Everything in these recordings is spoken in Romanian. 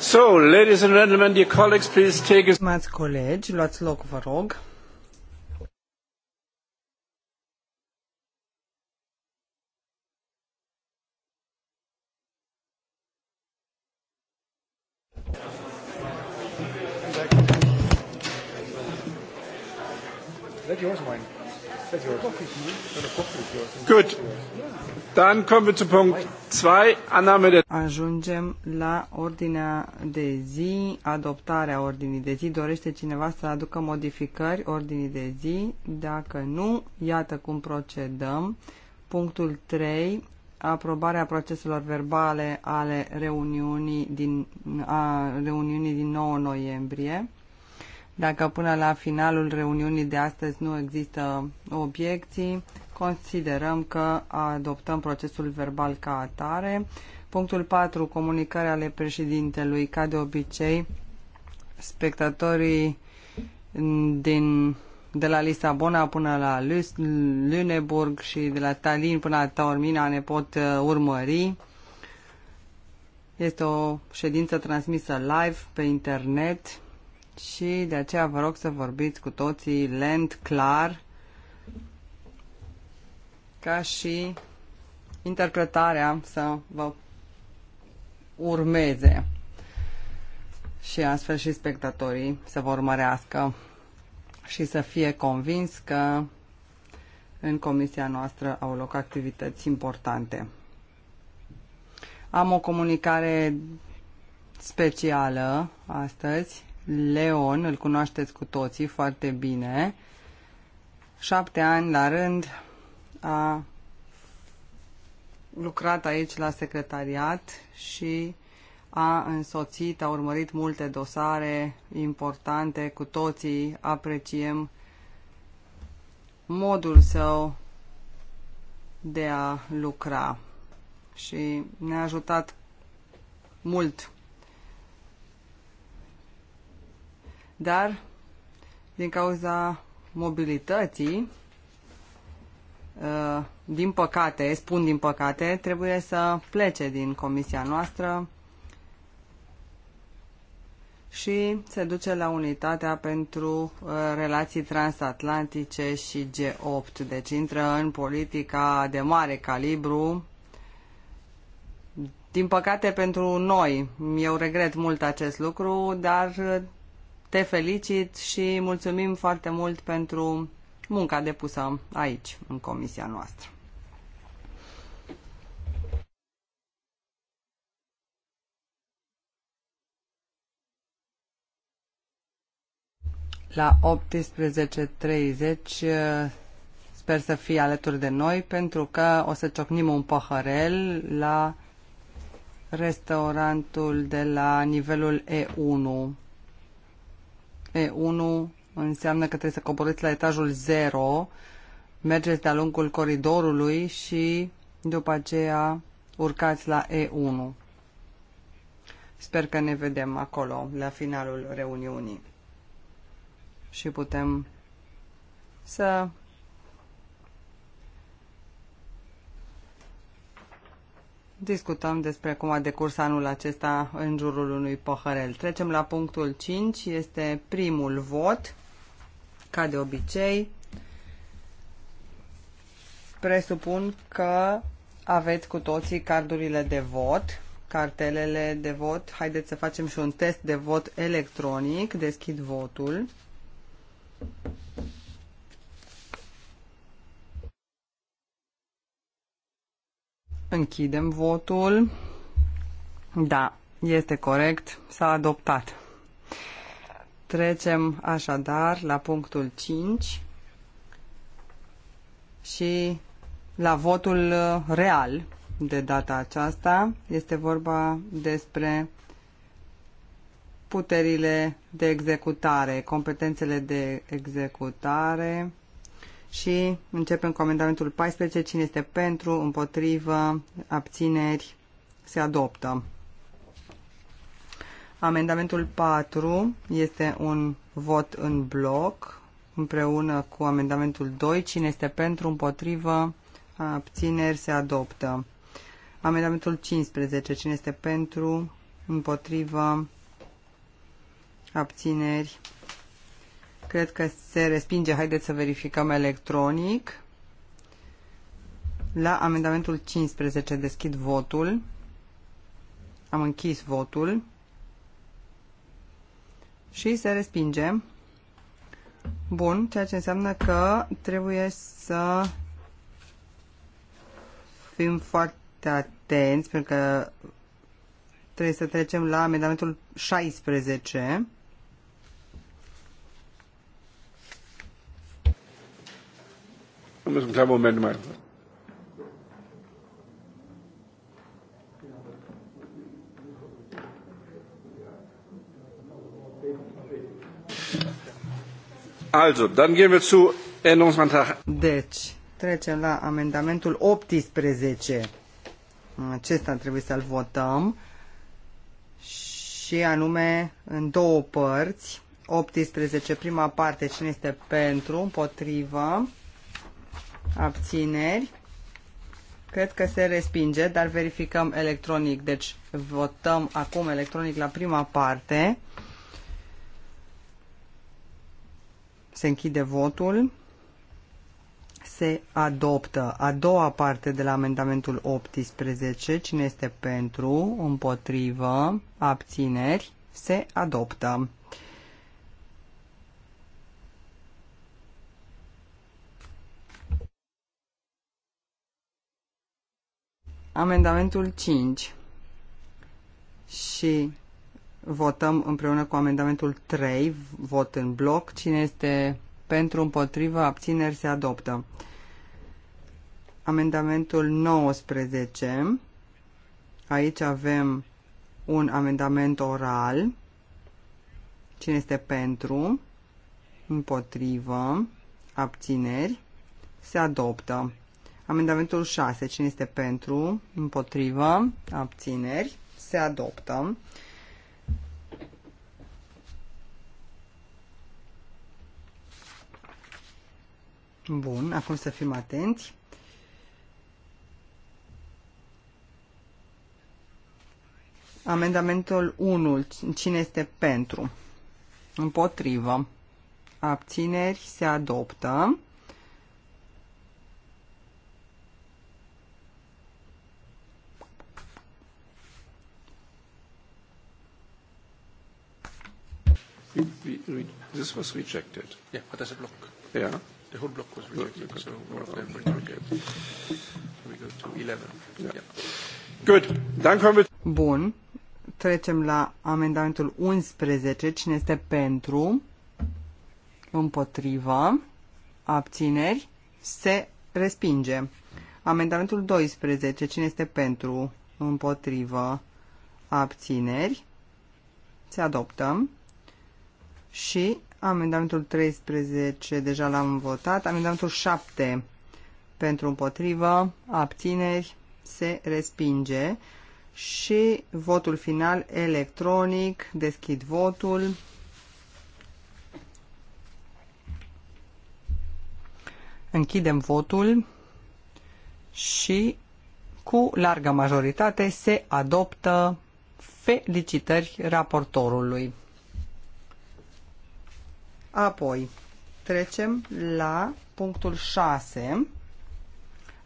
So, ladies and gentlemen, dear colleagues, please take a... Mați colegi, luați loc, vă rog. Good. Dann kommen wir zu Punkt 2, Annahme der... Ajungem la ordinea de zi, adoptarea ordinii de zi. Dorește cineva să aducă modificări ordinii de zi? Dacă nu, iată cum procedăm. Punctul 3, aprobarea proceselor verbale ale reuniunii din, a reuniunii din 9 noiembrie. Dacă până la finalul reuniunii de astăzi nu există obiecții, considerăm că adoptăm procesul verbal ca atare. Punctul 4. Comunicarea ale președintelui. Ca de obicei, spectatorii din, de la Lisabona până la Lüneburg și de la Tallinn până la Taormina ne pot uh, urmări. Este o ședință transmisă live pe internet și de aceea vă rog să vorbiți cu toții lent, clar ca și interpretarea să vă urmeze și astfel și spectatorii să vă urmărească și să fie convins că în comisia noastră au loc activități importante. Am o comunicare specială astăzi. Leon, îl cunoașteți cu toții foarte bine. Șapte ani la rând a lucrat aici la secretariat și a însoțit, a urmărit multe dosare importante, cu toții apreciem modul său de a lucra și ne-a ajutat mult. Dar, din cauza mobilității, Uh, din păcate, spun din păcate, trebuie să plece din comisia noastră și se duce la unitatea pentru uh, relații transatlantice și G8. Deci intră în politica de mare calibru. Din păcate pentru noi, eu regret mult acest lucru, dar te felicit și mulțumim foarte mult pentru munca depusă aici, în comisia noastră. La 18.30 sper să fii alături de noi pentru că o să ciocnim un păhărel la restaurantul de la nivelul E1. E1 înseamnă că trebuie să coborâți la etajul 0, mergeți de-a lungul coridorului și după aceea urcați la E1. Sper că ne vedem acolo la finalul reuniunii și putem să discutăm despre cum a decurs anul acesta în jurul unui păhărel. Trecem la punctul 5, este primul vot ca de obicei, presupun că aveți cu toții cardurile de vot, cartelele de vot. Haideți să facem și un test de vot electronic. Deschid votul. Închidem votul. Da, este corect. S-a adoptat. Trecem așadar la punctul 5 și la votul real de data aceasta. Este vorba despre puterile de executare, competențele de executare și începem cu amendamentul 14. Cine este pentru, împotrivă, abțineri, se adoptă. Amendamentul 4 este un vot în bloc împreună cu amendamentul 2. Cine este pentru, împotrivă, abțineri, se adoptă. Amendamentul 15. Cine este pentru, împotrivă, abțineri. Cred că se respinge. Haideți să verificăm electronic. La amendamentul 15 deschid votul. Am închis votul și se respinge. Bun, ceea ce înseamnă că trebuie să fim foarte atenți, pentru că trebuie să trecem la amendamentul 16. Un moment mai. Also, dann gehen wir zu Änderungsantrag. Deci, trecem la amendamentul 18. Acesta trebuie să-l votăm și anume în două părți. 18, prima parte, cine este pentru, împotrivă, abțineri. Cred că se respinge, dar verificăm electronic. Deci votăm acum electronic la prima parte. Se închide votul. Se adoptă a doua parte de la amendamentul 18. Cine este pentru, împotrivă, abțineri, se adoptă. Amendamentul 5 și Votăm împreună cu amendamentul 3, vot în bloc. Cine este pentru, împotrivă, abțineri, se adoptă. Amendamentul 19. Aici avem un amendament oral. Cine este pentru, împotrivă, abțineri, se adoptă. Amendamentul 6. Cine este pentru, împotrivă, abțineri, se adoptă. Bun, acum să fim atenți. Amendamentul 1. Cine este pentru? Împotrivă. Abțineri se adoptă. This was rejected. Yeah, but there's a block. Yeah. The whole block was rejected, so one of them was rejected. We go to 11. Yeah. Good. Dann können wir... Bun. Trecem la amendamentul 11. Cine este pentru? Împotriva? Abțineri? Se respinge. Amendamentul 12. Cine este pentru? Împotriva? Abțineri? Se adoptă. Și Amendamentul 13 deja l-am votat. Amendamentul 7 pentru împotrivă, abțineri, se respinge. Și votul final electronic, deschid votul. Închidem votul și cu largă majoritate se adoptă felicitări raportorului. Apoi, trecem la punctul 6.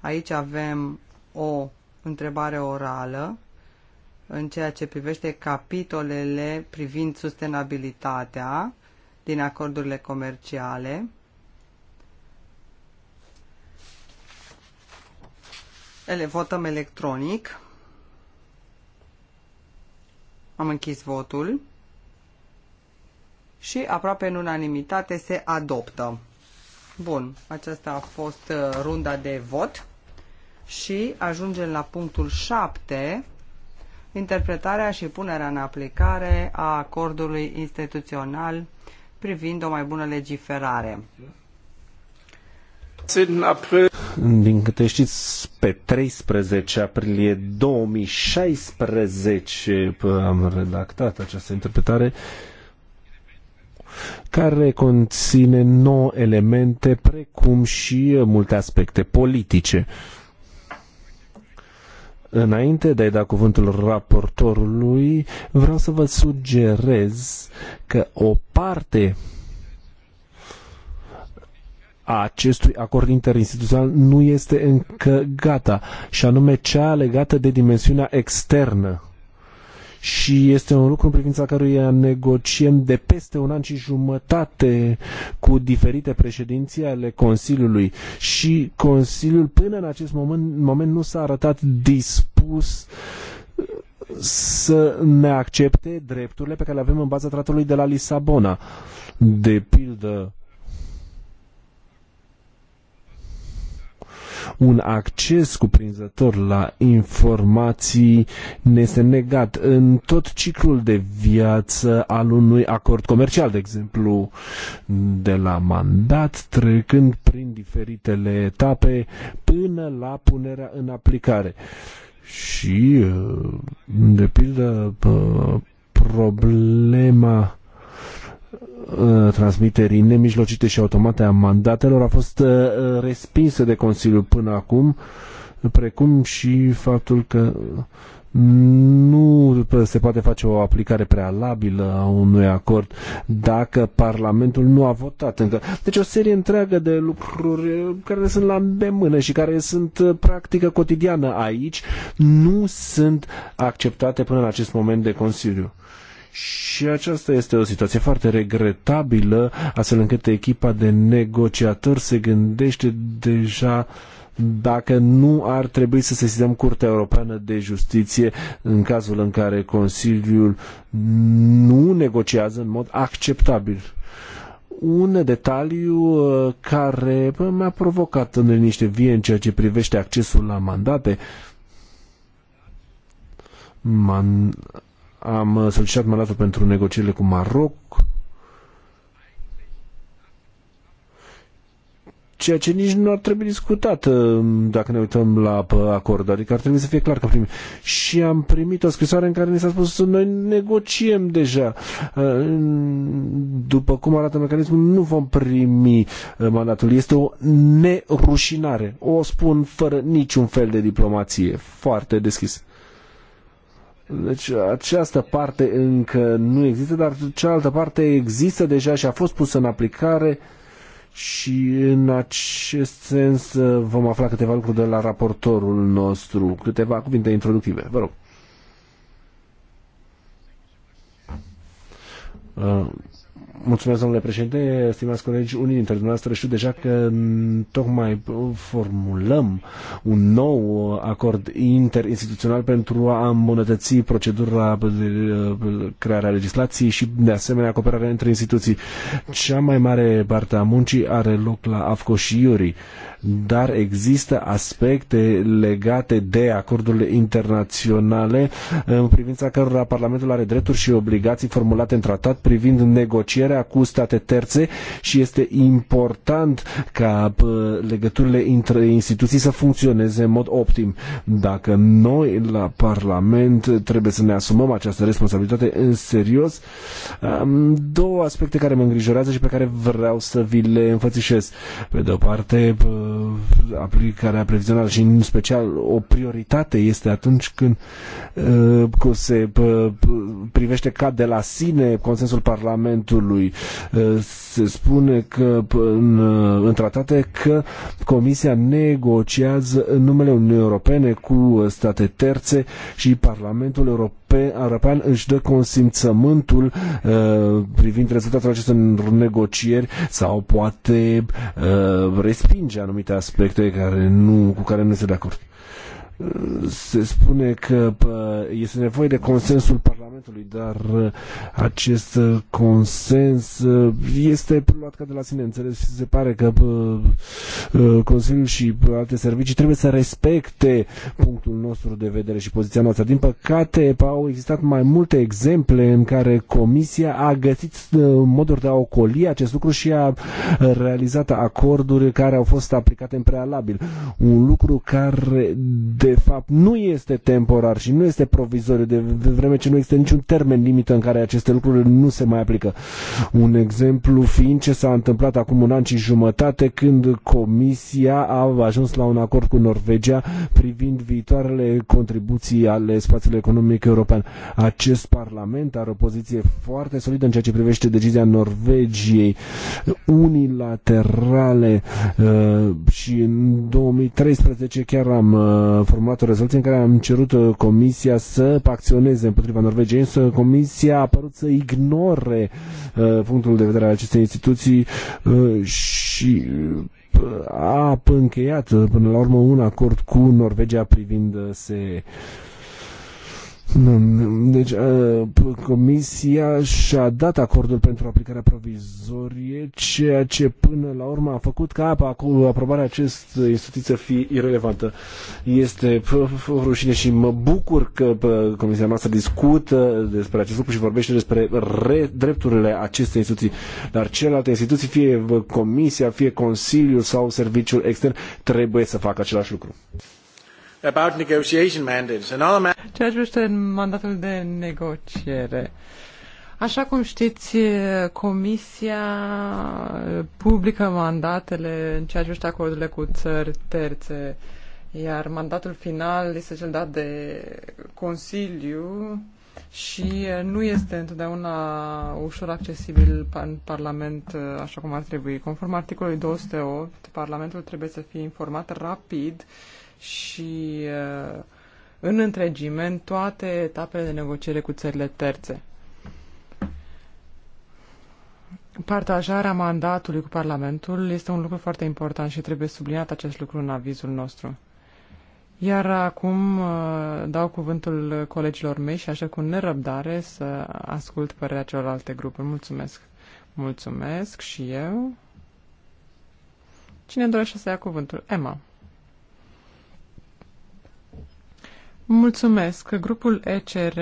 Aici avem o întrebare orală în ceea ce privește capitolele privind sustenabilitatea din acordurile comerciale. Ele votăm electronic. Am închis votul și aproape în unanimitate se adoptă. Bun, aceasta a fost uh, runda de vot și ajungem la punctul 7, interpretarea și punerea în aplicare a acordului instituțional privind o mai bună legiferare. Din câte știți, pe 13 aprilie 2016 am redactat această interpretare care conține 9 elemente precum și uh, multe aspecte politice. Înainte de a-i da cuvântul raportorului, vreau să vă sugerez că o parte a acestui acord interinstituțional nu este încă gata, și anume cea legată de dimensiunea externă și este un lucru în privința căruia negociem de peste un an și jumătate cu diferite președinții ale Consiliului și Consiliul până în acest moment, moment nu s-a arătat dispus uh, să ne accepte drepturile pe care le avem în baza tratului de la Lisabona. De pildă, un acces cuprinzător la informații ne este negat în tot ciclul de viață al unui acord comercial, de exemplu, de la mandat, trecând prin diferitele etape până la punerea în aplicare. Și, de pildă, problema Uh, transmiterii nemijlocite și automate a mandatelor a fost uh, uh, respinsă de Consiliu până acum, precum și faptul că nu se poate face o aplicare prealabilă a unui acord dacă Parlamentul nu a votat încă. Deci o serie întreagă de lucruri care sunt la îndemână și care sunt practică cotidiană aici nu sunt acceptate până în acest moment de Consiliu. Și aceasta este o situație foarte regretabilă, astfel încât echipa de negociatori se gândește deja dacă nu ar trebui să sesizăm Curtea Europeană de Justiție în cazul în care Consiliul nu negociază în mod acceptabil un detaliu uh, care mi-a provocat în niște vie în ceea ce privește accesul la mandate. Man, am uh, solicitat mandatul pentru negocierile cu Maroc. Ceea ce nici nu ar trebui discutat uh, dacă ne uităm la uh, acord. Adică ar trebui să fie clar că primim. Și am primit o scrisoare în care ne s-a spus noi negociem deja. După cum arată mecanismul, nu vom primi mandatul. Este o nerușinare. O spun fără niciun fel de diplomație. Foarte deschis. Deci această parte încă nu există, dar cealaltă parte există deja și a fost pusă în aplicare și în acest sens uh, vom afla câteva lucruri de la raportorul nostru, câteva cuvinte introductive. Vă rog. Uh, Mulțumesc, domnule președinte, stimați colegi, unii dintre dumneavoastră știu deja că tocmai formulăm un nou acord interinstituțional pentru a îmbunătăți procedura de uh, crearea legislației și, de asemenea, cooperarea între instituții. Cea mai mare parte a muncii are loc la AFCO și Iuri dar există aspecte legate de acordurile internaționale în privința cărora Parlamentul are drepturi și obligații formulate în tratat privind negocierea cu state terțe și este important ca legăturile între instituții să funcționeze în mod optim. Dacă noi la Parlament trebuie să ne asumăm această responsabilitate în serios, am două aspecte care mă îngrijorează și pe care vreau să vi le înfățișez. Pe de o parte, Uh, aplicarea previzională și în special o prioritate este atunci când uh, se uh, privește ca de la sine consensul Parlamentului. Se spune că în, în tratate că Comisia negociază în numele Uniunii Europene cu state terțe și Parlamentul European European își dă consimțământul uh, privind rezultatul acestor negocieri sau poate uh, respinge anumite aspecte care nu, cu care nu este de acord se spune că este nevoie de consensul Parlamentului, dar uh, acest uh, consens uh, este luat ca de la sine înțeles și se pare că Consiliul și alte servicii trebuie să respecte punctul nostru de vedere și poziția noastră. Din păcate, au existat mai multe exemple în care Comisia a găsit moduri de a ocoli acest lucru și a realizat acorduri care au fost aplicate în prealabil. Un lucru care de de fapt nu este temporar și nu este provizoriu, de vreme ce nu există niciun termen limită în care aceste lucruri nu se mai aplică. Un exemplu fiind ce s-a întâmplat acum un an și jumătate când Comisia a ajuns la un acord cu Norvegia privind viitoarele contribuții ale spațiului economic european. Acest Parlament are o poziție foarte solidă în ceea ce privește decizia Norvegiei unilaterale uh, și în 2013 chiar am uh, format o rezoluție în care am cerut uh, Comisia să acționeze împotriva Norvegiei, însă Comisia a părut să ignore uh, punctul de vedere al acestei instituții uh, și a încheiat până la urmă un acord cu Norvegia privind se deci, Comisia și-a dat acordul pentru aplicarea provizorie, ceea ce până la urmă a făcut ca aprobarea acestui instituție să fie irelevantă. Este rușine și mă bucur că Comisia noastră discută despre acest lucru și vorbește despre drepturile acestei instituții. Dar celelalte instituții, fie Comisia, fie Consiliul sau Serviciul Extern, trebuie să facă același lucru about negotiation mandates. Another man- Ceea ce privește mandatul de negociere. Așa cum știți, Comisia publică mandatele în ceea ce privește acordurile cu țări terțe, iar mandatul final este cel dat de Consiliu și nu este întotdeauna ușor accesibil în Parlament așa cum ar trebui. Conform articolului 208, Parlamentul trebuie să fie informat rapid uh, și uh, în întregime în toate etapele de negociere cu țările terțe. Partajarea mandatului cu Parlamentul este un lucru foarte important și trebuie subliniat acest lucru în avizul nostru. Iar acum uh, dau cuvântul colegilor mei și așa cu nerăbdare să ascult părerea celorlalte grupuri. Mulțumesc! Mulțumesc și eu! Cine dorește să ia cuvântul? Emma. Mulțumesc. Grupul ECR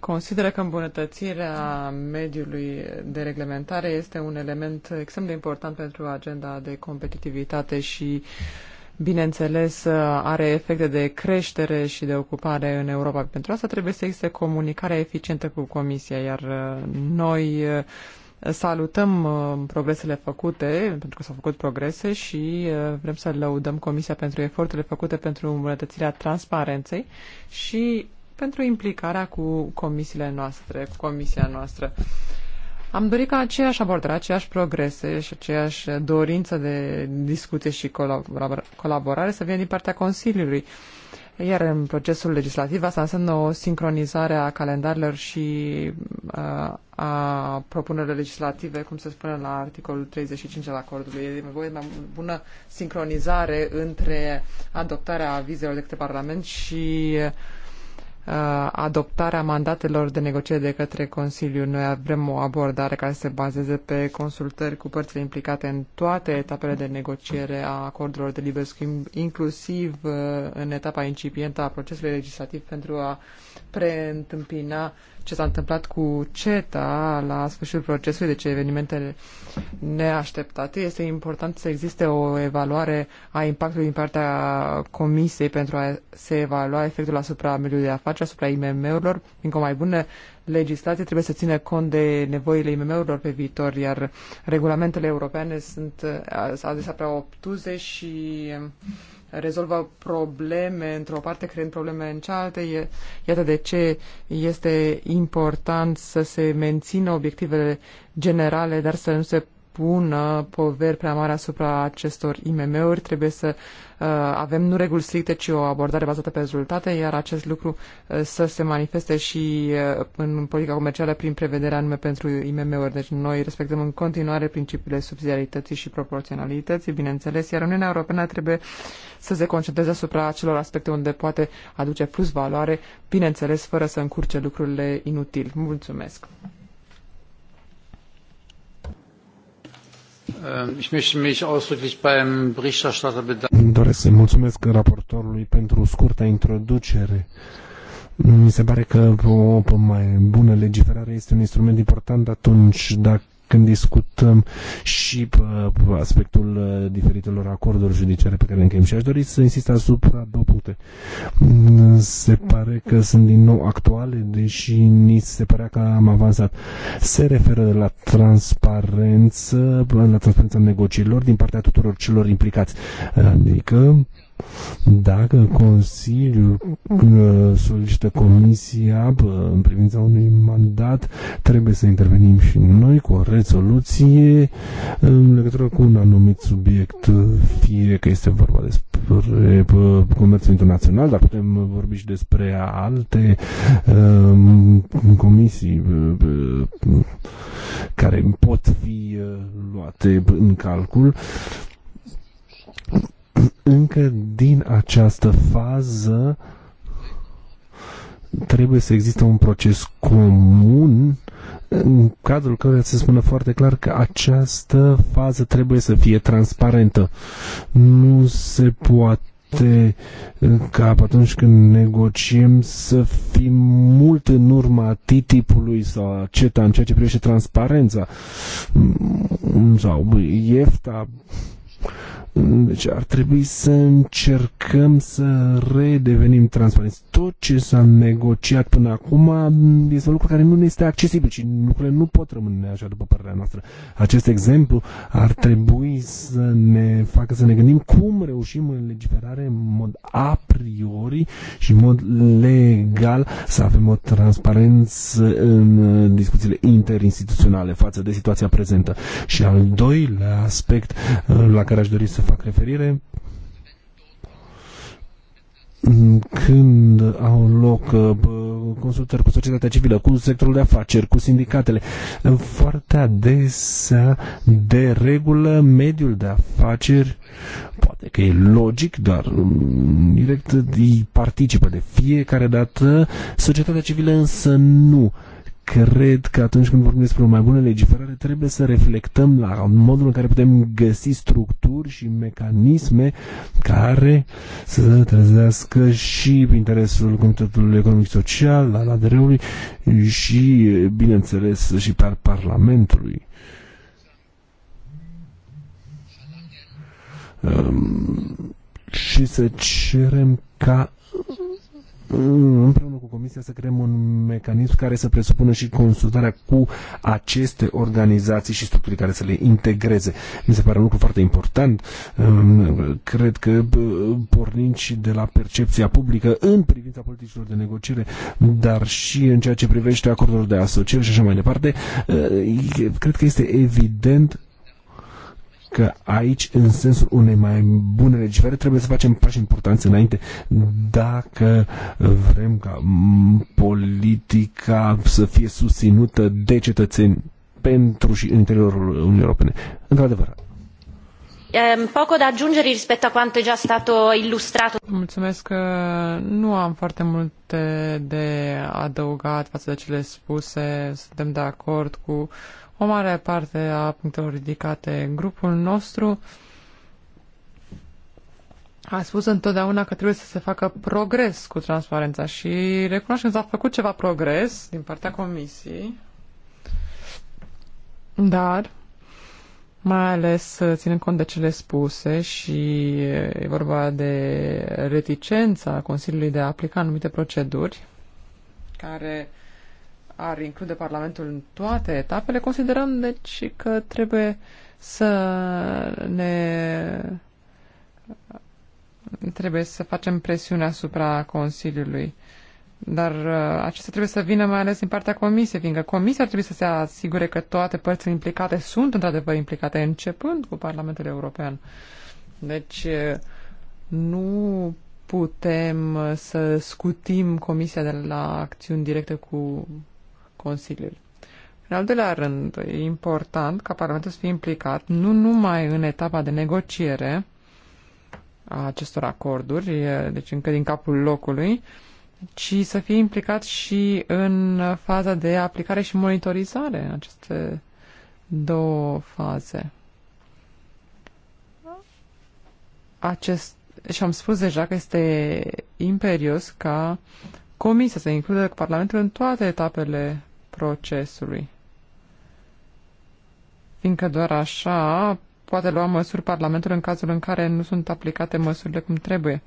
consideră că îmbunătățirea mediului de reglementare este un element extrem de important pentru agenda de competitivitate și bineînțeles, are efecte de creștere și de ocupare în Europa. Pentru asta trebuie să existe comunicare eficientă cu Comisia, iar noi Salutăm uh, progresele făcute, pentru că s-au făcut progrese și uh, vrem să lăudăm Comisia pentru eforturile făcute pentru îmbunătățirea transparenței și pentru implicarea cu comisiile noastre, cu comisia noastră. Am dorit ca aceeași abordare, aceeași progrese și aceeași dorință de discuție și colaborare să vină din partea Consiliului. Iar în procesul legislativ asta înseamnă o sincronizare a calendarilor și uh, a propunerilor legislative, cum se spune la articolul 35 al acordului. E nevoie de bună sincronizare între adoptarea vizelor de către Parlament și uh, Uh, adoptarea mandatelor de negociere de către Consiliu. Noi avem o abordare care se bazeze pe consultări cu părțile implicate în toate etapele de negociere a acordurilor de liber schimb, inclusiv uh, în etapa incipientă a procesului legislativ pentru a preîntâmpina ce s-a întâmplat cu CETA la sfârșitul procesului, deci evenimentele neașteptate, este important să existe o evaluare a impactului din partea Comisiei pentru a se evalua efectul asupra mediului de afaceri, asupra IMM-urilor. Fiindcă o mai bună legislație trebuie să țină cont de nevoile IMM-urilor pe viitor, iar regulamentele europene sunt adesea prea obtuze și uh, rezolvă probleme într-o parte, creând probleme în cealaltă. Iată de ce este important să se mențină obiectivele generale, dar să nu se pună poveri prea mari asupra acestor IMM-uri. Trebuie să uh, avem nu reguli stricte, ci o abordare bazată pe rezultate, iar acest lucru uh, să se manifeste și uh, în politica comercială prin prevederea anume pentru IMM-uri. Deci noi respectăm în continuare principiile subsidiarității și proporționalității, bineînțeles, iar Uniunea Europeană trebuie să se concentreze asupra acelor aspecte unde poate aduce plus valoare, bineînțeles, fără să încurce lucrurile inutil. Mulțumesc! Ehm, ich möchte mich ausdrücklich beim Berichterstatter bedanken. Doresc să mulțumesc raportorului pentru scurta introducere. Mi se pare că o mai bună legiferare este un instrument important atunci dacă când discutăm și uh, aspectul uh, diferitelor acorduri judiciare pe care le încheiem. Și aș dori să insist asupra două puncte. Mm, se pare că sunt din nou actuale, deși ni se părea că am avansat. Se referă la transparență, la transparența negocierilor din partea tuturor celor implicați. Adică dacă Consiliul uh, solicită Comisia uh, în privința unui mandat, trebuie să intervenim și noi cu o rezoluție uh, în legătură cu un anumit subiect, fie că este vorba despre comerțul internațional, dar putem vorbi și despre alte comisii care pot fi luate în calcul încă din această fază trebuie să existe un proces comun în cadrul căruia se spune foarte clar că această fază trebuie să fie transparentă. Nu se poate ca atunci când negociem să fim mult în urma TTIP-ului sau CETA în ceea ce privește transparența mm, sau IEFTA deci ar trebui să încercăm să redevenim transparenți. Tot ce s-a negociat până acum este un lucru care nu ne este accesibil și lucrurile nu pot rămâne așa după părerea noastră. Acest exemplu ar trebui să ne facă să ne gândim cum reușim în legiferare în mod a priori și în mod legal să avem o transparență în discuțiile interinstituționale față de situația prezentă. Și al doilea aspect la care aș dori să fac referire mm, când au loc uh, consultări cu societatea civilă, cu sectorul de afaceri, cu sindicatele, foarte adesea, de regulă, mediul de afaceri, poate că e logic, dar mm, direct îi participă de fiecare dată, societatea civilă însă nu. Uh, cred că atunci când vorbim despre o mai bună legiferare, trebuie să reflectăm la modul în care putem găsi structuri și mecanisme care să trezească și interesul Comitetului Economic Social, al ADR-ului și, bineînțeles, și al Parlamentului. Um, și să cerem ca împreună Comisia să creăm un mecanism care să presupună și consultarea cu aceste organizații și structuri care să le integreze. Mi se pare un lucru foarte important. Cred că pornind și de la percepția publică în privința politicilor de negociere, dar și în ceea ce privește acordurile de asociere și așa mai departe, ă, cred că este evident că aici, în sensul unei mai bune legiferări, trebuie să facem pași importanți înainte dacă vrem ca politica să fie susținută de cetățeni pentru și în interiorul Uniunii Europene. Într-adevăr. Poco da aggiungere rispetto a quanto è già stato illustrato. Mulțumesc că uh, nu am foarte multe de adăugat față de cele spuse. Suntem de acord cu o mare parte a punctelor ridicate. Grupul nostru a spus întotdeauna că trebuie să se facă progres cu transparența și recunoaștem că s-a făcut ceva progres din partea comisiei, dar mai ales ținând cont de cele spuse și e vorba de reticența Consiliului de a aplica anumite proceduri care ar include Parlamentul în toate etapele, considerăm deci că trebuie să ne trebuie să facem presiune asupra Consiliului. Dar uh, acesta trebuie să vină mai ales din partea Comisiei, fiindcă Comisia ar trebui să se asigure că toate părțile implicate sunt într-adevăr implicate, începând cu Parlamentul European. Deci uh, nu putem să scutim Comisia de la acțiuni directe cu Consiliul. În al doilea rând, e important ca Parlamentul să fie implicat nu numai în etapa de negociere a acestor acorduri, deci încă din capul locului, ci să fie implicat și în faza de aplicare și monitorizare, în aceste două faze. Acest, și am spus deja că este imperios ca Comisia să includă Parlamentul în toate etapele procesului. Fiindcă doar așa poate lua măsuri Parlamentul în cazul în care nu sunt aplicate măsurile cum trebuie.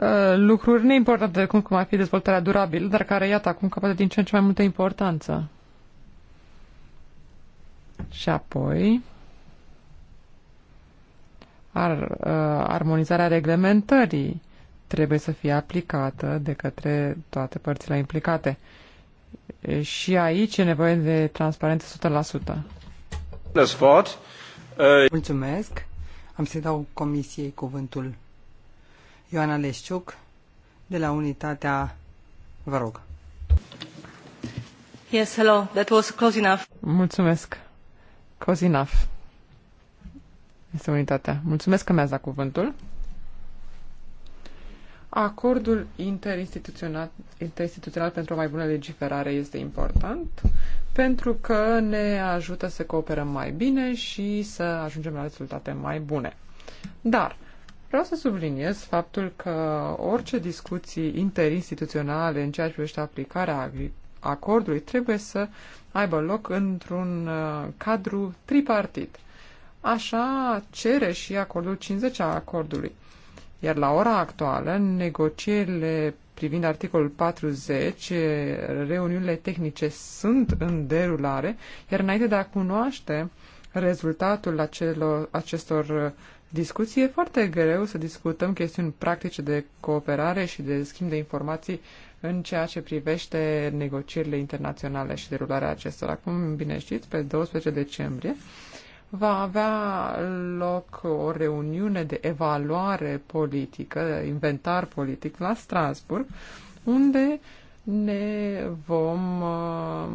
Ă, lucruri neimportante, cum, cum ar fi dezvoltarea durabilă, dar care, iată, acum capătă din ce în ce mai multă importanță. Și apoi ar, uh, armonizarea reglementării trebuie să fie aplicată de către toate părțile implicate. Și aici e nevoie de transparență 100%. Uh, Mulțumesc. Am să dau comisiei cuvântul. Ioana Leșciuc, de la unitatea... Vă rog. Yes, hello. That was close enough. Mulțumesc. Close enough. Este unitatea. Mulțumesc că mi-ați dat cuvântul. Acordul interinstituțional, interinstituțional pentru o mai bună legiferare este important pentru că ne ajută să cooperăm mai bine și să ajungem la rezultate mai bune. Dar vreau să subliniez faptul că orice discuții interinstituționale în ceea ce privește aplicarea acordului trebuie să aibă loc într-un uh, cadru tripartit. Așa cere și acordul 50 a acordului. Iar la ora actuală, negocierile privind articolul 40, eh, reuniunile tehnice sunt în derulare, iar înainte de a cunoaște rezultatul acelor, acestor eh, discuții, e foarte greu să discutăm chestiuni practice de cooperare și de schimb de informații în ceea ce privește negocierile internaționale și derularea acestora. Acum, bine știți, pe 12 decembrie, va avea loc o reuniune de evaluare politică, inventar politic la Strasburg, unde ne vom uh,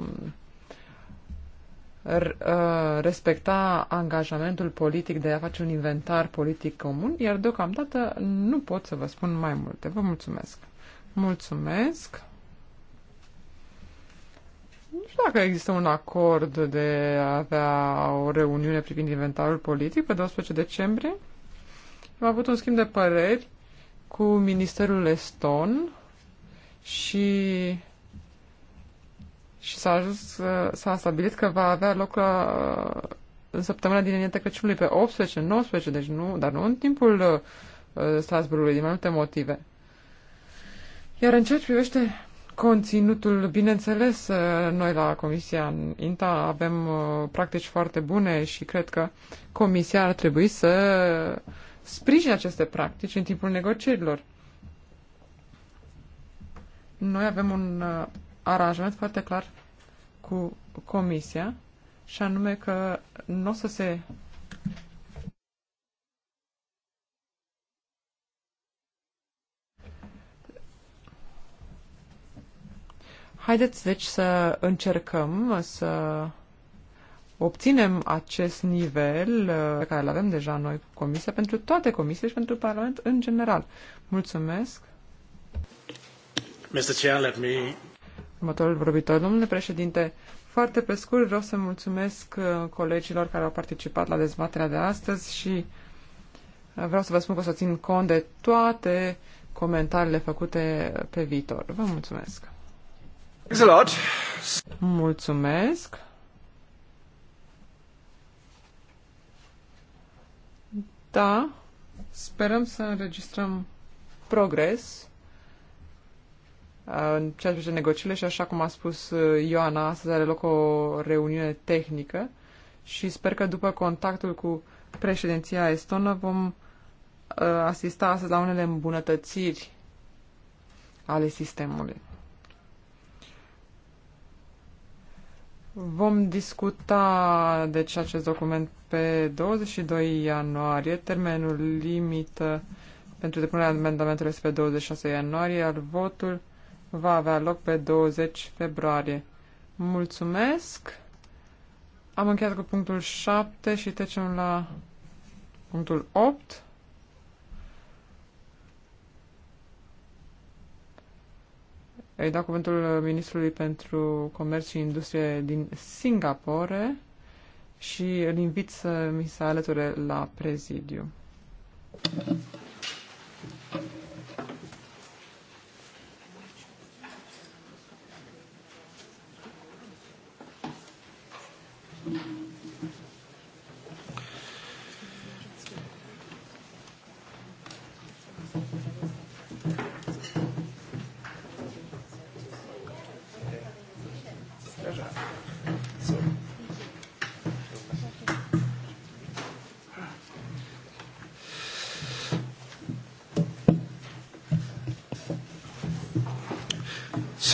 uh, respecta angajamentul politic de a face un inventar politic comun, iar deocamdată nu pot să vă spun mai multe. Vă mulțumesc! Mulțumesc! Nu știu dacă există un acord de a avea o reuniune privind inventarul politic pe 12 decembrie. Am avut un schimb de păreri cu Ministerul Eston și, și s-a, ajuns, s-a stabilit că va avea loc la, în săptămâna dinaintea Crăciunului pe 18-19, deci nu, dar nu în timpul uh, Strasburgului, din mai multe motive. Iar în ceea ce privește Conținutul, bineînțeles, uh, noi la Comisia INTA avem uh, practici foarte bune și cred că Comisia ar trebui să sprijine aceste practici în timpul negocierilor. Noi avem un uh, aranjament foarte clar cu Comisia și anume că nu o să se Haideți, deci, să încercăm să obținem acest nivel uh, pe care îl avem deja noi cu Comisia, pentru toate comisiile și pentru Parlament în general. Mulțumesc! Mr. Chair, let me... Următorul vorbitor, domnule președinte, foarte pe scurt vreau să mulțumesc uh, colegilor care au participat la dezbaterea de astăzi și uh, vreau să vă spun că o să țin cont de toate comentariile făcute pe viitor. Vă mulțumesc! Mulțumesc. Da, sperăm să înregistrăm progres uh, în ceea ce negociile și așa cum a spus uh, Ioana, astăzi are loc o reuniune tehnică și sper că după contactul cu președinția estonă vom uh, asista astăzi la unele îmbunătățiri ale sistemului. Vom discuta deci acest document pe 22 ianuarie. Termenul limită pentru depunerea amendamentelor este pe 26 ianuarie, iar votul va avea loc pe 20 februarie. Mulțumesc! Am încheiat cu punctul 7 și trecem la punctul 8. Îi dau cuvântul Ministrului pentru Comerț și Industrie din Singapore și îl invit să mi se alăture la prezidiu. Thank you.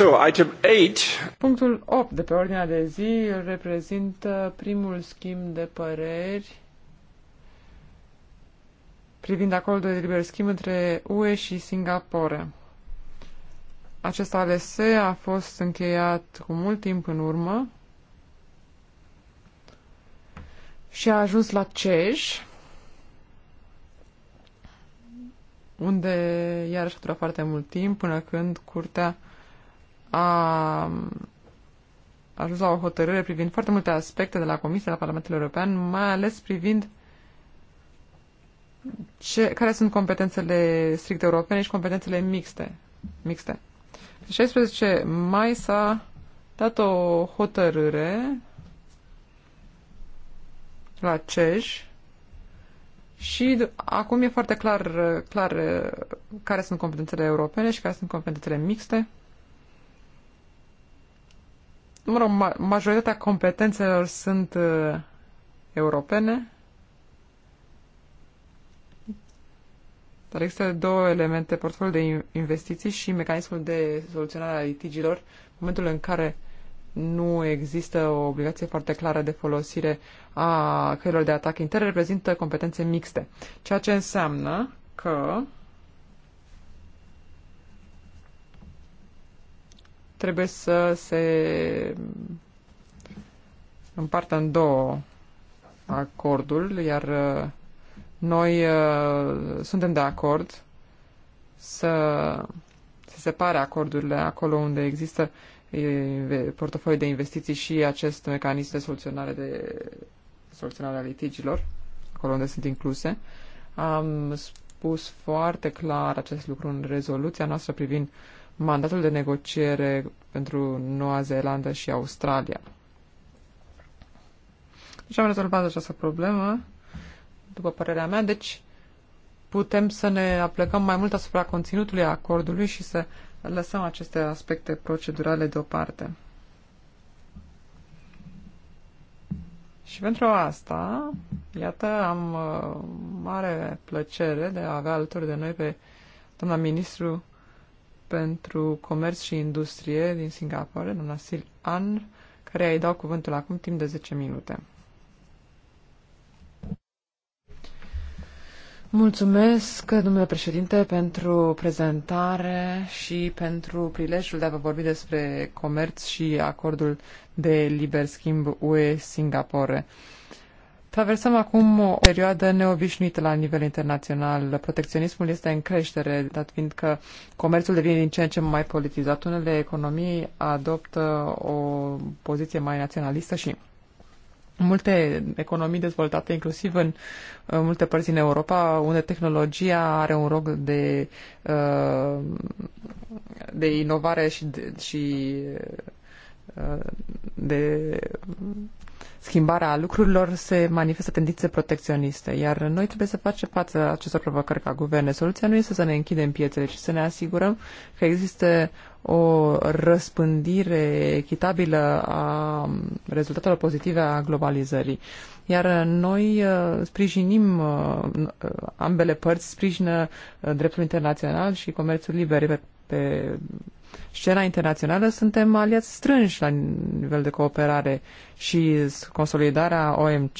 So, item 8. Punctul 8 de pe ordinea de zi reprezintă primul schimb de păreri privind acordul de liber schimb între UE și Singapore. Acest ALS a fost încheiat cu mult timp în urmă și a ajuns la CEJ, unde iarăși a durat foarte mult timp până când curtea a ajuns la o hotărâre privind foarte multe aspecte de la Comisia la Parlamentul European, mai ales privind ce, care sunt competențele strict europene și competențele mixte. mixte. Pe 16 mai s-a dat o hotărâre la CEJ și acum e foarte clar, clar care sunt competențele europene și care sunt competențele mixte mă rog, ma majoritatea competențelor sunt uh, europene, dar există două elemente, portofoliul de investiții și mecanismul de soluționare a litigilor, în momentul în care nu există o obligație foarte clară de folosire a căilor de atac interne, reprezintă competențe mixte. Ceea ce înseamnă că trebuie să se împartă în două acordul, iar uh, noi uh, suntem de acord să se separe acordurile acolo unde există portofoliu de investiții și acest mecanism de soluționare, de soluționare a litigilor, acolo unde sunt incluse. Am spus foarte clar acest lucru în rezoluția noastră privind uh, mandatul de negociere pentru Noua Zeelandă și Australia. Deci am rezolvat această problemă, după părerea mea, deci putem să ne aplecăm mai mult asupra conținutului acordului și să lăsăm aceste aspecte procedurale deoparte. Și pentru asta, iată, am uh, mare plăcere de a avea alături de noi pe doamna ministru pentru Comerț și Industrie din Singapore, doamna Sil An, care îi dau cuvântul acum timp de 10 minute. Mulțumesc, domnule președinte, pentru prezentare și pentru prilejul de a vă vorbi despre comerț și acordul de liber schimb UE-Singapore. Traversăm acum o perioadă neobișnuită la nivel internațional. Protecționismul este în creștere, dat fiind că comerțul devine din ce în ce mai politizat. Unele economii adoptă o poziție mai naționalistă și multe economii dezvoltate, inclusiv în multe părți din Europa, unde tehnologia are un rol de, uh, de inovare și, de, și uh, de schimbare a lucrurilor se manifestă tendințe protecționiste, iar noi trebuie să facem față acestor provocări ca guverne. Soluția nu este să ne închidem piețele, ci să ne asigurăm că există o răspândire echitabilă a rezultatelor pozitive a globalizării. Iar noi uh, sprijinim, uh, uh, ambele părți sprijină dreptul internațional și comerțul liber pe scena internațională, suntem aliați strânși la nivel de cooperare și consolidarea OMC,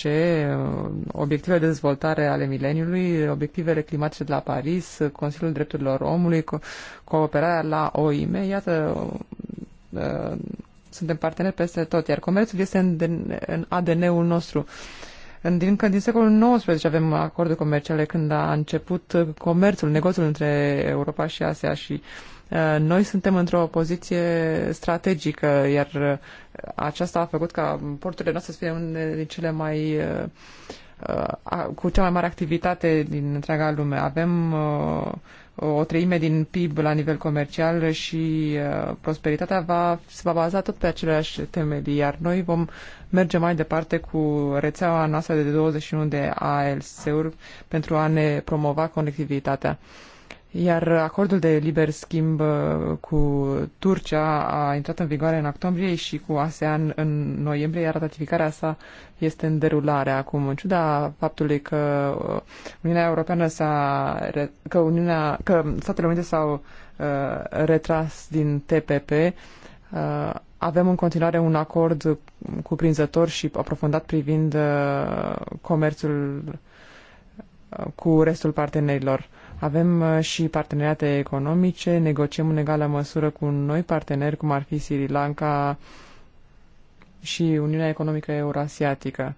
obiectivele de dezvoltare ale mileniului, obiectivele climatice de la Paris, Consiliul Drepturilor Omului, cooperarea la OIM, iată, uh, suntem parteneri peste tot, iar comerțul este în ADN-ul nostru. Încă din secolul XIX avem acorduri comerciale când a început comerțul, negoțul între Europa și Asia și uh, Uh, noi suntem într-o poziție strategică, iar uh, aceasta a făcut ca porturile noastre să fie unele din cele mai uh, cu cea mai mare activitate din întreaga lume. Avem o treime din PIB la nivel comercial și prosperitatea va, se va baza tot pe aceleași temelii, iar noi vom merge mai departe cu rețeaua noastră de 21 de ALS-uri pentru a ne promova conectivitatea. Iar acordul de liber schimb uh, cu Turcia a intrat în vigoare în octombrie și cu ASEAN în noiembrie, iar ratificarea sa este în derulare acum. În ciuda faptului că uh, Uniunea Europeană s-a, că, Uniunea, că Statele Unite s-au uh, retras din TPP, uh, avem în continuare un acord cuprinzător și aprofundat privind uh, comerțul uh, cu restul partenerilor. Avem uh, și parteneriate economice, negociem în egală măsură cu noi parteneri, cum ar fi Sri Lanka și Uniunea Economică Eurasiatică.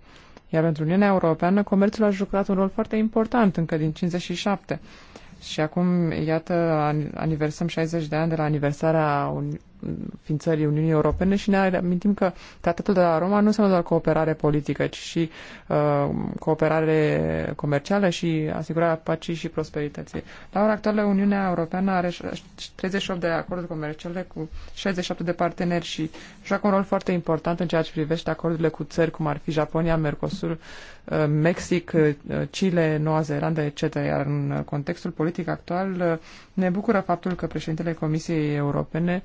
Iar pentru Uniunea Europeană, comerțul a jucat un rol foarte important încă din 57. Și acum, iată, aniversăm 60 de ani de la aniversarea ființării Uniunii Europene și ne amintim că tratatul de la Roma nu înseamnă doar cooperare politică, ci și uh, cooperare comercială și asigurarea pacii și prosperității. La ora actuală, Uniunea Europeană are 38 de acorduri comerciale cu 67 de parteneri și joacă un rol foarte important în ceea ce privește acordurile cu țări cum ar fi Japonia, Mercosur, uh, Mexic, uh, Chile, Noua Zeelandă, etc. Iar în contextul politic actual uh, ne bucură faptul că președintele Comisiei Europene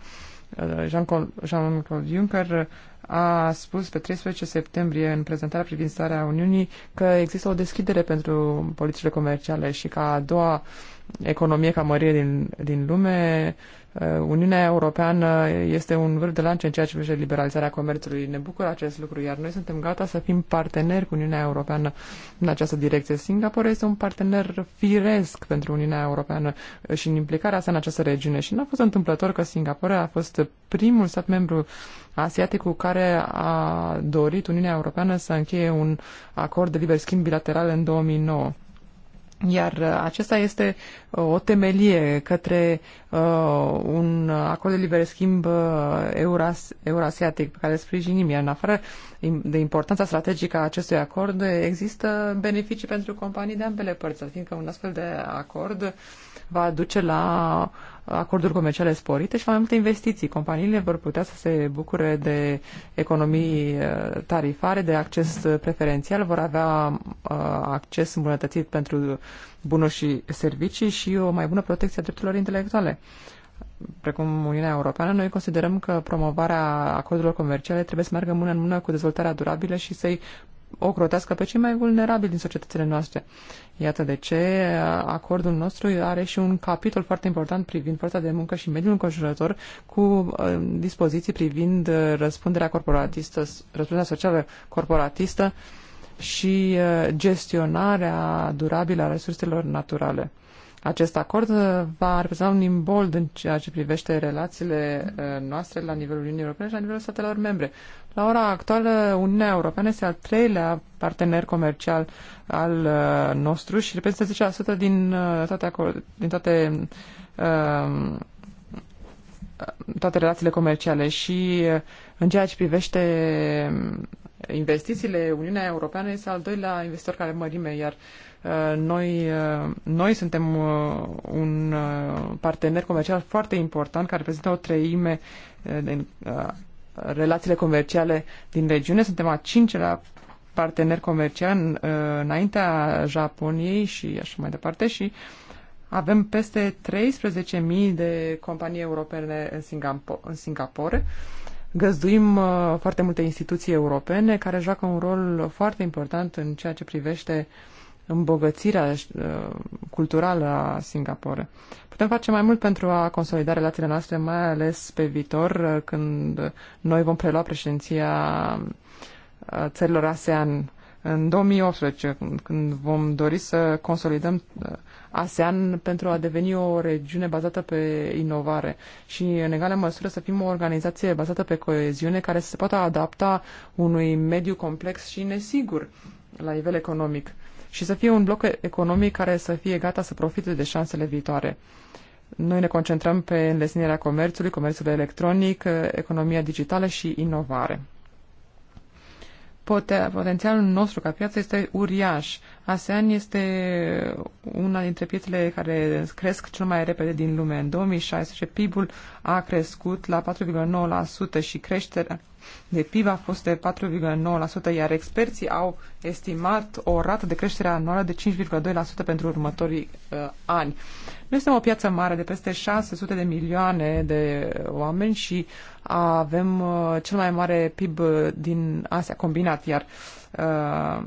Uh, Jean-Claude Juncker a spus pe 13 septembrie în prezentarea privind starea Uniunii că există o deschidere pentru politicile comerciale și ca a doua economie ca mărie din, din lume, Uh, Uniunea Europeană este un vârf de lance în ceea ce privește liberalizarea comerțului. Ne bucură acest lucru, iar noi suntem gata să fim parteneri cu Uniunea Europeană în această direcție. Singapore este un partener firesc pentru Uniunea Europeană și în implicarea sa în această regiune. Și n-a fost întâmplător că Singapore a fost primul stat membru asiatic cu care a dorit Uniunea Europeană să încheie un acord de liber schimb bilateral în 2009. Iar uh, acesta este uh, o temelie către uh, un acord de liber schimb uh, euras, eurasiatic pe care îl sprijinim. Iar în afară de importanța strategică a acestui acord, există beneficii pentru companii de ambele părți, fiindcă un astfel de acord va duce la acorduri comerciale sporite și mai multe investiții. Companiile vor putea să se bucure de economii eh, tarifare, de acces eh, preferențial, vor avea eh, acces îmbunătățit pentru bunuri și servicii și o mai bună protecție a drepturilor intelectuale precum Uniunea Europeană, noi considerăm că promovarea acordurilor comerciale trebuie să meargă mână în mână cu dezvoltarea durabilă și să-i ocrotească pe cei mai vulnerabili din societățile noastre. Iată de ce acordul nostru are și un capitol foarte important privind forța de muncă și mediul înconjurător cu uh, dispoziții privind uh, răspunderea corporatistă, răspunderea socială corporatistă și uh, gestionarea durabilă a resurselor naturale. Acest acord uh, va reprezenta un imbold în ceea ce privește relațiile uh, noastre la nivelul Uniunii Europene și la nivelul statelor membre. La ora actuală, Uniunea Europeană este al treilea partener comercial al uh, nostru și reprezintă 10% din toate, acord, din toate, toate relațiile comerciale și în ceea ce privește um, investițiile, Uniunea Europeană este al doilea investitor care mărime, iar uh, Uh, noi, uh, noi suntem uh, un partener comercial foarte important care reprezintă o treime din relațiile comerciale din regiune. Suntem a cincelea partener comercial înaintea Japoniei și așa mai departe și avem peste 13.000 de companii europene în, Singapo- în Singapore. Găzduim uh, foarte multe instituții europene care joacă un rol foarte important în ceea ce privește uh, îmbogățirea uh, culturală a Singapore. Putem face mai mult pentru a consolida relațiile noastre, mai ales pe viitor, uh, când noi vom prelua președinția uh, țărilor ASEAN în 2018, când vom dori să consolidăm ASEAN pentru a deveni o regiune bazată pe inovare și, în egală măsură, să fim o organizație bazată pe coeziune care să se poată adapta unui mediu complex și nesigur la nivel economic și să fie un bloc economic care să fie gata să profite de șansele viitoare. Noi ne concentrăm pe înlesnirea comerțului, comerțul electronic, economia digitală și inovare. Potențialul nostru ca piață este uriaș. ASEAN este una dintre piețele care cresc cel mai repede din lume. În 2016 PIB-ul a crescut la 4,9% și creșterea de PIB a fost de 4,9%, iar experții au estimat o rată de creștere anuală de 5,2% pentru următorii uh, ani. Noi suntem o piață mare de peste 600 de milioane de oameni și avem uh, cel mai mare PIB din Asia combinat, iar uh,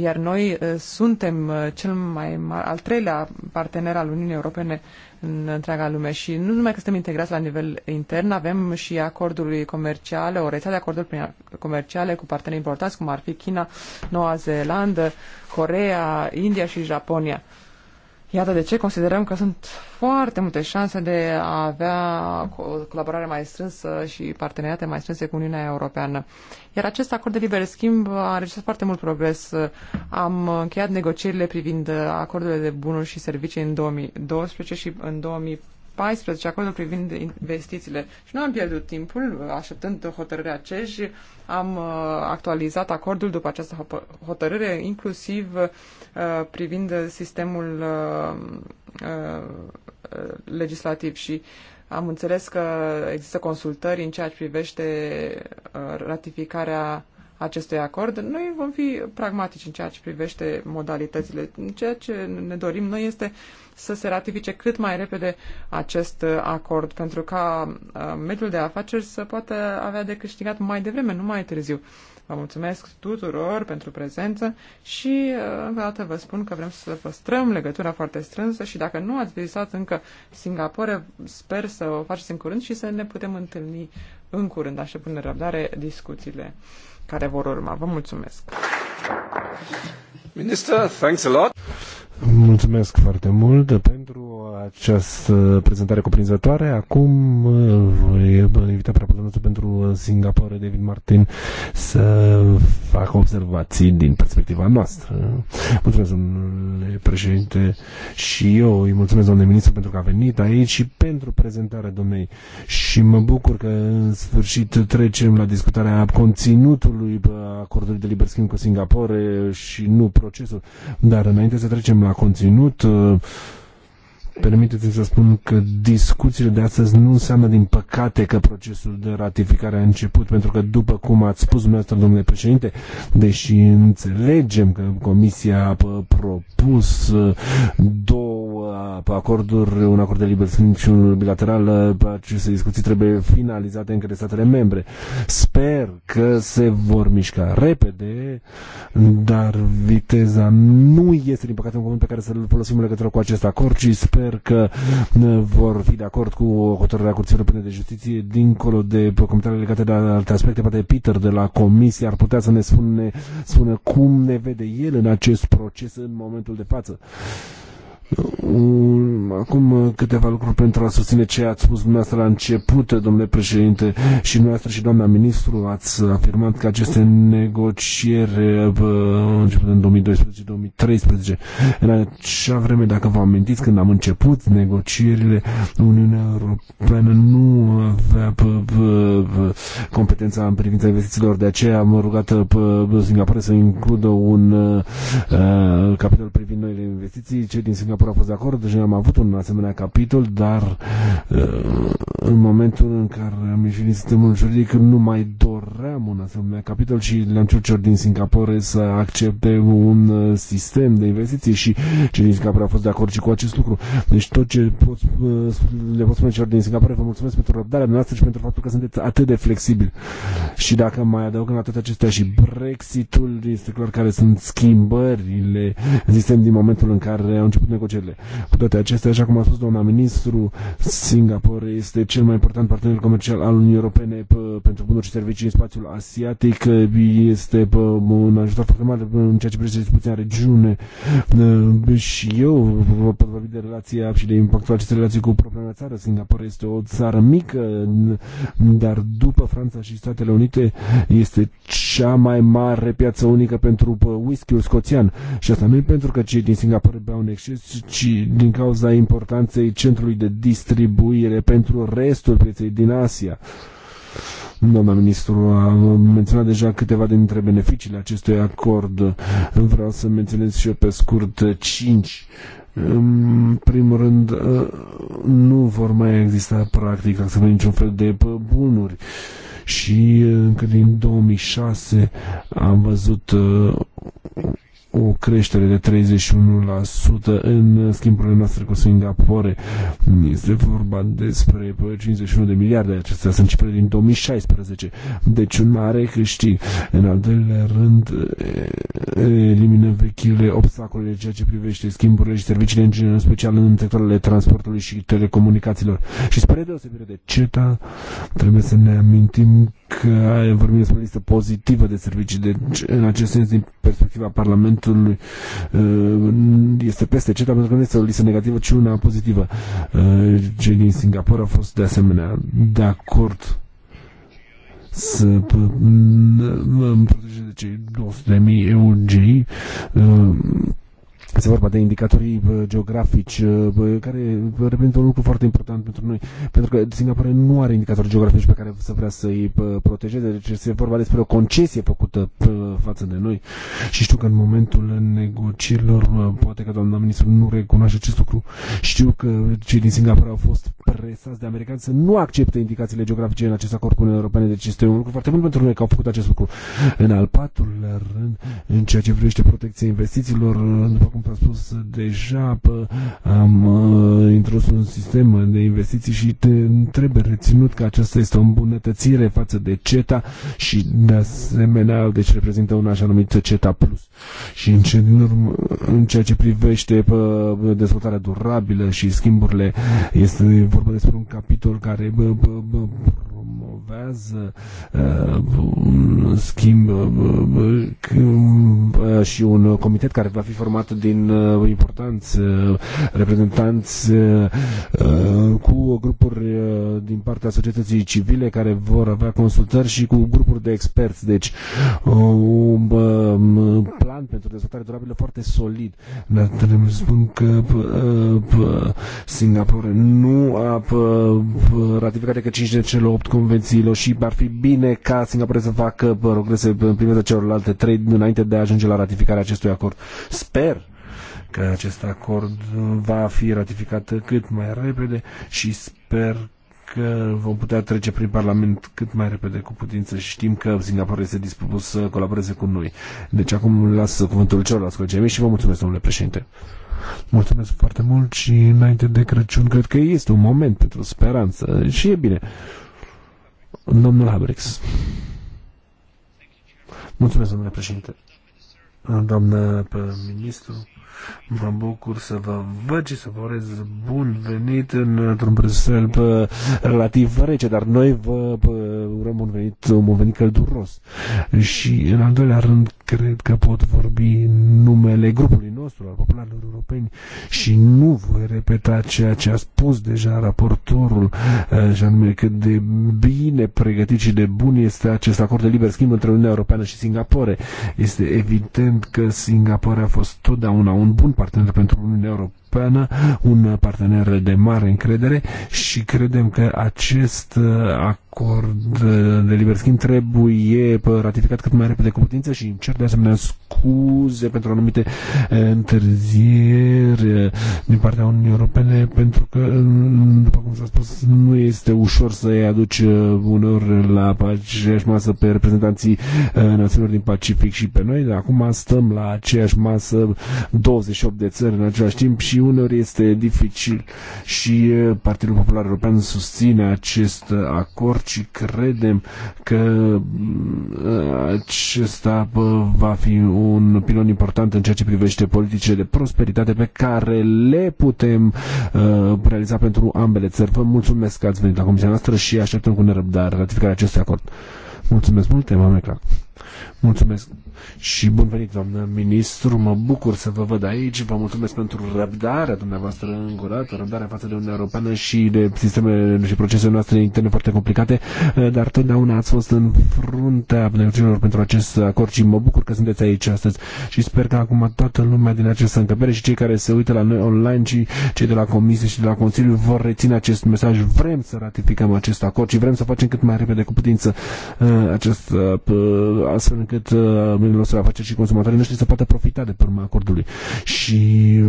iar noi uh, suntem uh, cel mai mare, al treilea partener al Uniunii Europene în întreaga lume și nu numai că suntem integrați la nivel intern, avem și acorduri comerciale, o rețea de acorduri comerciale cu parteneri importanți, cum ar fi China, Noua Zeelandă, Corea, India și Japonia. Iată de ce considerăm că sunt foarte multe șanse de a avea o colaborare mai strânsă și parteneriate mai strânse cu Uniunea Europeană. Iar acest acord de liber schimb a înregistrat foarte mult progres. Am încheiat negocierile privind acordurile de bunuri și servicii în 2012 și în 2014. 14, acordul privind investițiile. Și nu am pierdut timpul așteptând hotărârea CEJ. Am uh, actualizat acordul după această hotărâre, inclusiv uh, privind sistemul uh, legislativ și am înțeles că există consultări în ceea ce privește ratificarea acestui acord. Noi vom fi pragmatici în ceea ce privește modalitățile. Ceea ce ne dorim noi este uh, să se ratifice cât mai repede acest uh, acord, pentru ca uh, mediul de afaceri să poată avea de câștigat mai devreme, nu mai târziu. Vă mulțumesc tuturor pentru prezență și uh, încă o dată vă spun că vrem să păstrăm legătura foarte strânsă și dacă nu ați vizitat încă Singapore, sper să o faceți în curând și să ne putem întâlni în curând. Aștept în răbdare discuțiile care vor urma. Vă mulțumesc! Minister, thanks a lot. Mulțumesc foarte mult pentru această prezentare cuprinzătoare. Acum uh, voi uh, invita pe pentru uh, Singapore, David Martin, să facă observații din perspectiva noastră. Mulțumesc, domnule președinte, și eu îi mulțumesc, domnule ministru, pentru că a venit aici și pentru prezentarea domnei. Și mă bucur că în sfârșit trecem la discutarea conținutului acordului de liber schimb cu Singapore și nu procesul. Dar înainte să trecem la conținut, Permiteți mi să spun că discuțiile de astăzi nu înseamnă, din păcate, că procesul de ratificare a început, pentru că, după cum ați spus dumneavoastră, domnule președinte, deși înțelegem că Comisia a propus uh, două pe acorduri, un acord de liber schimb și unul bilateral, uh, aceste discuții trebuie finalizate încă de statele membre. Sper că se vor mișca repede, dar viteza nu este, din păcate, un moment pe care să-l folosim în legătură cu acest acord, ci sper că uh, vor fi de acord cu hotărârea Curții Europene de Justiție, dincolo de comentariile legate de alte aspecte, poate Peter de la Comisie ar putea să ne spune, spună cum ne vede el în acest proces în momentul de față. Acum uh, câteva lucruri pentru a susține ce ați spus dumneavoastră la început, domnule președinte, și dumneavoastră și doamna ministru ați afirmat că aceste negocieri uh, începând în 2012-2013, în acea vreme, dacă vă amintiți, când am început negocierile, Uniunea Europeană nu avea uh, competența în privința investițiilor, de aceea am rugat Singapore să includă un capitol privind noile investiții, cei din Singapore neapărat a fost de acord, deja am avut un asemenea capitol, dar uh, în momentul în care am ieșit din sistemul juridic nu mai doream un asemenea capitol și le-am cerut celor din Singapore să accepte un uh, sistem de investiții și cei din Singapore au fost de acord și cu acest lucru. Deci tot ce pot, uh, le pot spune celor din Singapore, vă mulțumesc pentru răbdarea noastră și pentru faptul că sunteți atât de flexibili. Și dacă mai adăugăm la toate acestea și Brexitul, este clar care sunt schimbările, sistem din momentul în care au început negocierile afacerile. Cu toate acestea, așa cum a spus doamna ministru, Singapore este cel mai important partener comercial al Uniunii Europene pentru bunuri și servicii în spațiul asiatic. Este un ajutor foarte mare în ceea ce privește discuția în regiune. Și eu pot vorbi de relația și de impactul acestei relații cu propria țară. Singapore este o țară mică, dar după Franța și Statele Unite este cea mai mare piață unică pentru whisky-ul scoțian. Și asta nu e pentru că cei din Singapore beau în exces, ci din cauza importanței centrului de distribuire pentru restul pieței din Asia. Doamna ministru a menționat deja câteva dintre beneficiile acestui acord. Vreau să menționez și eu pe scurt cinci. În primul rând, nu vor mai exista practic să niciun fel de bunuri și încă din 2006 am văzut o creștere de 31% în schimburile noastre cu Singapore. Este vorba despre 51 de miliarde. Acestea sunt cifre din 2016. Deci un mare câștig. În al doilea rând elimină vechile obstacole ceea ce privește schimburile și serviciile în general, special în sectoarele transportului și telecomunicațiilor. Și spre deosebire de CETA, trebuie să ne amintim că vorbim despre o listă pozitivă de servicii, deci în acest sens, din perspectiva Parlamentului, uh, este peste CETA, pentru că nu este o listă negativă, ci una pozitivă. Uh, cei din Singapore au fost de asemenea de acord să protejeze cei 200.000 EUG este vorba de indicatorii geografici care reprezintă un lucru foarte important pentru noi, pentru că Singapore nu are indicatori geografici pe care să vrea să îi protejeze, deci este vorba despre o concesie făcută față de noi și știu că în momentul negocierilor, poate că doamna ministru nu recunoaște acest lucru, știu că cei din Singapore au fost presați de americani să nu accepte indicațiile geografice în acest acord cu Uniunea Europeană, deci este un lucru foarte bun pentru noi că au făcut acest lucru. În al patrulea rând, în ceea ce privește protecția investițiilor, după cum cum s-a spus deja, am uh, introdus un sistem de investiții și te trebuie reținut că aceasta este o îmbunătățire față de CETA și de asemenea, deci reprezintă un așa numit CETA Plus. Și în, ce, în ceea ce privește dezvoltarea durabilă și schimburile, este vorba despre un capitol care promovează uh, un schimb uh, uh, și un comitet care va fi format din importanți reprezentanți cu grupuri din partea societății civile care vor avea consultări și cu grupuri de experți. Deci un plan pentru dezvoltare durabilă foarte solid. Dar trebuie să spun că Singapore nu a ratificat decât 5 de cele 8 convențiilor și ar fi bine ca Singapore să facă progrese în privința celorlalte trei înainte de a ajunge la ratificarea acestui acord. Sper că acest acord va fi ratificat cât mai repede și sper că vom putea trece prin Parlament cât mai repede cu putință și știm că Singapore este dispus să colaboreze cu noi. Deci acum las cuvântul celorlalți la mei și vă mulțumesc, domnule președinte. Mulțumesc foarte mult și înainte de Crăciun cred că este un moment pentru speranță și e bine. Domnul Habrix. Mulțumesc, domnule președinte. Doamnă ministru, Mă bucur să vă văd și să vă urez bun venit într-un Bruxelles relativ rece, dar noi vă urăm un venit, un venit călduros. Și în al doilea rând, cred că pot vorbi numele grupului nostru, al popularilor europeni și nu voi repeta ceea ce a spus deja raportorul eh, și anume cât de bine pregătit și de bun este acest acord de liber schimb între Uniunea Europeană și Singapore. Este evident că Singapore a fost totdeauna un bun partener pentru Uniunea Europeană Europeană, un partener de mare încredere și credem că acest uh, acord uh, de liber schimb trebuie ratificat cât mai repede cu putință și cer de asemenea scuze pentru anumite uh, întârzieri din partea Uniunii Europene pentru că, după cum s-a spus, nu este ușor să-i aduci uneori la aceeași masă pe reprezentanții națiunilor din Pacific și pe noi, dar acum stăm la aceeași masă 28 de țări în același timp și uneori este dificil și Partidul Popular European susține acest acord și credem că mm, acesta va fi un pilon important în ceea ce privește politicile de prosperitate pe care le putem uh, realiza pentru ambele țări. Vă mulțumesc că ați venit la comisia noastră și așteptăm cu nerăbdare ratificarea acestui acord. Mulțumesc mult, Emanuel Clark. Mulțumesc și bun venit, doamnă ministru. Mă bucur să vă văd aici. Vă mulțumesc pentru răbdarea dumneavoastră îngurată, răbdarea față de Uniunea Europeană și de sistemele și procesele noastre interne foarte complicate, dar totdeauna ați fost în fruntea negocierilor pentru acest acord și mă bucur că sunteți aici astăzi și sper că acum toată lumea din această încăpere și cei care se uită la noi online și cei de la Comisie și de la Consiliu vor reține acest mesaj. Vrem să ratificăm acest acord și vrem să facem cât mai repede cu putință uh, acest uh, astfel încât uh, mediul nostru afaceri și consumatorii noștri să poată profita de pe urma acordului. Și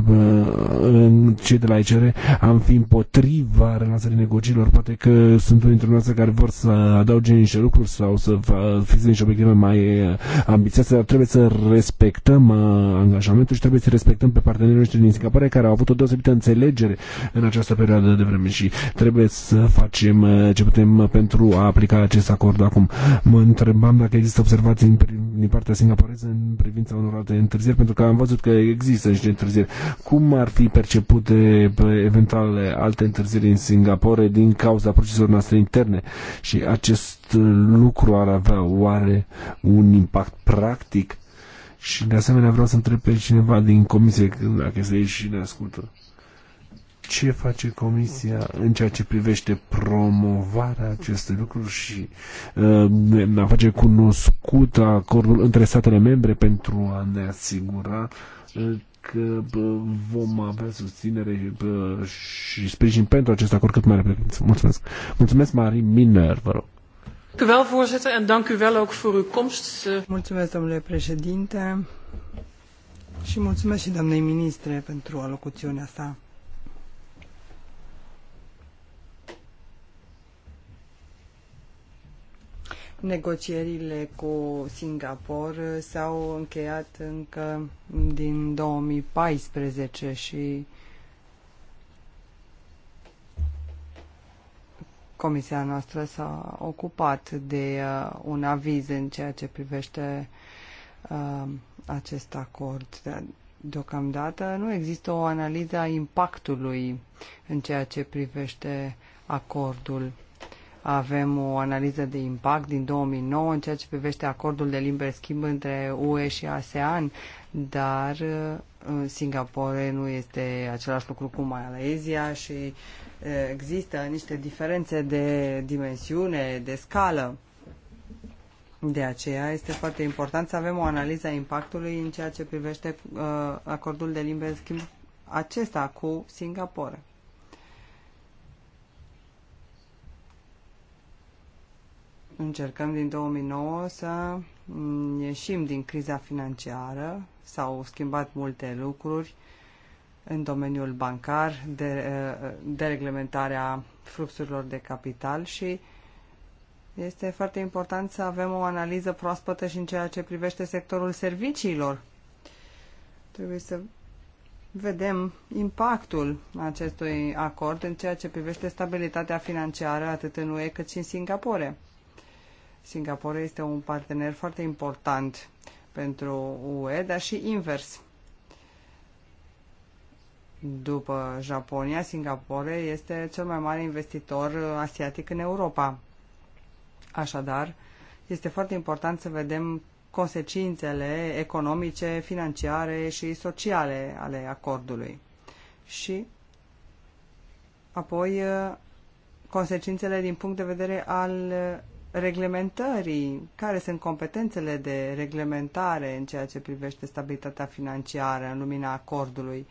uh, în cei de la ICR am fi împotriva relansării negocierilor. Poate că sunt unii dintre noastre care vor să adauge niște lucruri sau să fie niște obiective mai uh, ambițioase, dar trebuie să respectăm angajamentul și trebuie să respectăm pe partenerii noștri din Singapore care au avut o deosebită înțelegere în această perioadă de vreme și trebuie să facem ce putem pentru a aplica acest acord acum. Mă întrebam dacă există observații observații din, din partea singaporeză în privința unor alte întârzieri, pentru că am văzut că există niște întârzieri. Cum ar fi percepute eventuale alte întârzieri în Singapore din cauza proceselor noastre interne? Și acest lucru ar avea oare un impact practic? Și de asemenea vreau să întreb pe cineva din comisie dacă este aici și ne ascultă ce face Comisia în ceea ce privește promovarea acestui lucru și uh, a face cunoscut acordul între statele membre pentru a ne asigura uh, că vom avea susținere și sprijin pentru acest acord cât mai repede. Mulțumesc. Mulțumesc, Marie Miner, vă rog. Eh. Mulțumesc, domnule președinte, și mulțumesc și doamnei ministre pentru alocuțiunea sa. Negocierile cu Singapore s-au încheiat încă din 2014 și comisia noastră s-a ocupat de uh, un aviz în ceea ce privește uh, acest acord. Deocamdată nu există o analiză a impactului în ceea ce privește acordul. Avem o analiză de impact din 2009 în ceea ce privește acordul de liber schimb între UE și ASEAN, dar uh, Singapore nu este același lucru cu Malaysia și uh, există niște diferențe de dimensiune, de scală. De aceea este foarte important să avem o analiză a impactului în ceea ce privește uh, acordul de liber schimb acesta cu Singapore. încercăm din 2009 să ieșim din criza financiară. S-au schimbat multe lucruri în domeniul bancar, de, de reglementarea fluxurilor de capital și este foarte important să avem o analiză proaspătă și în ceea ce privește sectorul serviciilor. Trebuie să vedem impactul acestui acord în ceea ce privește stabilitatea financiară atât în UE cât și în Singapore. Singapore este un partener foarte important pentru UE, dar și invers. După Japonia, Singapore este cel mai mare investitor asiatic în Europa. Așadar, este foarte important să vedem consecințele economice, financiare și sociale ale acordului. Și apoi consecințele din punct de vedere al reglementării, care sunt competențele de reglementare în ceea ce privește stabilitatea financiară în lumina acordului.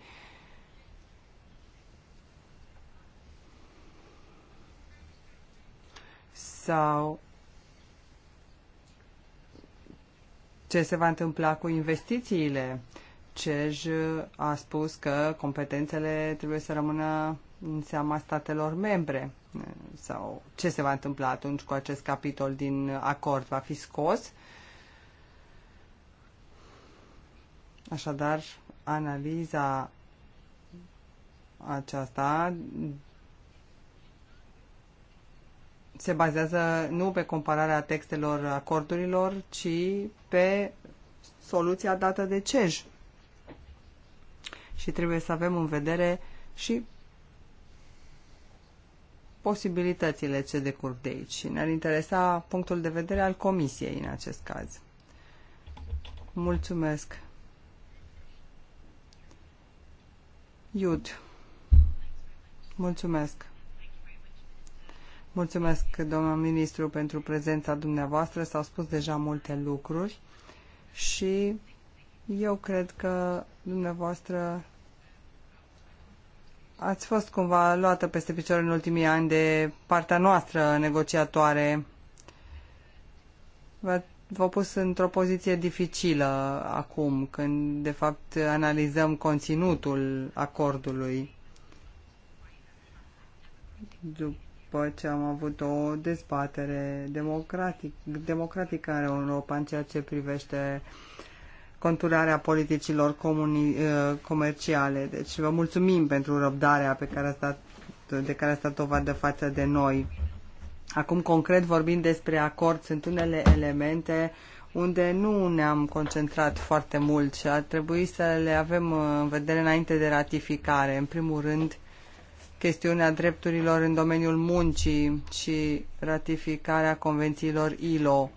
Sau ce se va întâmpla cu investițiile. CEJ a spus că competențele trebuie să rămână în seama statelor membre sau ce se va întâmpla atunci cu acest capitol din acord va fi scos. Așadar, analiza aceasta se bazează nu pe compararea textelor acordurilor, ci pe soluția dată de CEJ. Și trebuie să avem în vedere și posibilitățile ce decurg de aici și ne-ar interesa punctul de vedere al Comisiei în acest caz. Mulțumesc. Iud. Mulțumesc. Mulțumesc, domnul ministru, pentru prezența dumneavoastră. S-au spus deja multe lucruri și eu cred că dumneavoastră ați fost cumva luată peste picior în ultimii ani de partea noastră negociatoare. v a pus într-o poziție dificilă acum, când de fapt analizăm conținutul acordului. După ce am avut o dezbatere democratic, democratică în Europa în ceea ce privește uh, conturarea politicilor comuni, uh, comerciale. Deci vă mulțumim pentru răbdarea pe care a stat, de care a stat dovadă față de noi. Acum, concret, vorbind despre acord, sunt unele elemente unde nu ne-am concentrat foarte mult și ar trebui să le avem uh, în vedere înainte de ratificare. În primul rând, chestiunea drepturilor în domeniul muncii și ratificarea convențiilor ILO.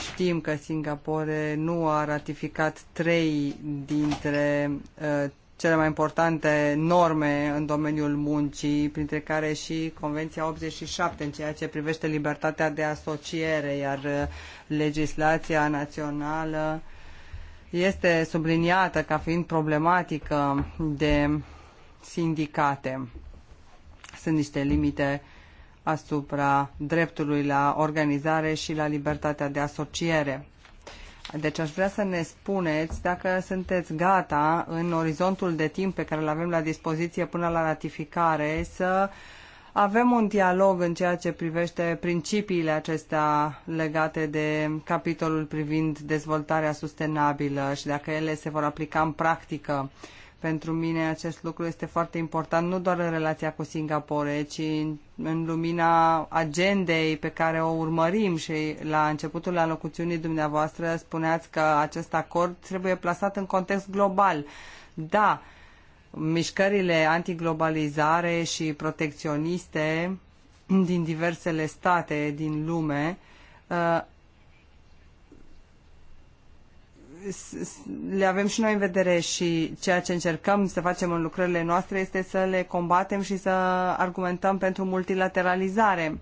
Știm că Singapore nu a ratificat trei dintre uh, cele mai importante norme în domeniul muncii, printre care și Convenția 87 în ceea ce privește libertatea de asociere, iar uh, legislația națională este subliniată ca fiind problematică de sindicate. Sunt niște limite asupra dreptului la organizare și la libertatea de asociere. Deci aș vrea să ne spuneți dacă sunteți gata în orizontul de timp pe care îl avem la dispoziție până la ratificare să avem un dialog în ceea ce privește principiile acestea legate de capitolul privind dezvoltarea sustenabilă și dacă ele se vor aplica în practică. Uh, pentru mine acest lucru este foarte important, nu doar în relația cu Singapore, ci în lumina agendei pe care o urmărim și la începutul alocuțiunii dumneavoastră spuneați că acest acord trebuie plasat în context global. Da, mișcările antiglobalizare și protecționiste din diversele state din lume uh, le avem și noi în vedere și ceea ce încercăm să facem în lucrările noastre este să le combatem și să argumentăm pentru multilateralizare.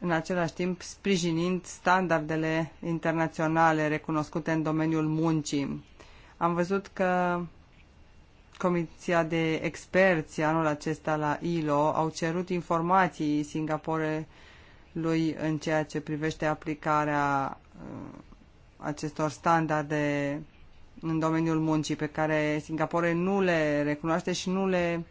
În același timp, sprijinind standardele internaționale recunoscute în domeniul muncii. Am văzut că Comisia de Experți anul acesta la ILO au cerut informații Singapore lui în ceea ce privește aplicarea uh, acestor standarde în domeniul muncii pe care Singapore nu le recunoaște și nu le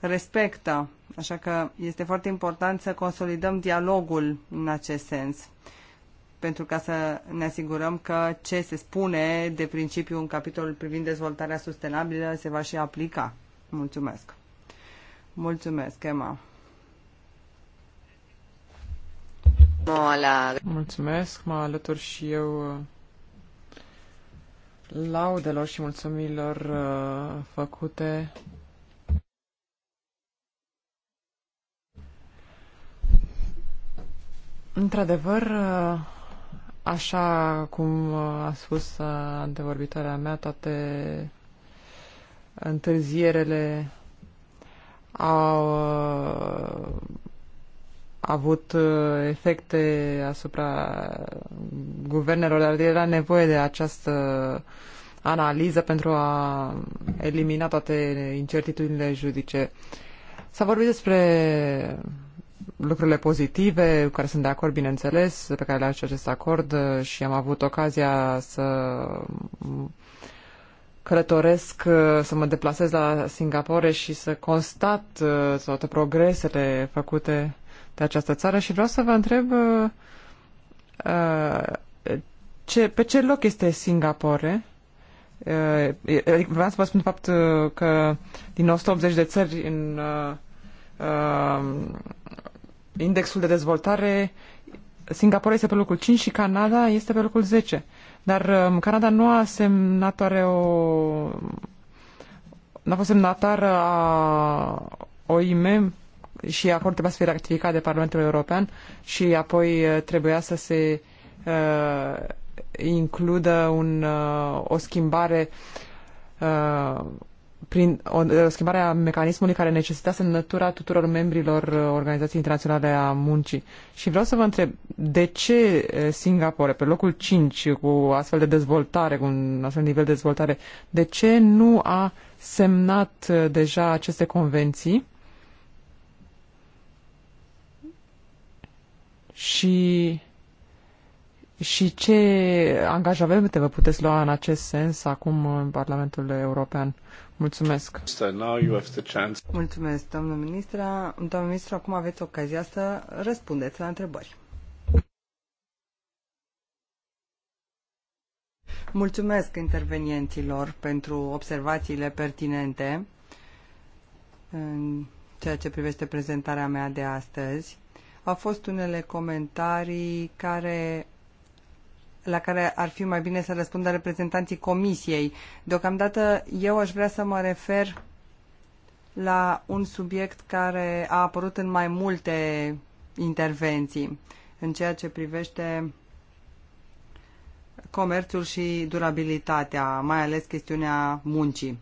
respectă. Așa că este foarte important să consolidăm dialogul în acest sens pentru ca să ne asigurăm că ce se spune de principiu în capitolul privind dezvoltarea sustenabilă se va și aplica. Mulțumesc! Mulțumesc, Emma! Mulțumesc, mă alătur și eu uh, laudelor și mulțumirilor uh, făcute. Într-adevăr, uh, așa cum uh, a spus uh, antevorbitoarea mea, toate întârzierele au uh, avut uh, efecte asupra guvernelor, dar era nevoie de această analiză pentru a elimina toate incertitudinile judice. S-a vorbit despre lucrurile pozitive, care sunt de acord, bineînțeles, pe care le are acest acord uh, și am avut ocazia să călătoresc, uh, să mă deplasez la Singapore și să constat toate progresele făcute de această țară și vreau să vă întreb uh, uh ce, pe ce loc este Singapore? Uh, vreau să vă spun de fapt uh, că din 180 de țări în uh, um, indexul de dezvoltare Singapore este pe locul 5 și Canada este pe locul 10. Dar um, Canada nu a semnat oare o... n-a fost semnatară a OIM și acordul trebuia să fie ratificat de Parlamentul European și apoi uh, trebuia să se uh, includă un, uh, o schimbare uh, prin o, o schimbare a mecanismului care necesita semnătura tuturor membrilor uh, Organizației Internaționale a Muncii. Și vreau să vă întreb, de ce uh, Singapore, pe locul 5, cu astfel de dezvoltare, cu un astfel de nivel de dezvoltare, de ce nu a semnat deja aceste convenții și, și ce angajamente vă puteți lua în acest sens acum în Parlamentul European? Mulțumesc! Mulțumesc, domnul ministru. Domnul ministru, acum aveți ocazia să răspundeți la întrebări. Mulțumesc intervenienților pentru observațiile pertinente în ceea ce privește prezentarea mea de astăzi. Au fost unele comentarii care la care ar fi mai bine să răspundă reprezentanții comisiei. Deocamdată eu aș vrea să mă refer la un subiect care a apărut în mai multe intervenții în ceea ce privește comerțul și durabilitatea, mai ales chestiunea muncii.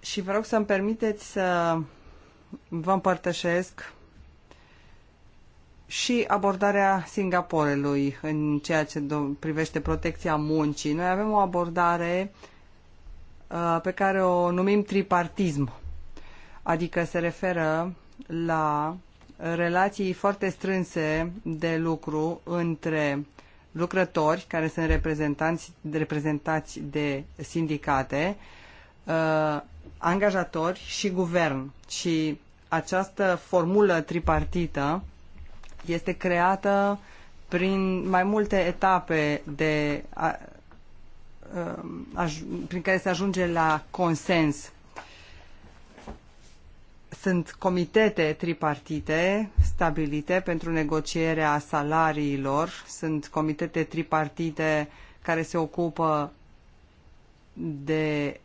Și vă rog să-mi permiteți să vă împărtășesc și abordarea Singaporelui în ceea ce privește protecția muncii. Noi avem o abordare uh, pe care o numim tripartism, adică se referă la relații foarte strânse de lucru între lucrători, care sunt reprezentanți, reprezentați de sindicate, uh, angajatori și guvern. Și această formulă tripartită este creată prin mai multe etape de a, um, a, prin care se ajunge la consens. Sunt comitete tripartite stabilite pentru negocierea salariilor, sunt comitete tripartite care se ocupă de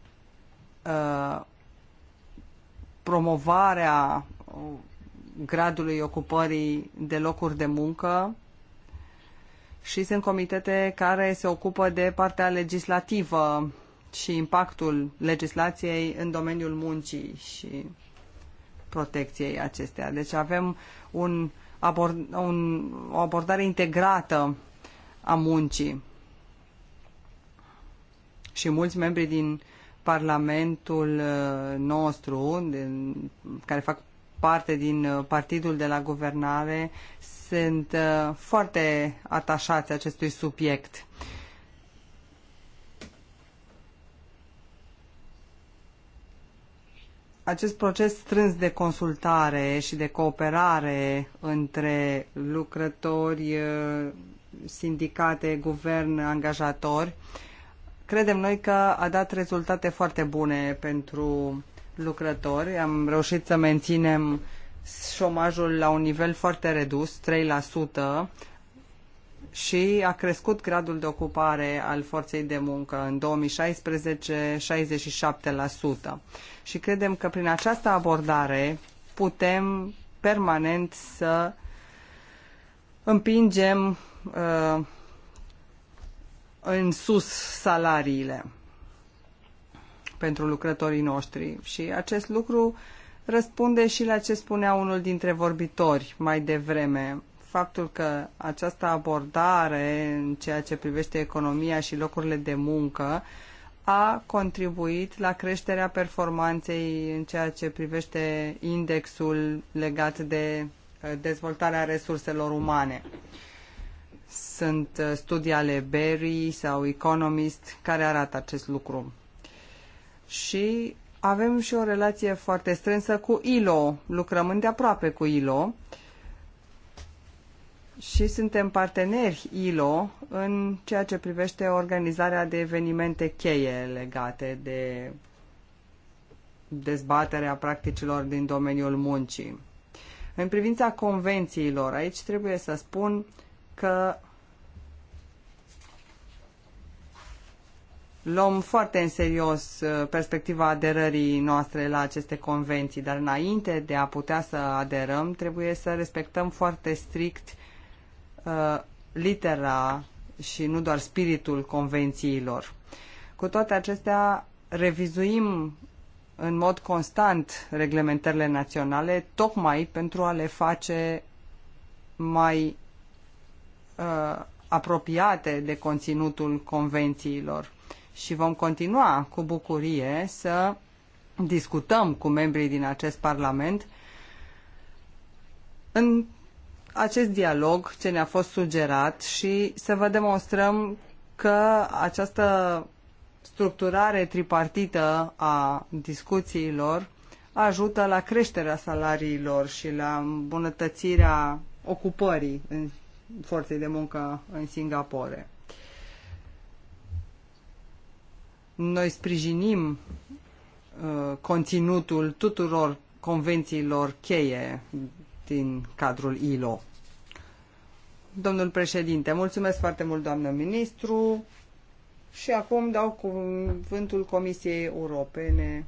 uh, promovarea gradului ocupării de locuri de muncă și sunt comitete care se ocupă de partea legislativă și impactul legislației în domeniul muncii și protecției acesteia. Deci avem un abord, un, o abordare integrată a muncii. Și mulți membri din Parlamentul uh, nostru, din, care fac parte din uh, partidul de la guvernare sunt uh, foarte atașați acestui subiect. acest proces strâns de consultare și de cooperare între lucrători, uh, sindicate, guvern, angajatori, credem noi că a dat rezultate foarte bune pentru lucrători. Am reușit să menținem șomajul la un nivel foarte redus, 3%, și a crescut gradul de ocupare al forței de muncă în 2016 67%. Și credem că prin această abordare putem permanent să împingem uh, în sus salariile pentru lucrătorii noștri. Și acest lucru răspunde și la ce spunea unul dintre vorbitori mai devreme. Faptul că această abordare în ceea ce privește economia și locurile de muncă a contribuit la creșterea performanței în ceea ce privește indexul legat de uh, dezvoltarea resurselor umane. Sunt uh, studii ale Berry sau Economist care arată acest lucru și avem și o relație foarte strânsă cu ILO. Lucrăm îndeaproape cu ILO și suntem parteneri ILO în ceea ce privește organizarea de evenimente cheie legate de dezbaterea practicilor din domeniul muncii. În privința convențiilor, aici trebuie să spun că luăm foarte în serios uh, perspectiva aderării noastre la aceste convenții, dar înainte de a putea să aderăm, trebuie să respectăm foarte strict uh, litera și nu doar spiritul convențiilor. Cu toate acestea, revizuim în mod constant reglementările naționale, tocmai pentru a le face mai uh, apropiate de conținutul convențiilor și vom continua cu bucurie să discutăm cu membrii din acest Parlament în acest dialog ce ne-a fost sugerat și să vă demonstrăm că această structurare tripartită a discuțiilor ajută la creșterea salariilor și la îmbunătățirea ocupării în forței de muncă în Singapore. Noi sprijinim uh, conținutul tuturor convențiilor cheie din cadrul ILO. Domnul președinte, mulțumesc foarte mult, doamnă ministru. Și acum dau cuvântul Comisiei Europene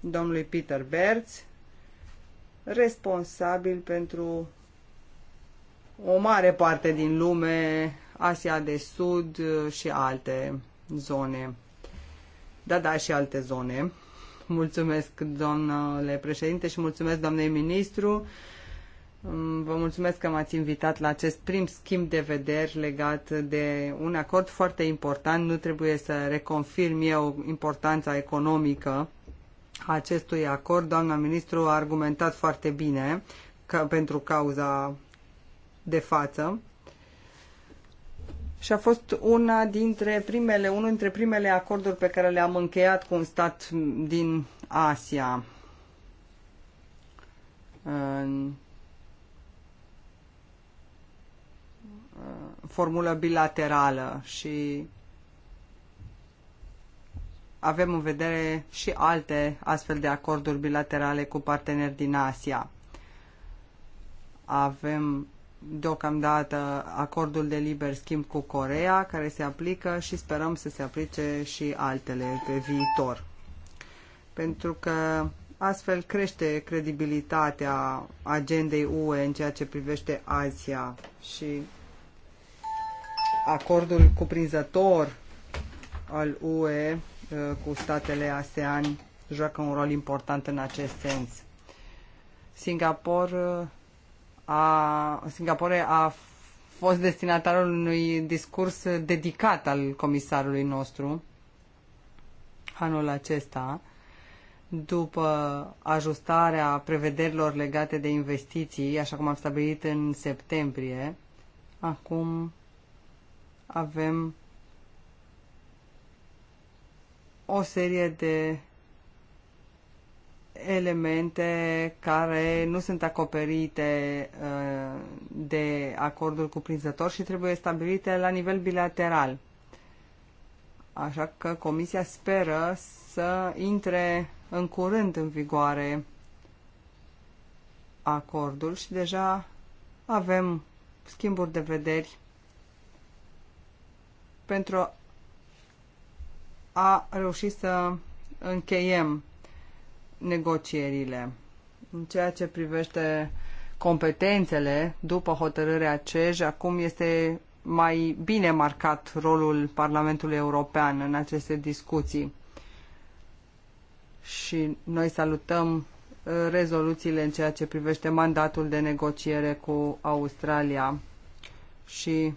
domnului Peter Berți, responsabil pentru o mare parte din lume, Asia de Sud și alte zone. Da, da, și alte zone. Mulțumesc, domnule președinte, și mulțumesc, doamnei ministru. Mm, vă mulțumesc că m-ați invitat la acest prim schimb de vederi legat de un acord foarte important. Nu trebuie să reconfirm eu importanța economică a acestui acord. Doamna ministru a argumentat foarte bine că, pentru cauza de față și a fost una dintre primele, unul dintre primele acorduri pe care le-am încheiat cu un stat din Asia. formulă bilaterală și avem în vedere și alte astfel de acorduri bilaterale cu parteneri din Asia. Avem deocamdată acordul de liber schimb cu Corea, care se aplică și sperăm să se aplice și altele pe viitor. Pentru că astfel crește credibilitatea agendei UE în ceea ce privește Asia și acordul cuprinzător al UE uh, cu statele ASEAN joacă un rol important în acest sens. Singapore uh, a Singapore a fost destinatarul unui discurs dedicat al comisarului nostru anul acesta după ajustarea prevederilor legate de investiții, așa cum am stabilit în septembrie, acum avem o serie de elemente care nu sunt acoperite uh, de acordul cuprinzător și trebuie stabilite la nivel bilateral. Așa că Comisia speră să intre în curând în vigoare acordul și deja avem schimburi de vederi pentru a reuși să încheiem negocierile. În ceea ce privește competențele, după hotărârea CEJ, acum este mai bine marcat rolul Parlamentului European în aceste discuții. Și noi salutăm uh, rezoluțiile în ceea ce privește mandatul de negociere cu Australia și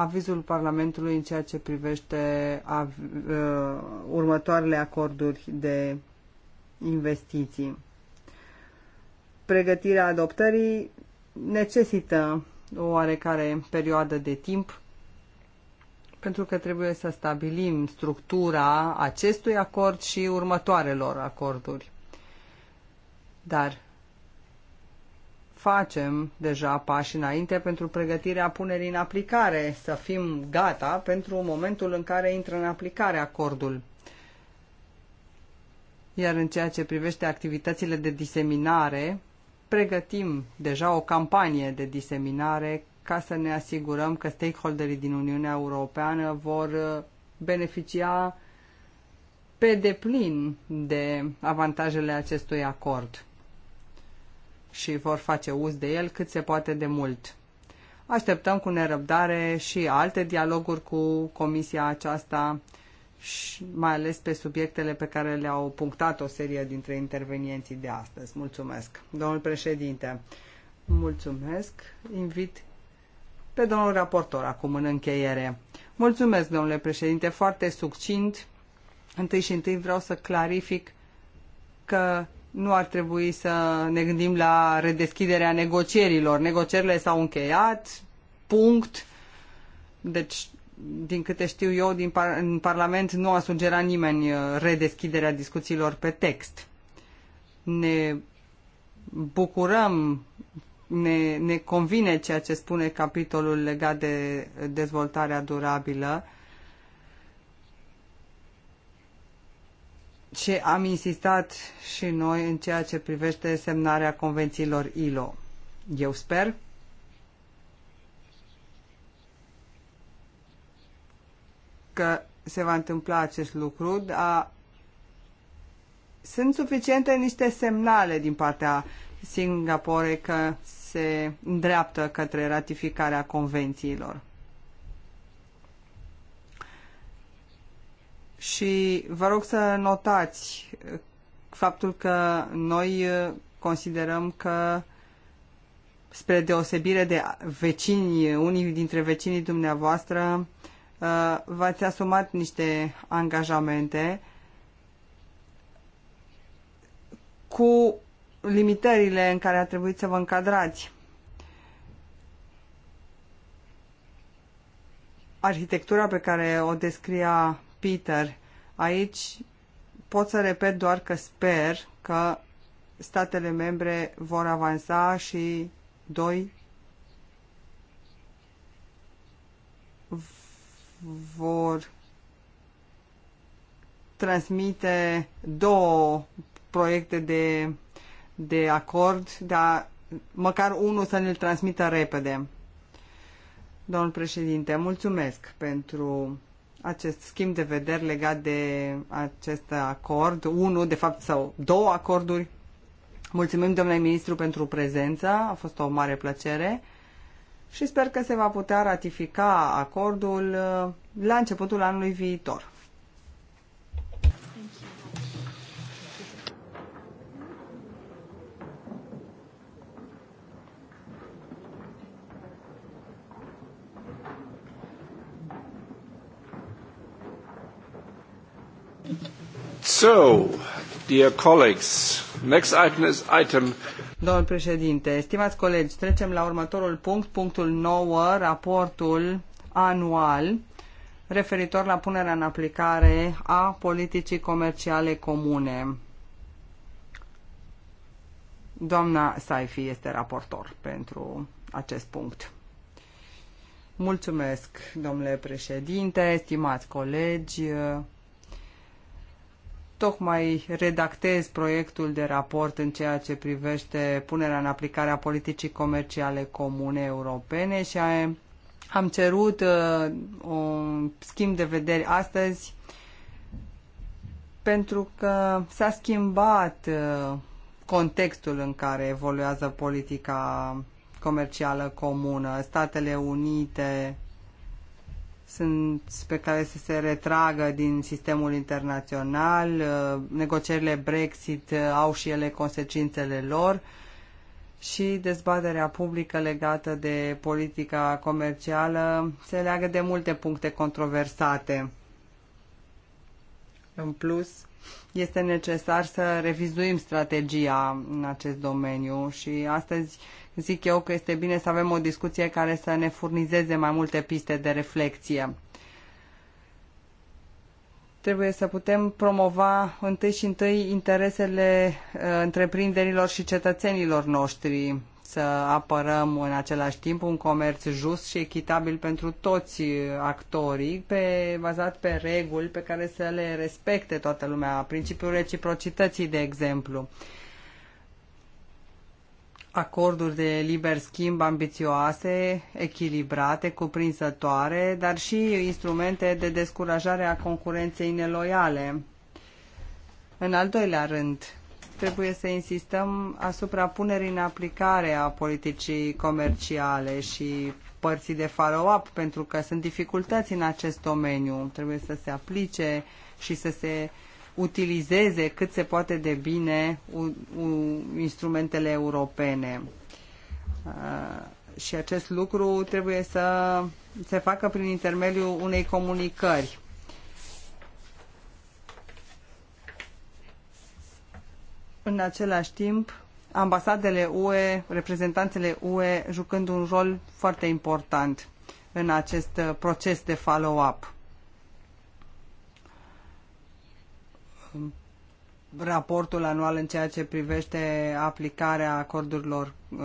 avizul Parlamentului în ceea ce privește av, uh, următoarele acorduri de investiții. Pregătirea adoptării necesită o oarecare perioadă de timp pentru că trebuie să stabilim structura acestui acord și următoarelor acorduri. Dar facem deja pași înainte pentru pregătirea punerii în aplicare, să fim gata pentru momentul în care intră în aplicare acordul. Iar în ceea ce privește activitățile de diseminare, pregătim deja o campanie de diseminare ca să ne asigurăm că stakeholderii din Uniunea Europeană vor uh, beneficia pe deplin de avantajele acestui acord și vor face uz de el cât se poate de mult. Așteptăm cu nerăbdare și alte dialoguri cu comisia aceasta, și mai ales pe subiectele pe care le-au punctat o serie dintre intervenienții de astăzi. Mulțumesc. Domnul președinte, mulțumesc. Invit pe domnul raportor acum în încheiere. Mulțumesc, domnule președinte, foarte succint. Întâi și întâi vreau să clarific că nu ar trebui să ne gândim la redeschiderea negocierilor. Negocierile s-au încheiat, punct. Deci, din câte știu eu, din par- în Parlament nu a sugerat nimeni uh, redeschiderea discuțiilor pe text. Ne bucurăm, ne, ne convine ceea ce spune capitolul legat de dezvoltarea durabilă ce am insistat și noi în ceea ce privește semnarea convențiilor ILO. Eu sper că se va întâmpla acest lucru, dar sunt suficiente niște semnale din partea Singapore că se îndreaptă către ratificarea convențiilor. și vă rog să notați uh, faptul că noi uh, considerăm că spre deosebire de vecini, unii dintre vecinii dumneavoastră, uh, v-ați asumat niște angajamente cu limitările în care a trebuit să vă încadrați. Arhitectura pe care o descria Peter. Aici pot să repet doar că sper că statele membre vor avansa și doi vor transmite două proiecte de, de acord, dar măcar unul să ne-l transmită repede. Domnul președinte, mulțumesc pentru acest schimb de vederi legat de acest acord, unul, de fapt, sau două acorduri. Mulțumim, domnule ministru, pentru prezența a fost o mare plăcere și sper că se va putea ratifica acordul uh, la începutul anului viitor. So, dear colleagues, next item is item... Domnul președinte, stimați colegi, trecem la următorul punct, punctul 9, raportul anual referitor la punerea în aplicare a politicii comerciale comune. Doamna Saifi este raportor pentru acest punct. Mulțumesc, domnule președinte, stimați colegi, tocmai redactez proiectul de raport în ceea ce privește punerea în aplicare a politicii comerciale comune europene și am cerut uh, un schimb de vederi astăzi pentru că s-a schimbat uh, contextul în care evoluează politica comercială comună. Statele Unite sunt pe care să se retragă din sistemul internațional. Negocierile Brexit au și ele consecințele lor și dezbaterea publică legată de politica comercială se leagă de multe puncte controversate. În plus, este necesar să revizuim strategia în acest domeniu și astăzi zic eu că este bine să avem o discuție care să ne furnizeze mai multe piste de reflexie. Trebuie să putem promova întâi și întâi interesele uh, întreprinderilor și cetățenilor noștri, să apărăm în același timp un comerț just și echitabil pentru toți actorii, pe, bazat pe reguli pe care să le respecte toată lumea, principiul reciprocității, de exemplu acorduri de liber schimb ambițioase, echilibrate, cuprinsătoare, dar și instrumente de descurajare a concurenței neloiale. În al doilea rând, trebuie să insistăm asupra punerii în aplicare a politicii comerciale și părții de follow-up, pentru că sunt dificultăți în acest domeniu. Trebuie să se aplice și să se uh, utilizeze cât se poate de bine instrumentele europene. Uh, și acest lucru trebuie să se facă prin intermediul unei comunicări. În același timp, ambasadele UE, reprezentanțele UE, jucând un rol foarte important în acest uh, proces de follow-up. raportul anual în ceea ce privește aplicarea acordurilor uh,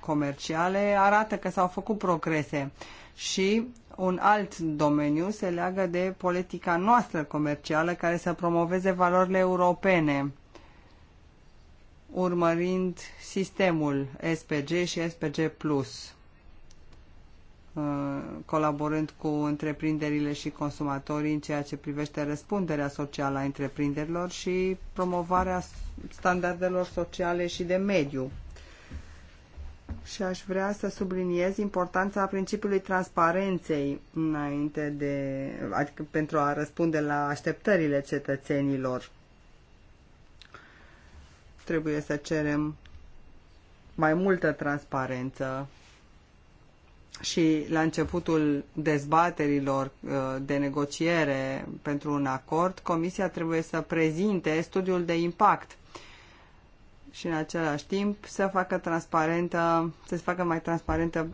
comerciale arată că s-au făcut progrese și un alt domeniu se leagă de politica noastră comercială care să promoveze valorile europene urmărind sistemul SPG și SPG+. Uh, colaborând cu întreprinderile și consumatorii în ceea ce privește răspunderea socială a întreprinderilor și promovarea standardelor sociale și de mediu. Și aș vrea să subliniez importanța principiului transparenței înainte de, adică pentru a răspunde la așteptările cetățenilor. Trebuie să cerem mai multă transparență și la începutul dezbaterilor uh, de negociere pentru un acord, Comisia trebuie să prezinte studiul de impact și în același timp să facă transparentă, să se facă mai transparentă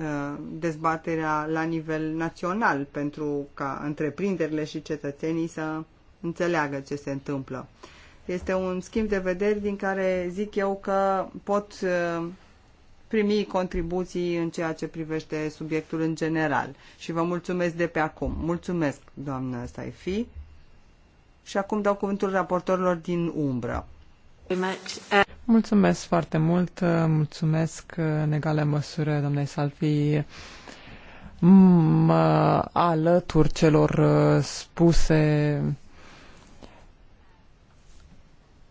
uh, dezbaterea la nivel național pentru ca întreprinderile și cetățenii să înțeleagă ce se întâmplă. Este un schimb de vederi din care zic eu că pot uh, primi contribuții în ceea ce privește subiectul în general. Și vă mulțumesc de pe acum. Mulțumesc, doamnă Saifi. Și acum dau cuvântul raportorilor din umbră. Mulțumesc foarte mult, mulțumesc în egală măsură, doamnei Salfi. Mă alătur celor spuse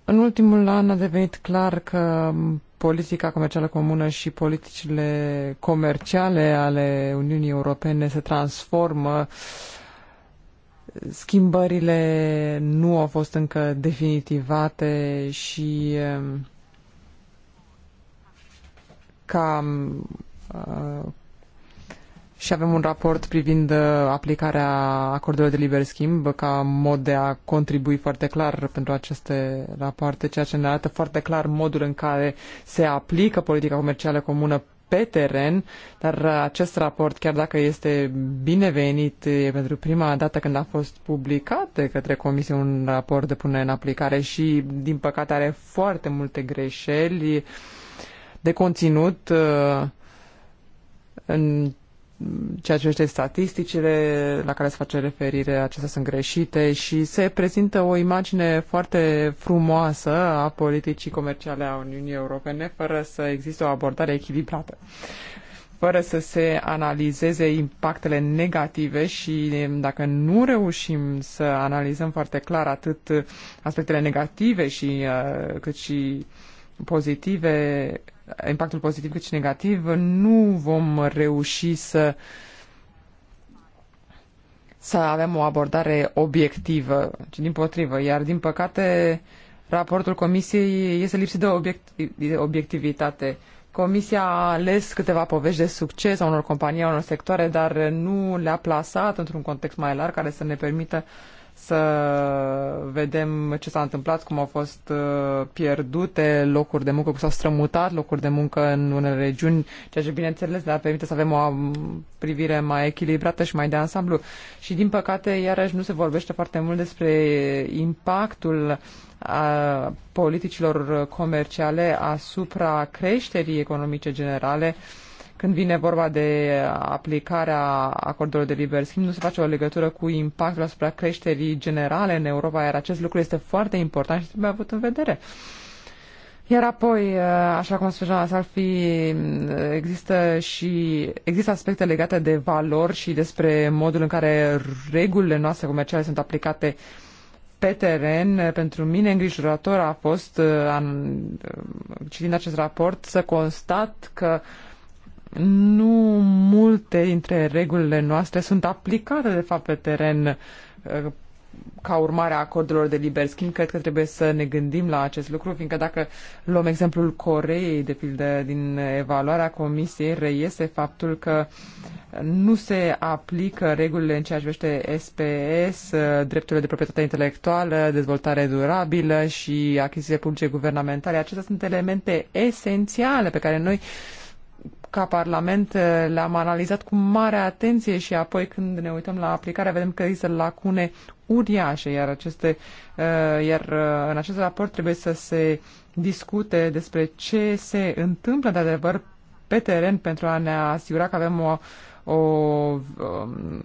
în ultimul an a devenit clar că politica comercială comună și politicile comerciale ale Uniunii Europene se transformă. Schimbările nu au fost încă definitivate și ehm, ca și avem un raport privind uh, aplicarea acordurilor de liber schimb ca mod de a contribui foarte clar pentru aceste rapoarte, ceea ce ne arată foarte clar modul în care se aplică politica comercială comună pe teren, dar uh, acest raport, chiar dacă este binevenit, e pentru prima dată când a fost publicat de către Comisie un raport de punere în aplicare și, din păcate, are foarte multe greșeli de conținut uh, în ceea ce este statisticile la care se face referire, acestea sunt greșite și se prezintă o imagine foarte frumoasă a politicii comerciale a Uniunii Europene fără să existe o abordare echilibrată fără să se analizeze impactele negative și dacă nu reușim să analizăm foarte clar atât aspectele negative și, uh, cât și pozitive impactul pozitiv cât și negativ, nu vom reuși să să avem o abordare obiectivă, ci din potrivă. Iar, din păcate, raportul comisiei este lipsit de, obiect, de obiectivitate. Comisia a ales câteva povești de succes a unor companii, a unor sectoare, dar nu le-a plasat într-un context mai larg care să ne permită uh, să vedem ce s-a întâmplat, cum au fost uh, pierdute locuri de muncă, cum s-au strămutat locuri de muncă în unele regiuni, ceea ce bineînțeles ne-ar permite să avem o um, privire mai echilibrată și mai de ansamblu. Și din păcate, iarăși nu se vorbește foarte mult despre impactul a uh, politicilor comerciale asupra creșterii economice generale uh, când vine vorba de aplicarea acordurilor de liber schimb, nu se face o legătură cu impactul asupra creșterii generale în Europa, iar acest lucru este foarte important și trebuie avut în vedere. Iar apoi, așa cum spunea Salfi, există și există aspecte legate de valori și despre modul în care regulile noastre comerciale sunt aplicate pe teren. Pentru mine îngrijorător a fost, uh, uh, citind acest raport, să constat că uh, nu multe dintre regulile noastre sunt aplicate, de fapt, pe teren uh, ca urmare a codurilor de liber schimb. Cred că trebuie să ne gândim la acest lucru, fiindcă dacă luăm exemplul Coreei, de pildă, din evaluarea comisiei, reiese faptul că nu se aplică regulile în ceea ce vește SPS, uh, drepturile de proprietate intelectuală, dezvoltare durabilă și achiziții publice guvernamentale. Acestea sunt elemente esențiale pe care noi ca Parlament eh, le-am analizat cu mare atenție și apoi când ne uităm la aplicare vedem că există lacune uriașe, iar, aceste, eh, iar eh, în acest raport trebuie să se discute despre ce se întâmplă de adevăr pe teren pentru a ne asigura că avem o, o um,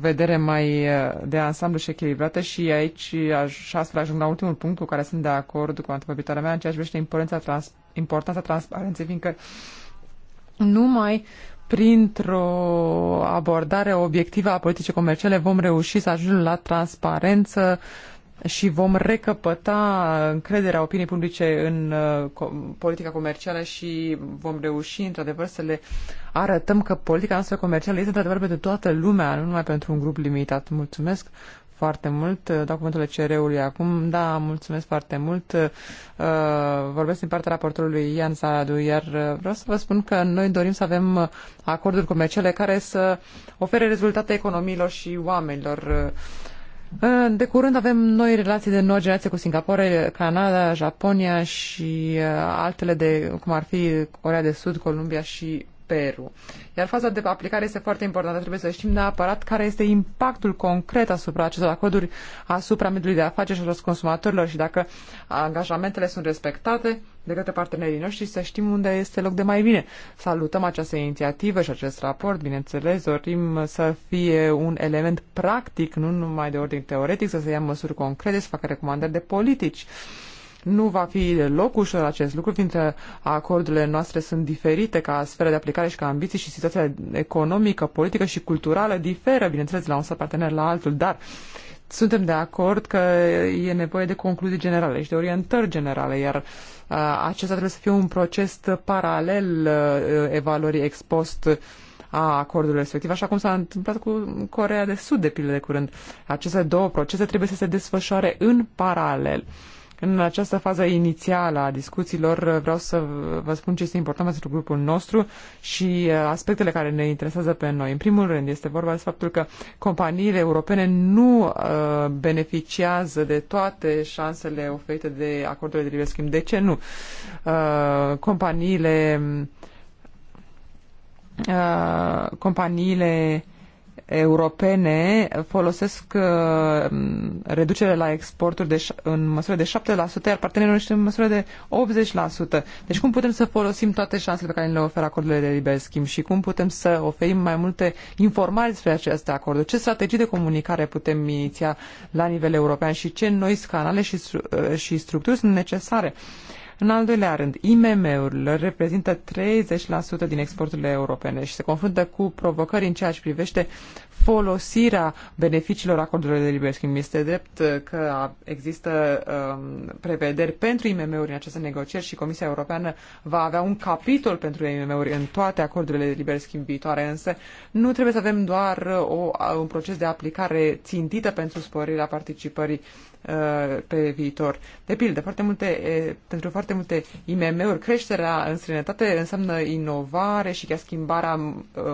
vedere mai de ansamblu și echilibrată și aici aș, astfel ajung la ultimul punct cu care sunt de acord cu antepăbitoarea mea în ceea ce privește importanța, trans, importanța transparenței, fiindcă uh, numai printr-o abordare obiectivă a politicii comerciale vom reuși să ajungem la transparență și vom recăpăta încrederea opiniei publice în uh, politica comercială și vom reuși, într-adevăr, să le arătăm că politica noastră comercială este, într-adevăr, pentru toată lumea, nu numai pentru un grup limitat. Mulțumesc foarte mult. Uh, Dau cuvântul CR-ului acum. Da, mulțumesc foarte mult. Uh, vorbesc din partea raportorului Ian Saradu, iar uh, vreau să vă spun că noi dorim să avem acorduri comerciale care să ofere rezultate economiilor și oamenilor. De curând avem noi relații de nouă generație cu Singapore, Canada, Japonia și altele de, cum ar fi Corea de Sud, Columbia și Peru. Iar faza de aplicare este foarte importantă. Trebuie să știm neapărat care este impactul concret asupra acestor acorduri, asupra mediului de afaceri și asupra consumatorilor și dacă angajamentele sunt respectate de către partenerii noștri, să știm unde este loc de mai bine. Salutăm această inițiativă și acest raport, bineînțeles, dorim să fie un element practic, nu numai de ordin teoretic, să se ia măsuri concrete, să facă recomandări de politici nu va fi deloc ușor acest lucru, fiindcă acordurile noastre sunt diferite ca sferă de aplicare și ca ambiții și situația economică, politică și culturală diferă, bineînțeles, la un stat partener la altul, dar suntem de acord că e nevoie de concluzii generale și de orientări generale, iar uh, acesta trebuie să fie un proces paralel uh, evaluării ex post a acordului respectiv, așa cum s-a întâmplat cu Corea de Sud, de pildă de curând. Aceste două procese trebuie să se desfășoare în paralel. În această fază inițială a discuțiilor vreau să vă spun ce este important pentru grupul nostru și uh, aspectele care ne interesează pe noi. În primul rând este vorba de faptul că companiile europene nu uh, beneficiază de toate șansele oferite de acordurile de liber schimb. De ce nu? Uh, companiile companiile europene folosesc uh, reducere la exporturi de, în măsură de 7%, iar partenerii noștri în măsură de 80%. Deci cum putem să folosim toate șansele pe care le oferă acordurile de liber schimb și cum putem să oferim mai multe informații despre aceste acorduri? Ce strategii de comunicare putem iniția la nivel european și ce noi canale și, uh, și structuri sunt necesare? Uh, în al doilea rând, IMM-urile reprezintă 30% din exporturile europene și se confruntă cu provocări în ceea ce privește folosirea beneficiilor acordurilor de liber schimb. Este drept uh, că există um, prevederi pentru IMM-uri în aceste negocieri și Comisia Europeană va avea un capitol pentru IMM-uri în toate acordurile de liber schimb viitoare, însă nu trebuie să avem doar uh, o, un proces de aplicare țintită pentru sporirea participării uh, pe viitor. De pildă, foarte multe, pentru foarte multe IMM-uri, creșterea în străinătate înseamnă inovare și chiar schimbarea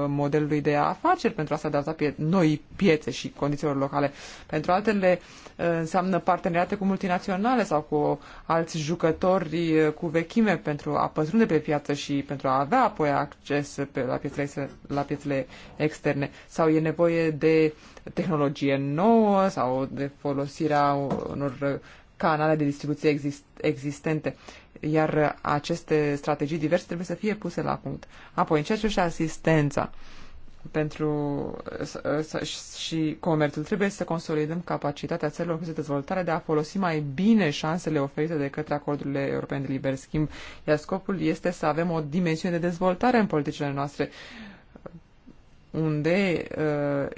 modelului de afaceri pentru a se adapta pie- noi piețe și condițiilor locale. Pentru altele uh, înseamnă parteneriate cu multinaționale sau cu alți jucători uh, cu vechime pentru a pătrunde pe piață și pentru a avea apoi acces pe, la, piețele, la piețele externe. Sau e nevoie de tehnologie nouă sau de folosirea unor canale de distribuție exist, existente iar aceste strategii diverse trebuie să fie puse la punct. Apoi, în ceea ce și asistența, pentru și comerțul. Trebuie să consolidăm capacitatea țărilor de dezvoltare de a folosi mai bine șansele oferite de către acordurile europene de liber schimb, iar scopul este să avem o dimensiune de dezvoltare în politicile noastre. Uh, unde uh,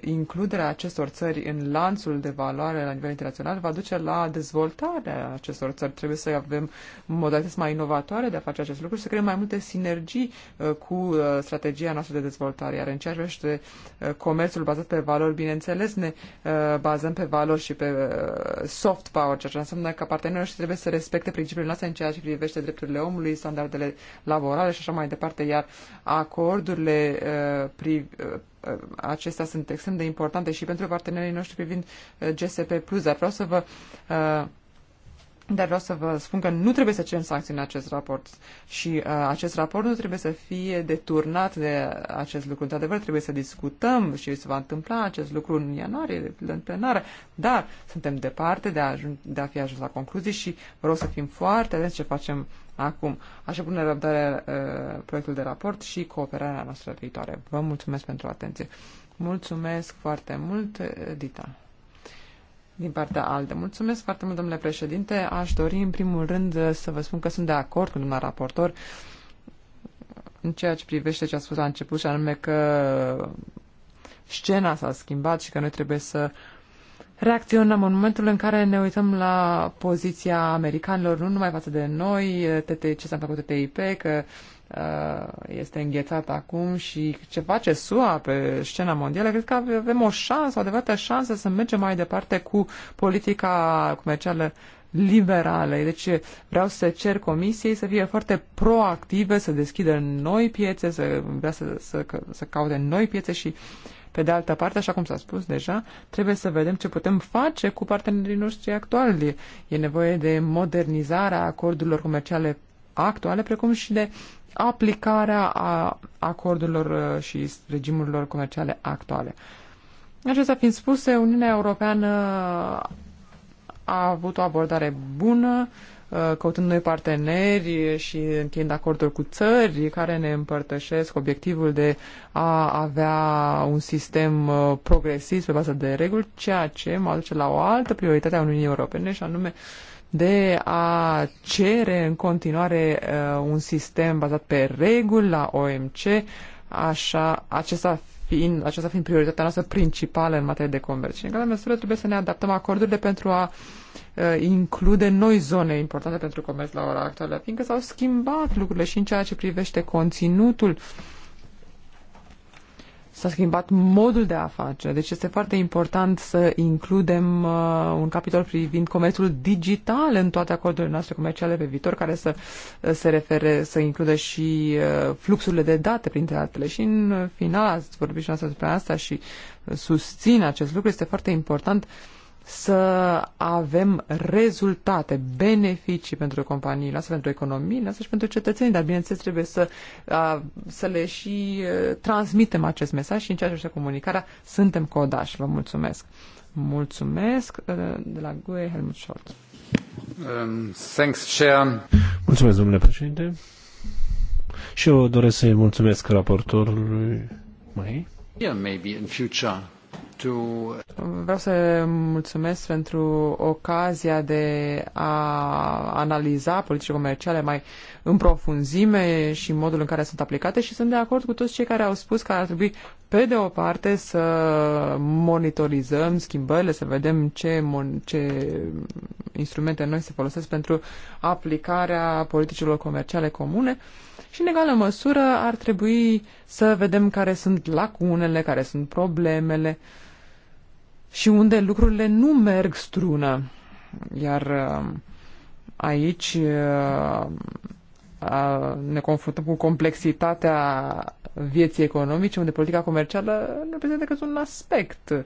includerea acestor țări în lanțul de valoare la nivel internațional va duce la dezvoltarea acestor țări. Trebuie să avem modalități mai inovatoare de a face acest lucru și să creăm mai multe sinergii uh, cu uh, strategia noastră de dezvoltare. Iar în ceea ce privește uh, comerțul bazat pe valori, bineînțeles, ne uh, bazăm pe valori și pe uh, soft power, ceea ce înseamnă că partenerii noștri trebuie să respecte principiile noastre în ceea ce privește drepturile omului, standardele laborale și așa mai departe, iar acordurile uh, pri, uh, Uh, acestea sunt extrem de importante și pentru partenerii noștri privind uh, GSP+. Dar vreau să vă uh, dar vreau să vă spun că nu trebuie să cerem sancțiuni în acest raport și uh, acest raport nu trebuie să fie deturnat de acest lucru. Într-adevăr, trebuie să discutăm și se va întâmpla acest lucru în ianuarie, în plenară, dar suntem departe de a, ajun- de a fi ajuns la concluzii și vreau să fim foarte atenți ce facem acum. Așa pune răbdare uh, proiectul de raport și cooperarea noastră viitoare. Vă mulțumesc pentru atenție. Mulțumesc foarte mult, Dita din partea ALDE. Mulțumesc foarte mult, domnule președinte. Aș dori, în primul rând, să vă spun că sunt de acord cu domnul raportor în ceea ce privește ce a spus la început, și anume că scena s-a schimbat și că noi trebuie să reacționăm în momentul în care ne uităm la poziția americanilor, nu numai față de noi, ce s-a făcut TTIP, că uh, Uh, este înghețat acum și ce face SUA pe scena mondială, cred că avem o șansă, o adevărată șansă să mergem mai departe cu politica comercială liberale. Deci vreau să cer comisiei să fie foarte proactive, să deschidă noi piețe, să vrea să, să, să caute noi piețe și pe de altă parte, așa cum s-a spus deja, trebuie să vedem ce putem face cu partenerii noștri actuali. E nevoie de modernizarea acordurilor comerciale actuale, precum și de aplicarea a acordurilor uh, și regimurilor comerciale actuale. Acestea fiind spuse, Uniunea Europeană a avut o abordare bună, uh, căutând noi parteneri și încheind acorduri cu țări care ne împărtășesc obiectivul de a avea un sistem uh, progresist pe bază de reguli, ceea ce mă aduce la o altă prioritate a Uniunii Europene și anume uh, de a cere în continuare uh, un sistem bazat pe reguli la OMC, așa, acesta fiind, aceasta fiind prioritatea noastră principală în materie de comerț. Și în egală măsură trebuie să ne adaptăm acordurile pentru a uh, include noi zone importante pentru comerț la ora actuală, fiindcă s-au schimbat lucrurile și în ceea ce privește conținutul uh, s-a schimbat modul de a face, Deci este foarte important să includem uh, un capitol privind comerțul digital în toate acordurile noastre comerciale pe viitor, care să uh, se refere, să includă și uh, fluxurile de date, printre altele. Și în final, ați vorbit și noastră despre asta și uh, susțin acest lucru. Este foarte important uh, să avem rezultate, beneficii pentru companiile astea, pentru economii, astea și pentru cetățenii, dar bineînțeles trebuie să, să le și transmitem acest mesaj și în ceea ce este comunicarea suntem codași. Vă mulțumesc! Mulțumesc de la GUE Helmut Scholz. Um, thanks, Chair. Mulțumesc, domnule președinte. Și eu doresc să-i mulțumesc raportorului. Mai? Yeah, maybe in future to... Vreau să mulțumesc pentru ocazia de a analiza politici comerciale mai în profunzime și modul în care sunt aplicate și sunt de acord cu toți cei care au spus că ar trebui, pe de o parte, să monitorizăm schimbările, să vedem ce, mon- ce instrumente noi se folosesc pentru aplicarea politicilor comerciale comune și, în egală măsură, ar trebui să vedem care sunt lacunele, care sunt problemele, și unde lucrurile nu merg strună. Iar uh, aici uh, ne confruntăm cu complexitatea vieții economice, unde politica comercială nu reprezintă decât un aspect.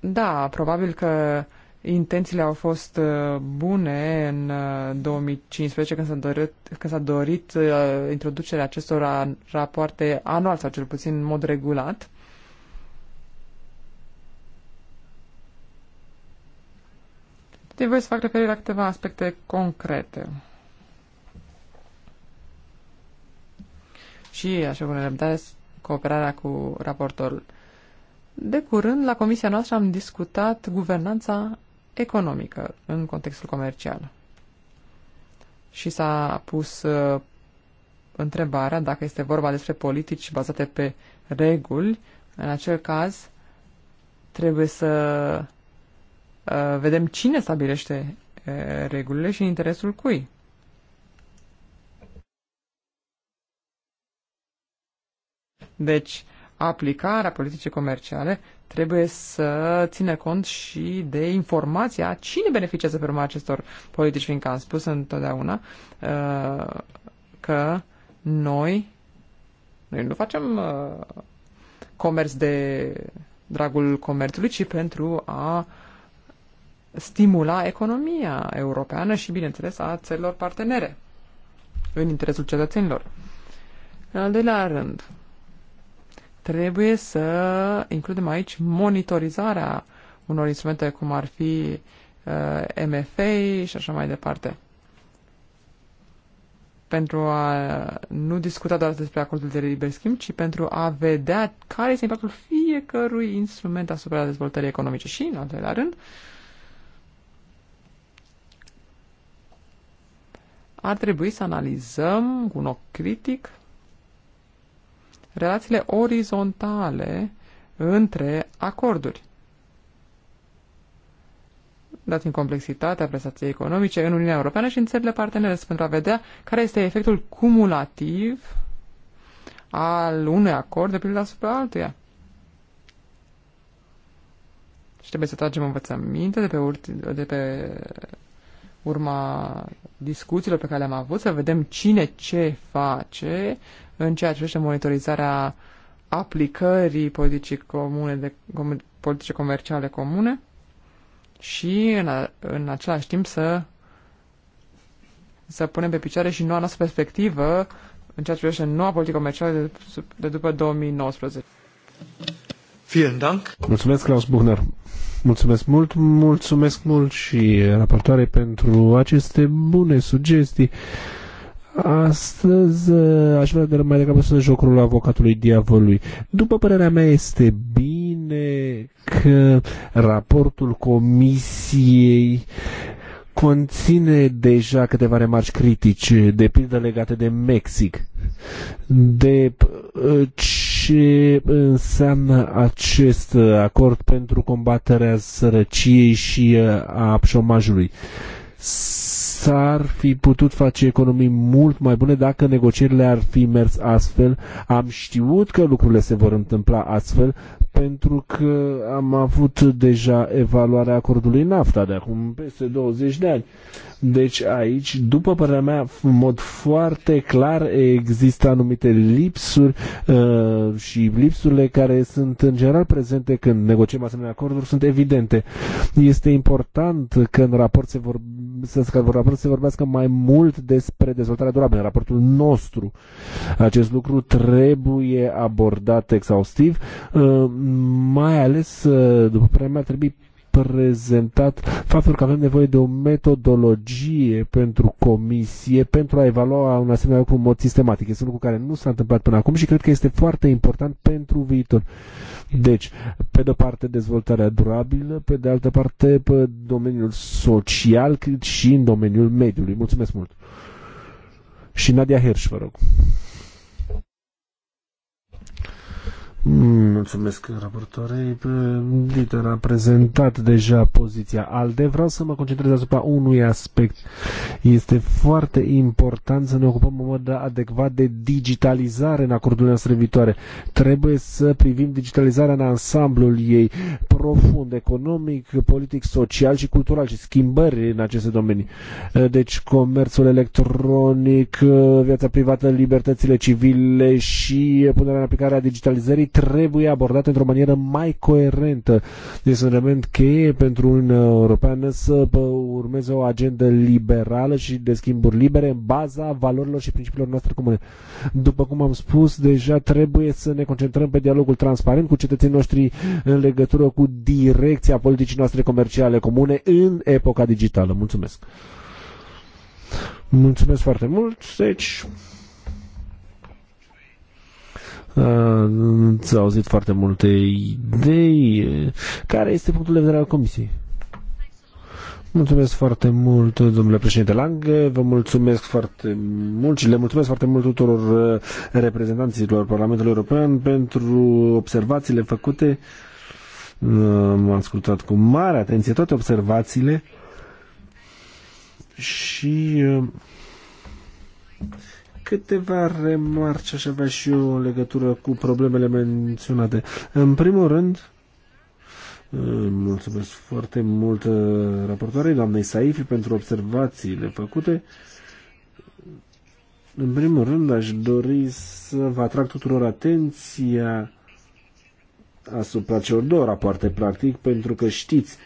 Da, probabil că intențiile au fost uh, bune în 2015 când s-a dorit, când s-a dorit introducerea acestor rapoarte anual sau cel puțin în mod regulat. Te deci voi să fac referire la câteva aspecte concrete. Și, așa cum răbdare, cooperarea cu raportorul. De curând, la comisia noastră am discutat guvernanța economică în contextul comercial. Și s-a pus uh, întrebarea dacă este vorba despre politici bazate pe reguli. În acel caz, trebuie să Uh, vedem cine stabilește uh, regulile și interesul cui. Deci, aplicarea politicii comerciale trebuie să țină cont și de informația cine beneficiază pe urma acestor politici, fiindcă am spus întotdeauna uh, că noi, noi nu facem comerț de dragul comerțului, ci pentru a uh, stimula economia europeană și, bineînțeles, a țărilor partenere în interesul cetățenilor. În al doilea rând, trebuie să includem aici monitorizarea unor instrumente cum ar fi uh, MFA și așa mai departe. Pentru a nu discuta doar despre acordul de liber schimb, ci pentru a vedea care este impactul fiecărui instrument asupra dezvoltării economice. Și, în al doilea rând, uh, ar trebui să analizăm cu un ochi critic relațiile orizontale între acorduri. Dat în complexitatea prestației economice în Uniunea Europeană și în țările partenere, pentru a vedea care este efectul cumulativ al unui acord de pildă asupra altuia. Și trebuie să tragem învățăminte de pe, urti, de pe urma discuțiilor pe care le-am avut, să vedem cine ce face în ceea ce este monitorizarea aplicării politicii comune de, com, politice comerciale comune și în, a, în același timp să să punem pe picioare și noua noastră perspectivă în ceea ce privește noua politică comercială de, de după 2019. Vielen Dank. Mulțumesc, Klaus Buchner. Mulțumesc mult, mulțumesc mult și raportoare pentru aceste bune sugestii. Astăzi uh, aș vrea de mai degrabă să jocul avocatului diavolului. După părerea mea este bine că raportul comisiei conține deja câteva remarci critici, de pildă legate de Mexic, de uh, ce înseamnă acest acord pentru combaterea sărăciei și uh, a șomajului s-ar fi putut face economii mult mai bune dacă negocierile ar fi mers astfel. Am știut că lucrurile se vor întâmpla astfel pentru că am avut deja evaluarea acordului NAFTA de acum peste 20 de ani. Deci aici, după părerea mea, în mod foarte clar există anumite lipsuri uh, și lipsurile care sunt în general prezente când negociem asemenea acorduri sunt evidente. Este important că în raport se, vor, să, că în raport se vorbească mai mult despre dezvoltarea durabilă în raportul nostru. Acest lucru trebuie abordat exhaustiv. Uh, mai ales, ă, după părerea mea, trebuie prezentat faptul că avem nevoie de o metodologie pentru comisie pentru a evalua un asemenea lucru în mod sistematic. Este un lucru care nu s-a întâmplat până acum și cred că este foarte important pentru viitor. Deci, pe de-o parte dezvoltarea durabilă, pe de altă parte pe domeniul social, cât și în domeniul mediului. Mulțumesc mult! Și Nadia Hirsch, vă rog. Mulțumesc raportorei. Dieter a prezentat deja poziția ALDE. Vreau să mă concentrez asupra unui aspect. Este foarte important să ne ocupăm în mod adecvat de digitalizare în acordurile noastre viitoare. Trebuie să privim digitalizarea în ansamblul ei profund, economic, politic, social și cultural și schimbări în aceste domenii. Deci comerțul electronic, viața privată, libertățile civile și punerea în aplicare a digitalizării trebuie abordate într-o manieră mai coerentă. Este un element cheie pentru un European să urmeze o agendă liberală și de schimburi libere în baza valorilor și principiilor noastre comune. După cum am spus, deja trebuie să ne concentrăm pe dialogul transparent cu cetățenii noștri în legătură cu direcția politicii noastre comerciale comune în epoca digitală. Mulțumesc! Mulțumesc foarte mult! Deci, Uh, Ați auzit foarte multe idei. Care este punctul de vedere al Comisiei? Mulțumesc foarte mult, domnule președinte Lange, vă mulțumesc foarte mult și le mulțumesc foarte mult tuturor uh, reprezentanților Parlamentului European pentru observațiile făcute. Am ascultat cu mare atenție toate observațiile și uh, Câteva remarci aș avea și eu în legătură cu problemele menționate. În primul rând, mulțumesc foarte mult uh, raportoarei doamnei Saifi pentru observațiile făcute. În primul rând, aș dori să vă atrag tuturor atenția asupra celor două rapoarte, practic, pentru că știți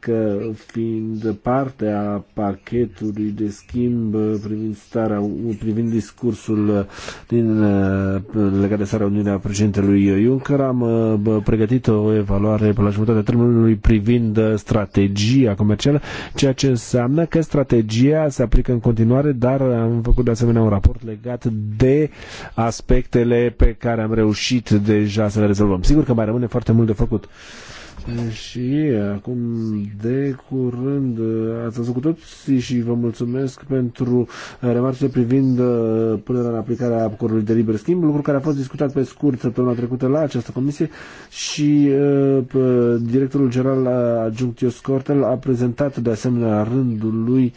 că fiind parte a pachetului de schimb privind, starea, privind discursul din uh, legat de starea Uniunea președintelui Juncker, am uh, pregătit o evaluare pe la jumătatea termenului privind uh, strategia comercială, ceea ce înseamnă că strategia se aplică în continuare, dar am făcut de asemenea un raport legat de aspectele pe care am reușit deja să le rezolvăm. Sigur că mai rămâne foarte mult de făcut. Și acum de curând ați văzut cu toții și vă mulțumesc pentru remarcile privind uh, punerea în aplicare a acordului de liber schimb, lucru care a fost discutat pe scurt săptămâna trecută la această comisie și uh, directorul general adjunct Cortel a prezentat de asemenea rândul lui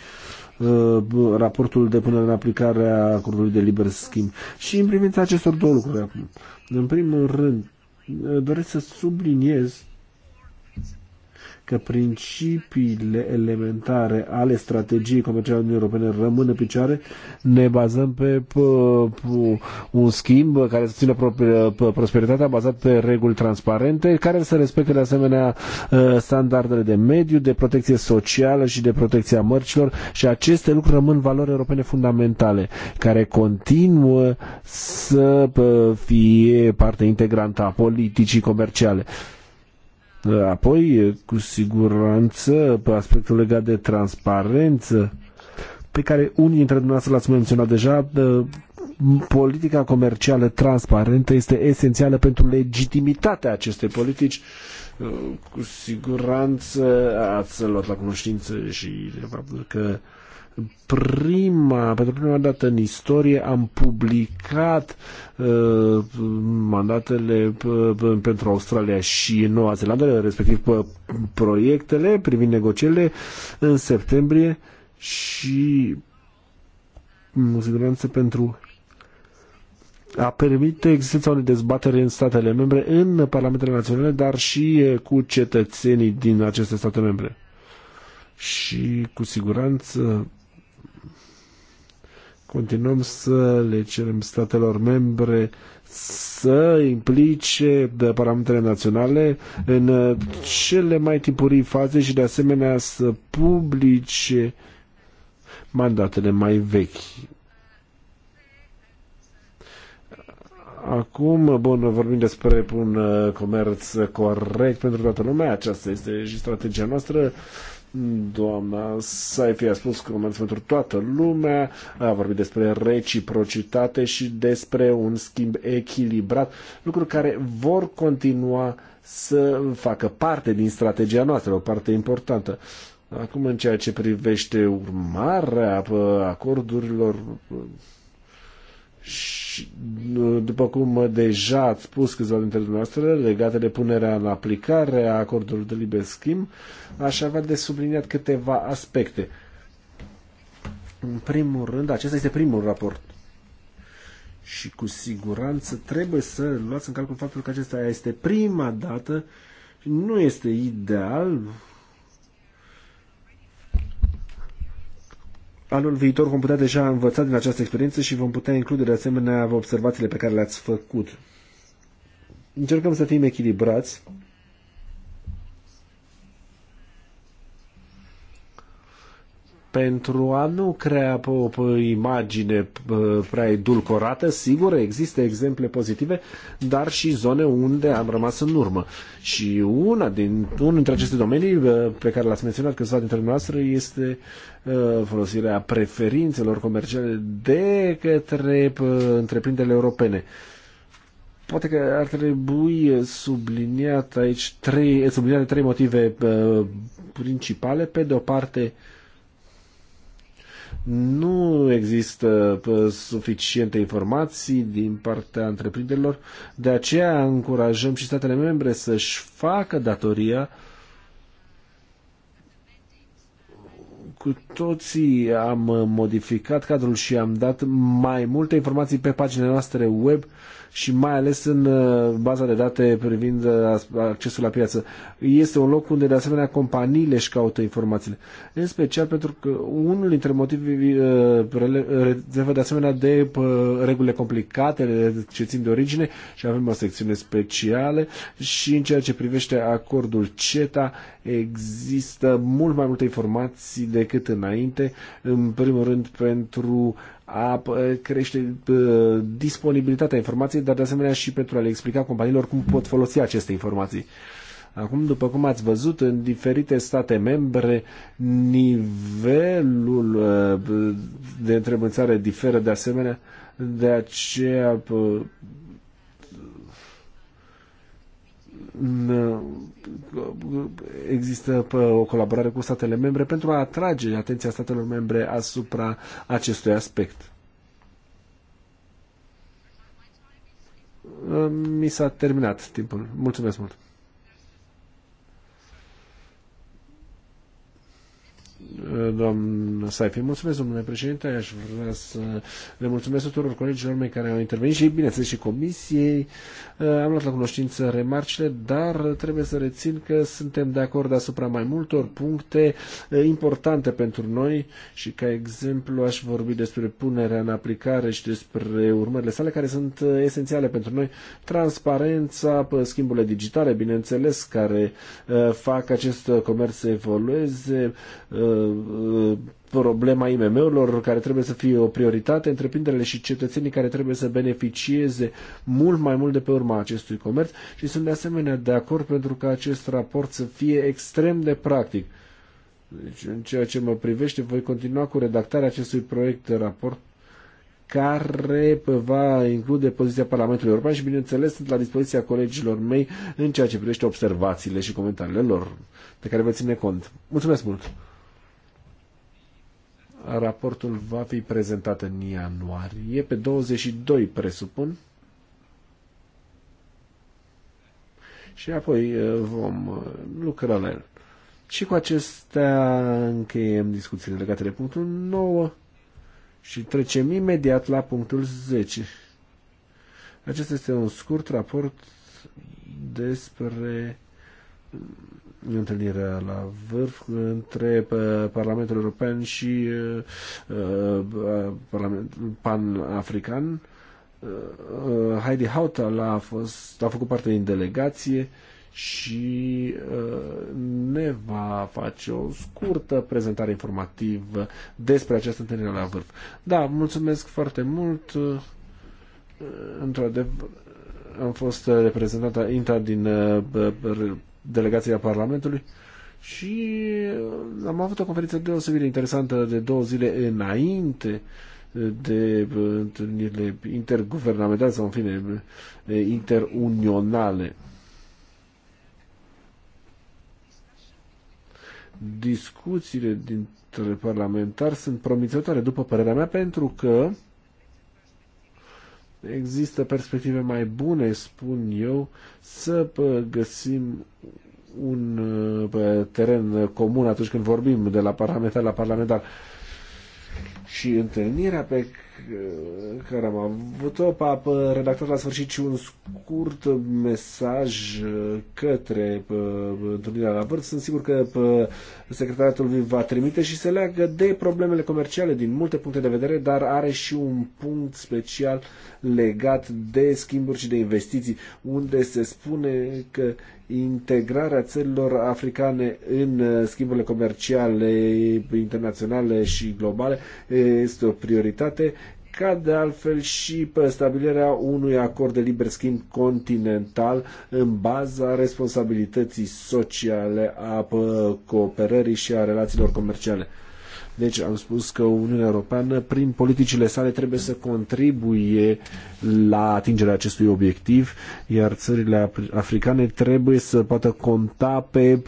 uh, raportul de punere în aplicare a acordului de liber schimb. Și în privința acestor două lucruri acum. În primul rând, uh, doresc să subliniez că principiile elementare ale strategiei comerciale Uniunii Europene rămân în picioare, ne bazăm pe un schimb care să țină prosperitatea bazat pe reguli transparente, care să respecte de asemenea ă, standardele de mediu, de protecție socială și de protecția mărcilor și aceste lucruri rămân valori europene fundamentale, care continuă să ă, fie parte integrantă a politicii comerciale. Apoi, cu siguranță, pe aspectul legat de transparență, pe care unii dintre dumneavoastră l-ați menționat deja, politica comercială transparentă este esențială pentru legitimitatea acestei politici. Uh, cu siguranță ați luat la cunoștință și de faptul că uh, prima, pentru prima dată în istorie am publicat uh, mandatele uh, pentru Australia și Noua Zeelandă, respectiv uh, proiectele privind negocierile în septembrie și cu siguranță pentru a permite existența unei dezbatere în statele membre, în parlamentele naționale, dar și uh, cu cetățenii din aceste state membre. Și cu siguranță Continuăm să le cerem statelor membre să implice de parametrele naționale în uh, cele mai timpurii faze și de asemenea să publice mandatele mai vechi. Acum, bun, vorbim despre un uh, comerț corect pentru toată lumea, aceasta este și strategia noastră doamna Saifi a spus moment pentru toată lumea, a vorbit despre reciprocitate și despre un schimb echilibrat, lucruri care vor continua să facă parte din strategia noastră, o parte importantă. Acum, în ceea ce privește urmarea acordurilor și, după cum deja ați spus câțiva dintre dumneavoastră, legate de punerea în aplicare a acordului de liber schimb, aș avea de subliniat câteva aspecte. În primul rând, acesta este primul raport și cu siguranță trebuie să luați în calcul faptul că acesta este prima dată nu este ideal, anul viitor vom putea deja învăța din această experiență și vom putea include de asemenea observațiile pe care le-ați făcut. Încercăm să fim echilibrați pentru a nu crea o imagine prea edulcorată. Sigur, există exemple pozitive, dar și zone unde am rămas în urmă. Și una din, unul dintre aceste domenii pe care l-ați menționat câțiva dintre noastre este folosirea preferințelor comerciale de către întreprinderile europene. Poate că ar trebui subliniat aici trei, subliniate trei motive principale. Pe de o parte, uh, nu există suficiente informații din partea întreprinderilor, de aceea încurajăm și statele membre să-și facă datoria cu toții am modificat cadrul și am dat mai multe informații pe paginile noastre web uh, și mai ales în uh, baza de date privind uh, accesul la piață. Este un loc unde de asemenea companiile își caută informațiile. În special pentru că unul dintre motivii uh, rezervă de asemenea de regulile complicate ce țin de origine și avem o secțiune specială și în ceea ce privește acordul CETA există mult mai multe informații decât înainte, în primul rând pentru a crește disponibilitatea informației, dar de asemenea și pentru a le explica companiilor cum pot folosi aceste informații. Acum, după cum ați văzut, în diferite state membre, nivelul uh, de întrebățare diferă de asemenea, de aceea există o colaborare cu statele membre pentru a atrage atenția statelor membre asupra acestui aspect. Mi s-a terminat timpul. Mulțumesc mult! doamnă Saifi. Mulțumesc, domnule președinte, aș vrea să le mulțumesc tuturor colegilor mei care au intervenit și, bineînțeles, și comisiei. Am luat la cunoștință remarcile, dar trebuie să rețin că suntem de acord asupra mai multor puncte importante pentru noi și, ca exemplu, aș vorbi despre punerea în aplicare și despre urmările sale care sunt esențiale pentru noi. Transparența, schimburile digitale, bineînțeles, care uh, fac acest comerț să evolueze, uh, Uh, problema IMM-urilor care trebuie să fie o prioritate, întreprinderile și cetățenii care trebuie să beneficieze mult mai mult de pe urma acestui comerț și sunt de asemenea de acord pentru ca acest raport să fie extrem de practic. Deci, în ceea ce mă privește, voi continua cu redactarea acestui proiect de raport care va include poziția Parlamentului European și, bineînțeles, sunt la dispoziția colegilor mei în ceea ce privește observațiile și comentariile lor, de care vă ține cont. Mulțumesc mult! Raportul va fi prezentat în ianuarie, pe 22 presupun. Și apoi uh, vom uh, lucra la el. Și cu acestea încheiem discuțiile legate de punctul 9 și trecem imediat la punctul 10. Acesta este un scurt raport despre întâlnirea la vârf între uh, Parlamentul European și uh, uh, Parlamentul Pan-African. Heidi Hautala a, fost, a făcut parte din delegație și ne va face o scurtă prezentare informativă despre această întâlnire la vârf. Da, mulțumesc foarte mult. Într-adevăr, am fost reprezentată INTA din delegația Parlamentului și am avut o conferință deosebit interesantă de două zile înainte de uh, întâlnirile interguvernamentale sau în fine interunionale. Discuțiile dintre parlamentari sunt promițătoare, după părerea mea, pentru că există perspective mai bune, spun eu, să găsim un teren comun atunci când vorbim de la parlamentar la parlamentar. Și întâlnirea pe care am avut-o. A redactat la sfârșit și un scurt mesaj către întâlnirea la vârf. Sunt sigur că secretariatul vi va trimite și se leagă de problemele comerciale din multe puncte de vedere, dar are și un punct special legat de schimburi și de investiții, unde se spune că integrarea țărilor africane în uh, schimburile comerciale internaționale și globale este o prioritate ca de altfel și pe stabilirea unui acord de liber schimb continental în baza responsabilității sociale a cooperării și a relațiilor comerciale. Deci am spus că Uniunea Europeană, prin politicile sale, trebuie să contribuie la atingerea acestui obiectiv, iar țările africane trebuie să poată conta pe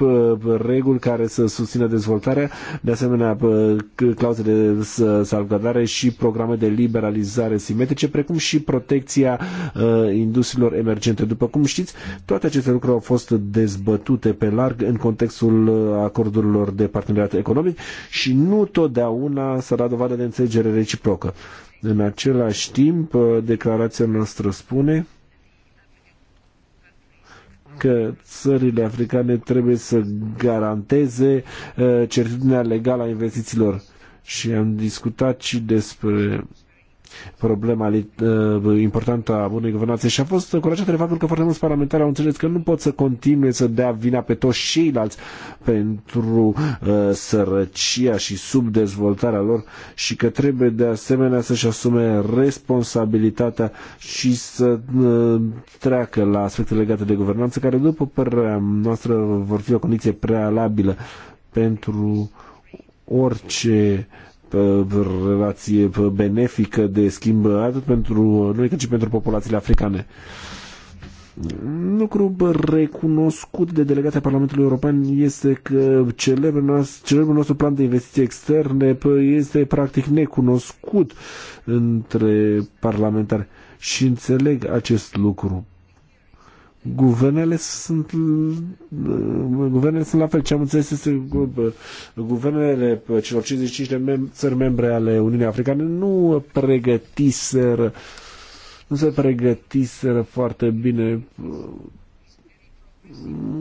reguli care să susțină dezvoltarea, de asemenea clauze de salvgardare și programe de liberalizare simetrice, precum și protecția ă, industriilor emergente. După cum știți, toate aceste lucruri au fost dezbătute pe larg în contextul ă, acordurilor de parteneriat economic și nu totdeauna să da dovadă de înțelegere reciprocă. În același timp, uh, declarația noastră spune că țările africane trebuie să garanteze uh, certitudinea legală a investițiilor. Și am discutat și despre problema uh, importantă a bunei guvernanțe și a fost încurajată de faptul că foarte mulți parlamentari au înțeles că nu pot să continue să dea vina pe toți ceilalți pentru uh, sărăcia și subdezvoltarea lor și că trebuie de asemenea să-și asume responsabilitatea și să uh, treacă la aspecte legate de guvernanță care, după părerea noastră, vor fi o condiție prealabilă pentru orice relație benefică de schimb atât pentru noi cât și pentru populațiile africane. Un lucru recunoscut de delegația Parlamentului European este că celebrul nostru, celebrul nostru plan de investiții externe este practic necunoscut între parlamentari și înțeleg acest lucru Guvernele sunt, uh, guvernele sunt la fel. Ce am înțeles este uh, guvernele celor 55 de mem- țări membre ale Uniunii Africane nu pregătiseră nu se pregătiseră foarte bine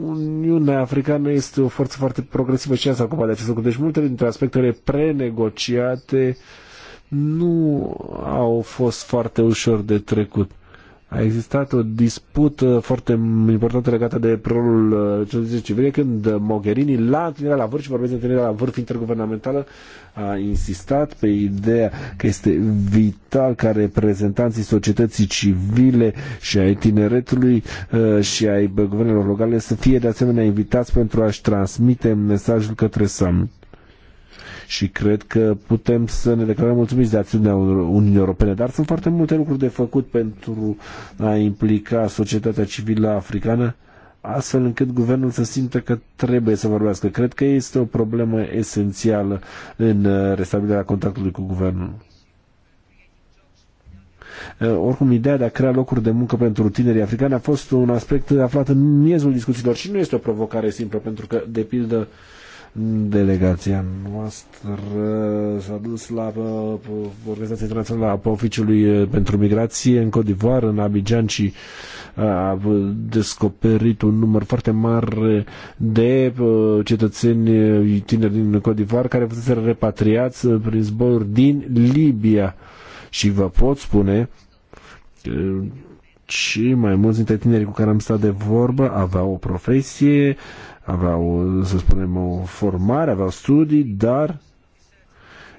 Uniunea Africană este o forță foarte progresivă și ea s-a ocupat de acest lucru. Deci multe dintre aspectele prenegociate nu au fost foarte ușor de trecut a existat o dispută foarte importantă legată de rolul regiunii uh, civile când Mogherini la întâlnirea la vârf și vorbesc de întâlnirea la vârf interguvernamentală a insistat pe ideea că este vital ca reprezentanții societății civile și ai tineretului uh, și ai guvernelor locale să fie de asemenea invitați pentru a-și transmite mesajul către summit și cred că putem să ne declarăm mulțumiți de acțiunea Uniunii Europene, dar sunt foarte multe lucruri de făcut pentru a implica societatea civilă africană astfel încât guvernul să simtă că trebuie să vorbească. Cred că este o problemă esențială în uh, restabilirea contactului cu guvernul. Uh, oricum, ideea de a crea locuri de muncă pentru tinerii africani a fost un aspect aflat în miezul discuțiilor și nu este o provocare simplă, pentru că, de pildă, Delegația noastră s-a dus la uh, Organizația Internațională a Oficiului uh, pentru Migrație în Codivar, în Abidjan și uh, a descoperit un număr foarte mare de cetățeni tineri din Codivar care fuseseră repatriați prin zboruri din Libia. Și vă pot spune ci mai mulți dintre tinerii cu care am stat de vorbă aveau o profesie, aveau, să spunem, o formare, aveau studii, dar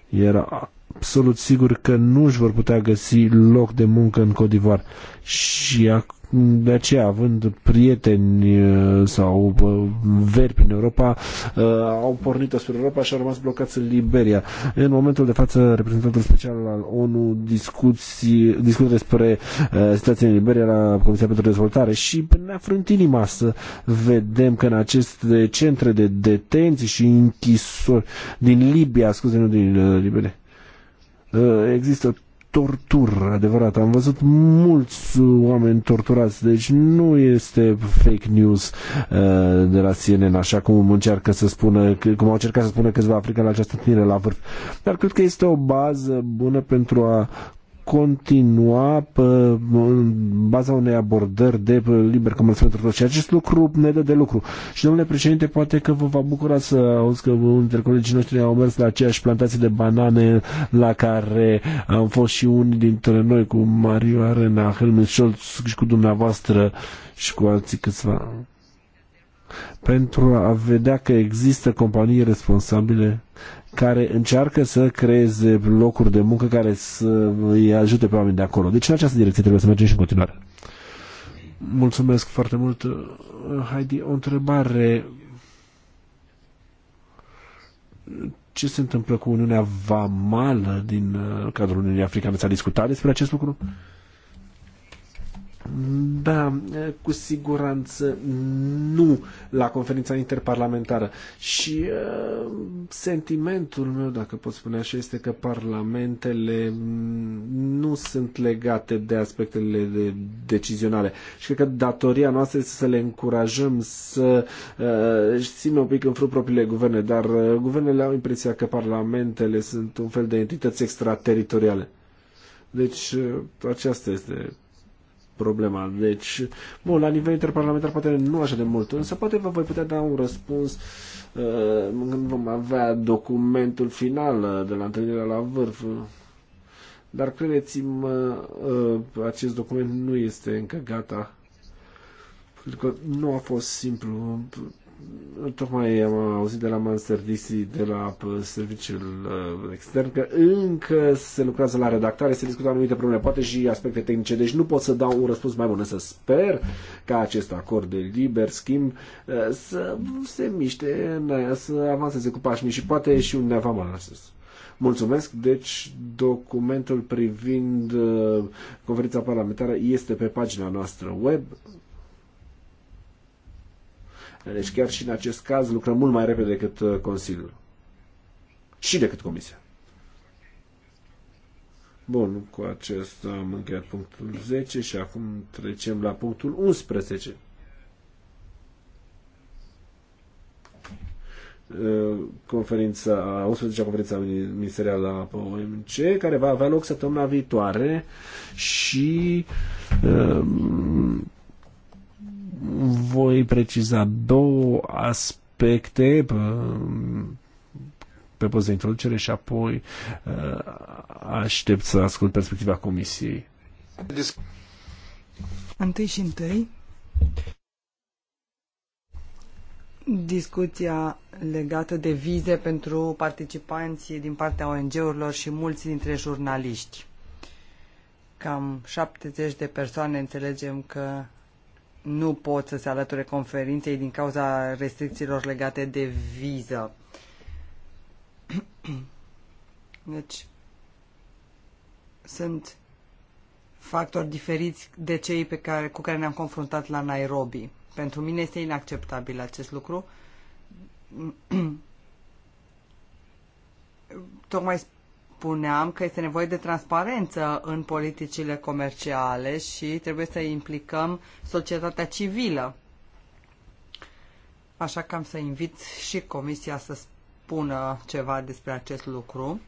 era absolut sigur că nu își vor putea găsi loc de muncă în Codivar. Și acum de aceea, având prieteni uh, sau uh, veri în Europa, uh, au pornit spre Europa și au rămas blocați în Liberia. În momentul de față, reprezentantul special al ONU discuții, discută despre situația în Liberia la Comisia pentru Dezvoltare și ne-a frânt inima să vedem că în aceste centre de detenții și închisori din Libia, scuze, nu din Liberia, există tortură adevărată. Am văzut mulți oameni torturați, deci nu este fake news uh, de la CNN, așa cum încearcă să spună, cum au încercat să spună câțiva africani la această tinere la vârf. Dar cred că este o bază bună pentru a continua pe, în baza unei abordări de liber comerț pentru toți. Și acest lucru ne dă de lucru. Și, domnule președinte, poate că vă va bucura să auzi că unul dintre colegii noștri au mers la aceeași plantație de banane la care am fost și unii dintre noi cu Mario Arena, Helmut Scholz și cu dumneavoastră și cu alții câțiva pentru a vedea că există companii responsabile care încearcă să creeze locuri de muncă care să îi ajute pe oameni de acolo. Deci în această direcție trebuie să mergem și în continuare. Mulțumesc foarte mult. Heidi, o întrebare. Ce se întâmplă cu Uniunea Vamală din uh, cadrul Uniunii Africane? S-a discutat despre acest lucru? Mm. Da, cu siguranță nu la conferința interparlamentară. Și uh, sentimentul meu, dacă pot spune așa, este că parlamentele nu sunt legate de aspectele de decizionale. Și cred că datoria noastră este să le încurajăm să uh, țină un pic în frâu propriile guverne, dar uh, guvernele au impresia că parlamentele sunt un fel de entități extrateritoriale. Deci, aceasta este problema. Deci, bun, la nivel interparlamentar poate nu așa de mult, însă poate vă voi putea da un răspuns uh, când vom avea documentul final uh, de la întâlnirea la vârf. Dar credeți-mă, uh, acest document nu este încă gata. Pentru că nu a fost simplu tocmai am auzit de la Manservisi, de la uh, serviciul uh, extern, că încă se lucrează la redactare, se discută anumite probleme, poate și aspecte tehnice, deci nu pot să dau un răspuns mai bun, să sper ca acest acord de liber schimb uh, să se miște, să avanseze cu pașnii și poate și undeva mai astăzi. Mulțumesc. Deci, documentul privind conferința parlamentară este pe pagina noastră web. Deci chiar și în acest caz lucrăm mult mai repede decât uh, Consiliul. Și decât Comisia. Bun, cu acesta am încheiat punctul 10 și acum trecem la punctul 11. Uh, conferința, a 11-a conferință ministerială a OMC, care va avea loc săptămâna viitoare și um, voi preciza două aspecte pe post de introducere și apoi uh, aștept să ascult perspectiva Comisiei. Întâi și întâi, discuția legată de vize pentru participanții din partea ONG-urilor și mulți dintre jurnaliști. Cam 70 de persoane înțelegem că nu pot să se alăture conferinței din cauza restricțiilor legate de viză. Deci, sunt factori diferiți de cei pe care, cu care ne-am confruntat la Nairobi. Pentru mine este inacceptabil acest lucru. Tocmai spuneam că este nevoie de transparență în politicile comerciale și trebuie să implicăm societatea civilă. Așa că am să invit și Comisia să spună ceva despre acest lucru.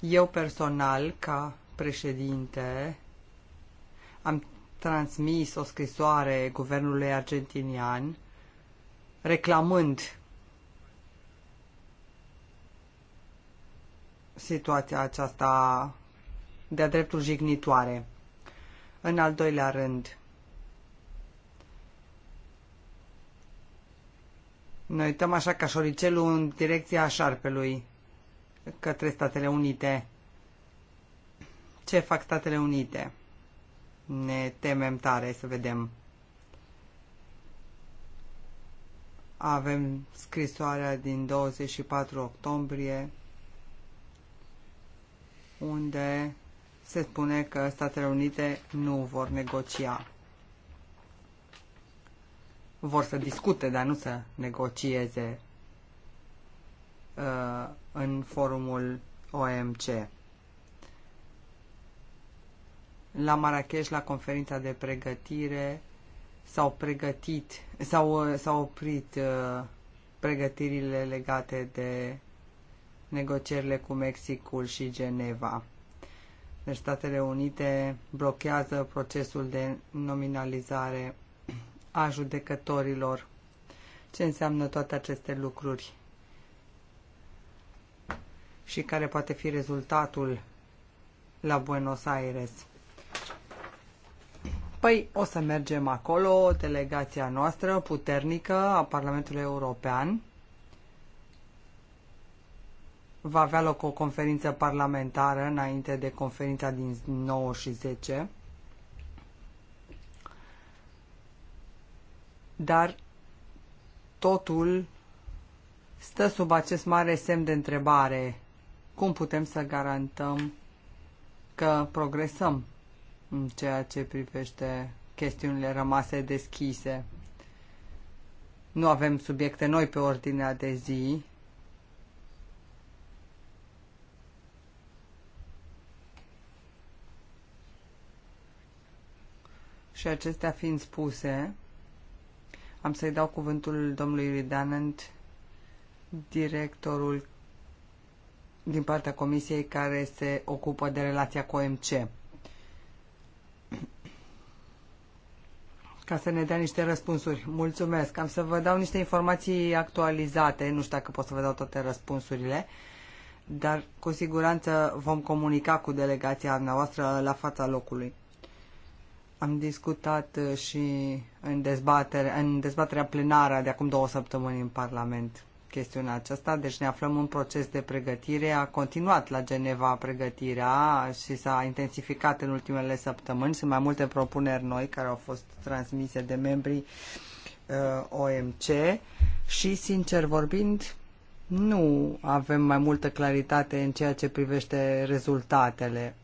Eu personal, ca președinte, am transmis o scrisoare guvernului argentinian reclamând situația aceasta de-a dreptul jignitoare. În al doilea rând, Noi uităm așa ca șoricelul în direcția șarpelui către Statele Unite. Ce fac Statele Unite? Ne temem tare să vedem. Avem scrisoarea din 24 octombrie unde se spune că Statele Unite nu vor negocia. Vor să discute, dar nu să negocieze uh, în forumul OMC. La Marrakesh, la conferința de pregătire, s-au pregătit, s-au uh, oprit uh, pregătirile legate de negocierile cu Mexicul și Geneva. Deci Statele Unite blochează procesul de nominalizare a judecătorilor. Ce înseamnă toate aceste lucruri? Și care poate fi rezultatul la Buenos Aires? Păi o să mergem acolo, delegația noastră puternică a Parlamentului European, va avea loc o conferință parlamentară înainte de conferința din 9 și 10. Dar totul stă sub acest mare semn de întrebare. Cum putem să garantăm că progresăm în ceea ce privește chestiunile rămase deschise? Nu avem subiecte noi pe ordinea de zi, Și acestea fiind spuse, am să-i dau cuvântul domnului Ridanent, directorul din partea comisiei care se ocupă de relația cu OMC. Ca să ne dea niște răspunsuri. Mulțumesc. Am să vă dau niște informații actualizate. Nu știu dacă pot să vă dau toate răspunsurile, dar cu siguranță vom comunica cu delegația noastră la fața locului. Am discutat uh, și în, dezbatere, în dezbaterea plenară de acum două săptămâni în Parlament chestiunea aceasta, deci ne aflăm în proces de pregătire. A continuat la Geneva pregătirea și s-a intensificat în ultimele săptămâni. Sunt mai multe propuneri noi care au fost transmise de membrii uh, OMC și, sincer vorbind, nu avem mai multă claritate în ceea ce privește rezultatele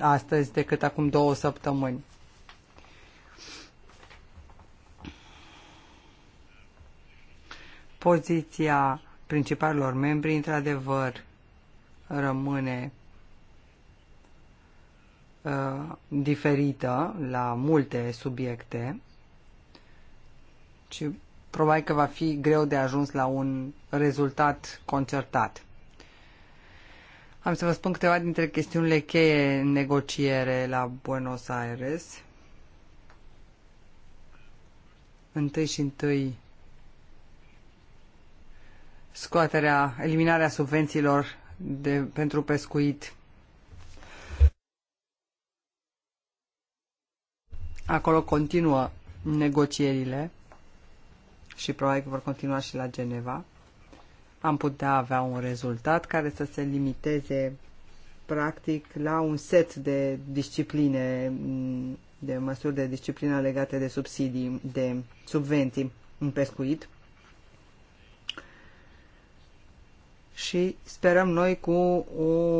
astăzi decât acum două săptămâni. Poziția principalilor membri, într-adevăr, rămâne uh, diferită la multe subiecte și probabil că va fi greu de ajuns la un rezultat concertat. Am să vă spun câteva dintre chestiunile cheie în negociere la Buenos Aires. Întâi și întâi scoaterea, eliminarea subvențiilor de, pentru pescuit. Acolo continuă negocierile și probabil că vor continua și la Geneva. Am putea avea un rezultat care să se limiteze practic la un set de discipline, de măsuri de disciplină legate de subsidii, de subvenții în pescuit. și sperăm noi cu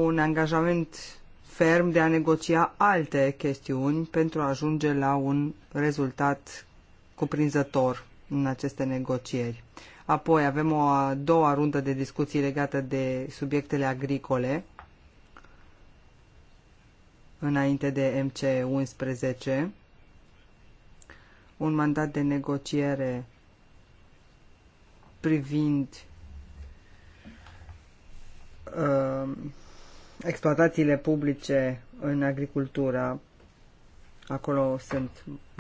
un angajament ferm de a negocia alte chestiuni pentru a ajunge la un rezultat cuprinzător în aceste negocieri. Apoi avem o a doua rundă de discuții legată de subiectele agricole înainte de MC11 un mandat de negociere privind uh, exploatațiile publice în agricultură. Acolo sunt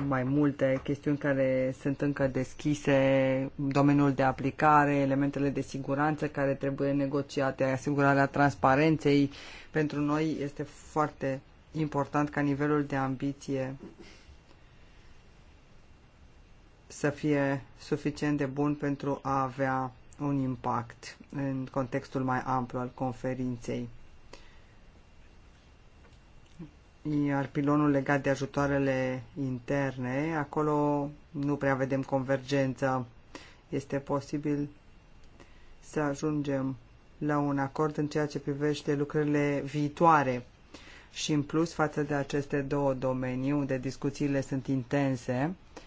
mai multe chestiuni care sunt încă deschise, domeniul de aplicare, elementele de siguranță care trebuie negociate, asigurarea transparenței. Pentru noi este foarte important ca nivelul de ambiție să fie suficient de bun pentru a avea un impact în contextul mai amplu al conferinței. Iar pilonul legat de ajutoarele interne, acolo nu prea vedem convergența. Este posibil să ajungem la un acord în ceea ce privește lucrurile viitoare. Și în plus, față de aceste două domenii, unde discuțiile sunt intense, uh,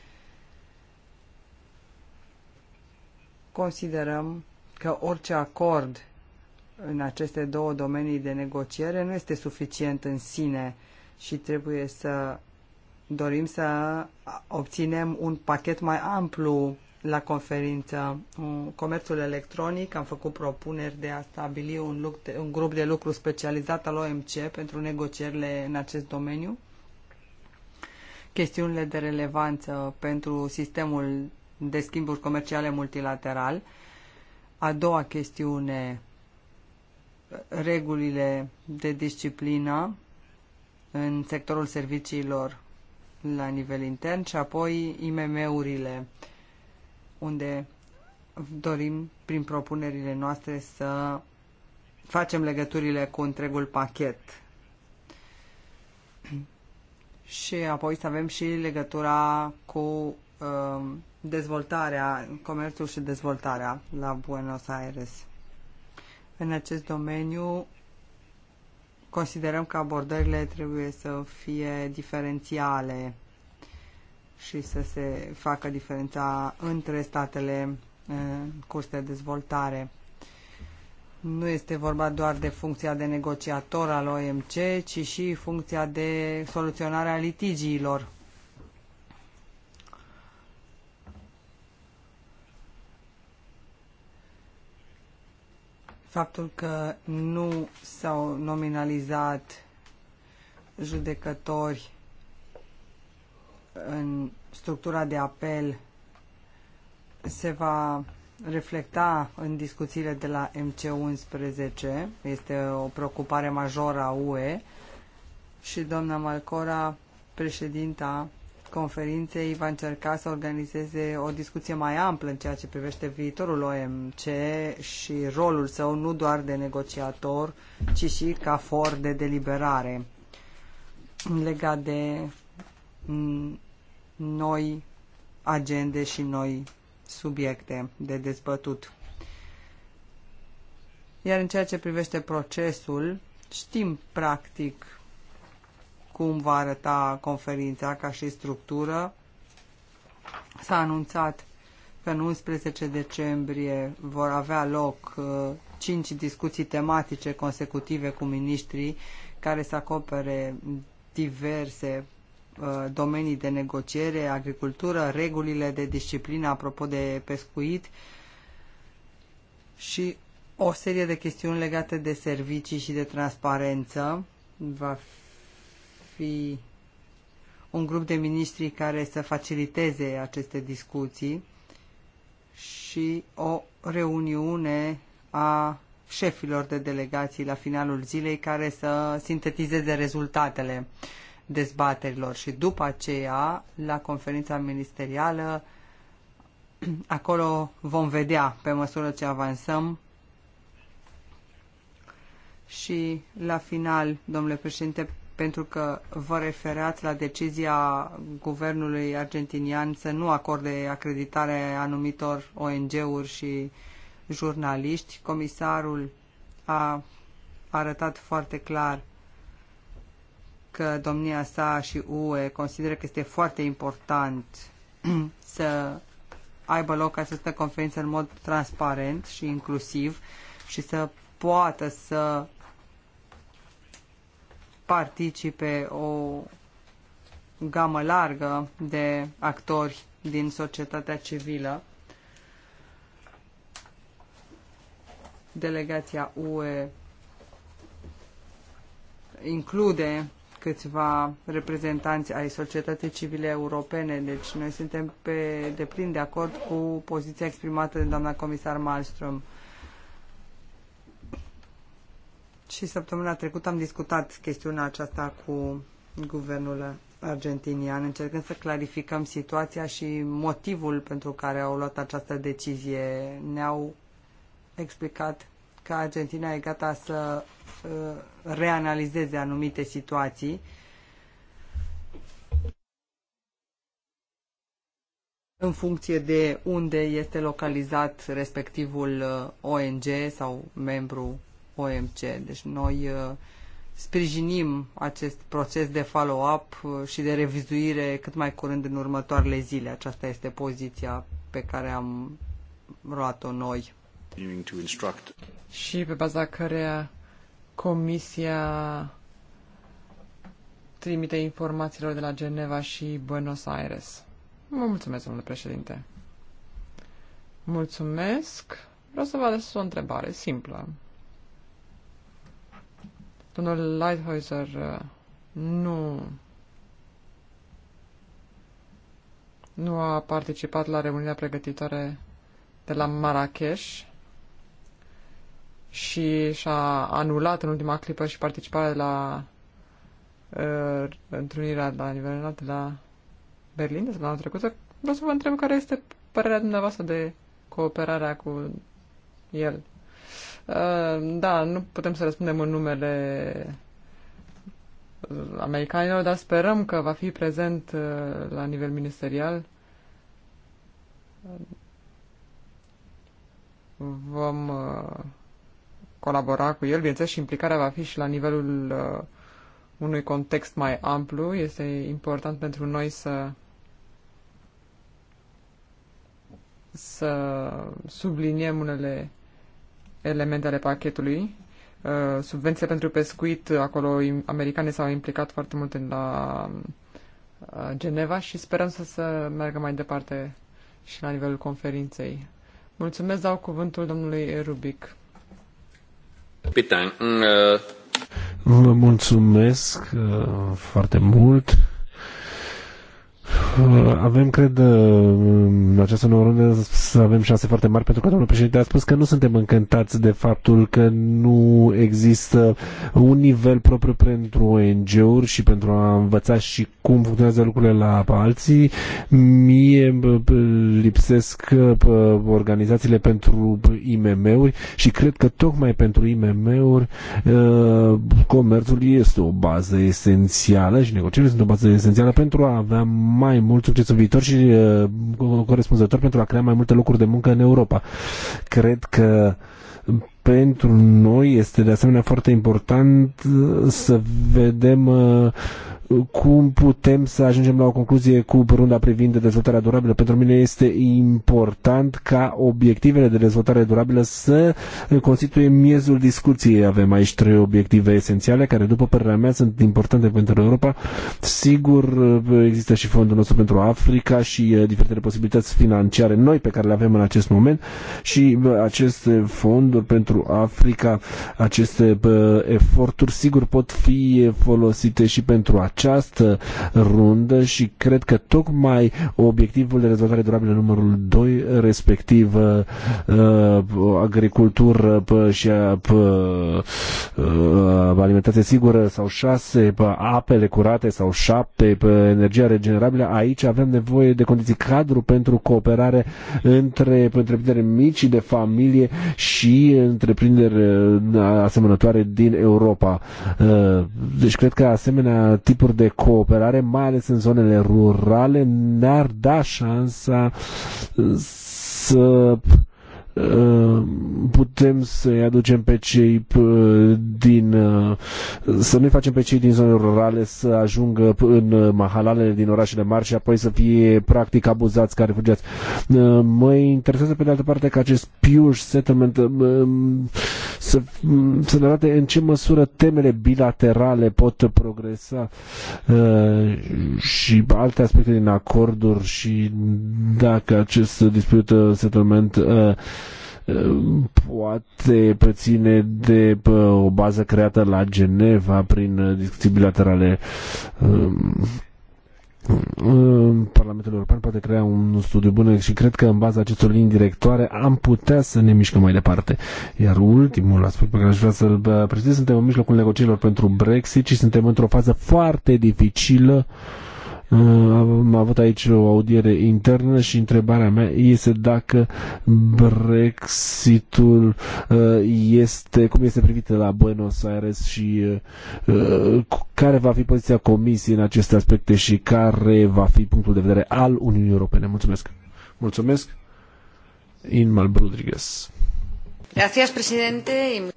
considerăm că orice acord în aceste două domenii de negociere nu este suficient în sine și trebuie să dorim să obținem un pachet mai amplu la conferință. Mm, comerțul electronic, am făcut propuneri de a stabili un, un grup de lucru specializat al OMC pentru negocierile în acest domeniu. Chestiunile de relevanță pentru sistemul de schimburi comerciale multilateral. A doua chestiune, regulile de disciplină în sectorul serviciilor la nivel intern și apoi IMM-urile, unde dorim prin propunerile noastre să facem legăturile cu întregul pachet. Și apoi să avem și legătura cu uh, dezvoltarea, comerțul și dezvoltarea la Buenos Aires. În acest domeniu considerăm că abordările trebuie să fie diferențiale și să se facă diferența între statele eh, în curs de dezvoltare. Nu este vorba doar de funcția de negociator al OMC, ci și funcția de soluționare a litigiilor faptul că nu s-au nominalizat judecători în structura de apel se va reflecta în discuțiile de la MC11. Este o preocupare majoră a UE și doamna Malcora, președinta conferinței va încerca să organizeze o discuție mai amplă în ceea ce privește viitorul OMC și rolul său nu doar de negociator, ci și ca for de deliberare legat de mm, noi agende și noi subiecte de dezbătut. Iar în ceea ce privește procesul, știm practic cum va arăta conferința ca și structură. S-a anunțat că în 11 decembrie vor avea loc uh, cinci discuții tematice consecutive cu ministrii, care să acopere diverse uh, domenii de negociere, agricultură, regulile de disciplină apropo de pescuit și o serie de chestiuni legate de servicii și de transparență va fi un grup de ministri care să faciliteze aceste discuții și o reuniune a șefilor de delegații la finalul zilei care să sintetizeze rezultatele dezbaterilor și după aceea la conferința ministerială acolo vom vedea pe măsură ce avansăm și la final, domnule președinte, pentru că vă referați la decizia guvernului argentinian să nu acorde acreditare anumitor ONG-uri și jurnaliști. Comisarul a arătat foarte clar că domnia sa și UE consideră că este foarte important să aibă loc această conferință în mod transparent și inclusiv și să poată să participe o gamă largă de actori din societatea civilă. Delegația UE include câțiva reprezentanți ai societății civile europene, deci noi suntem pe deplin de acord cu poziția exprimată de doamna comisar Malmström. Și săptămâna trecută am discutat chestiunea aceasta cu guvernul argentinian, încercând să clarificăm situația și motivul pentru care au luat această decizie. Ne-au explicat că Argentina e gata să uh, reanalizeze anumite situații. în funcție de unde este localizat respectivul uh, ONG sau membru OMC. Deci noi uh, sprijinim acest proces de follow-up uh, și de revizuire cât mai curând în următoarele zile. Aceasta este poziția pe care am luat-o noi. Și pe baza căreia Comisia trimite informațiilor de la Geneva și Buenos Aires. mulțumesc, domnule președinte. Mulțumesc. Vreau să vă adresez o întrebare simplă. Domnul Lighthizer uh, nu nu a participat la reuniunea pregătitoare de la Marrakesh și și-a anulat în ultima clipă și participarea la uh, întrunirea la nivel înalt la Berlin de săptămâna trecută. Vreau să vă întreb care este părerea dumneavoastră de cooperarea cu el. Uh, da, nu putem să răspundem în numele uh, americanilor, dar sperăm că va fi prezent uh, la nivel ministerial. Vom colabora cu el, bineînțeles, și implicarea va fi și la nivelul unui context mai amplu. Este important pentru noi să să subliniem unele elemente ale pachetului. Uh, subvenția pentru pescuit, acolo americane s-au implicat foarte mult în la uh, Geneva și sperăm să se meargă mai departe și la nivelul conferinței. Mulțumesc, dau cuvântul domnului Rubic. Pitan. Uh, Vă mulțumesc foarte mult. Avem, cred, în această nouă rândă să avem șanse foarte mari, pentru că domnul președinte a spus că nu suntem încântați de faptul că nu există un nivel propriu pentru ONG-uri și pentru a învăța și cum funcționează lucrurile la alții. Mie lipsesc organizațiile pentru IMM-uri și cred că tocmai pentru IMM-uri ă, comerțul este o bază esențială și negocierile sunt o bază esențială pentru a avea mai mult succes în viitor și ă, corespunzător pentru a crea mai multe locuri locuri de muncă în Europa. Cred că pentru noi este de asemenea foarte important uh, să vedem uh, cum putem să ajungem la o concluzie cu Burunda privind dezvoltarea durabilă. Pentru mine este important ca obiectivele de dezvoltare durabilă să constituie miezul discuției. Avem aici trei obiective esențiale care, după părerea mea, sunt importante pentru Europa. Sigur, există și fondul nostru pentru Africa și uh, diferitele posibilități financiare noi pe care le avem în acest moment și uh, aceste fonduri pentru Africa, aceste uh, eforturi, sigur, pot fi folosite și pentru acest această rundă și cred că tocmai obiectivul de dezvoltare durabilă numărul 2, respectiv uh, uh, agricultură uh, și alimentație sigură sau 6, apele curate sau 7, energia regenerabilă, aici avem nevoie de condiții cadru pentru cooperare între întreprinderi mici de familie și întreprinderi asemănătoare din Europa. Deci cred că asemenea tipuri acorduri de cooperare, mai ales în zonele rurale, ne-ar da șansa să Uh, putem să-i aducem pe cei uh, din uh, să nu facem pe cei din zone rurale să ajungă în mahalalele din orașele mari și apoi să fie practic abuzați care refugiați. Mă interesează pe de altă parte că acest pure Settlement um, să, mm, să ne arate în ce măsură temele bilaterale pot progresa și alte aspecte din acorduri și dacă acest dispute settlement poate preține de o bază creată la Geneva prin uh, discuții bilaterale um, um, Parlamentul European poate crea un studiu bun și cred că în baza acestor linii directoare am putea să ne mișcăm mai departe. Iar ultimul aspect pe care aș vrea să-l prezint, suntem în mijlocul negocierilor pentru Brexit și suntem într-o fază foarte dificilă uh, Uh, am avut aici o audiere internă și întrebarea mea este dacă Brexitul uh, este, cum este privit la Buenos Aires și uh, care va fi poziția Comisiei în aceste aspecte și care va fi punctul de vedere al Uniunii Europene. Mulțumesc! Mulțumesc! Inmal Rodriguez.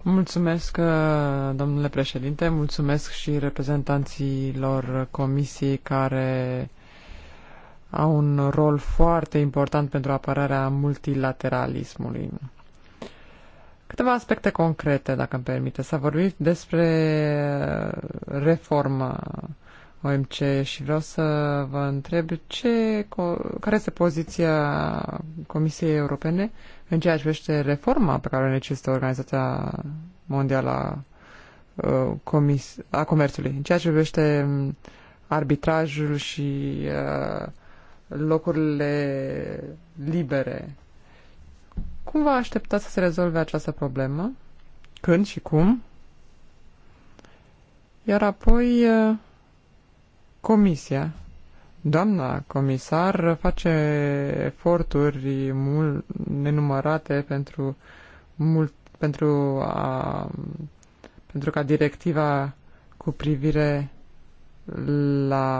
Mulțumesc, uh, domnule președinte, mulțumesc și reprezentanților comisiei care au un rol foarte important pentru apărarea multilateralismului. Câteva aspecte concrete, dacă îmi permite. să vorbim despre uh, reforma OMC și vreau să vă întreb ce, care este poziția Comisiei Europene în ceea ce privește reforma pe care o necesită Organizația Mondială a, uh, comis, a Comerțului, în ceea ce privește um, arbitrajul și uh, locurile libere. Cum vă așteptați să se rezolve această problemă? Când și cum? Iar apoi uh, Comisia, doamna comisar, face eforturi mult nenumărate pentru, mult, pentru, a, pentru ca directiva cu privire la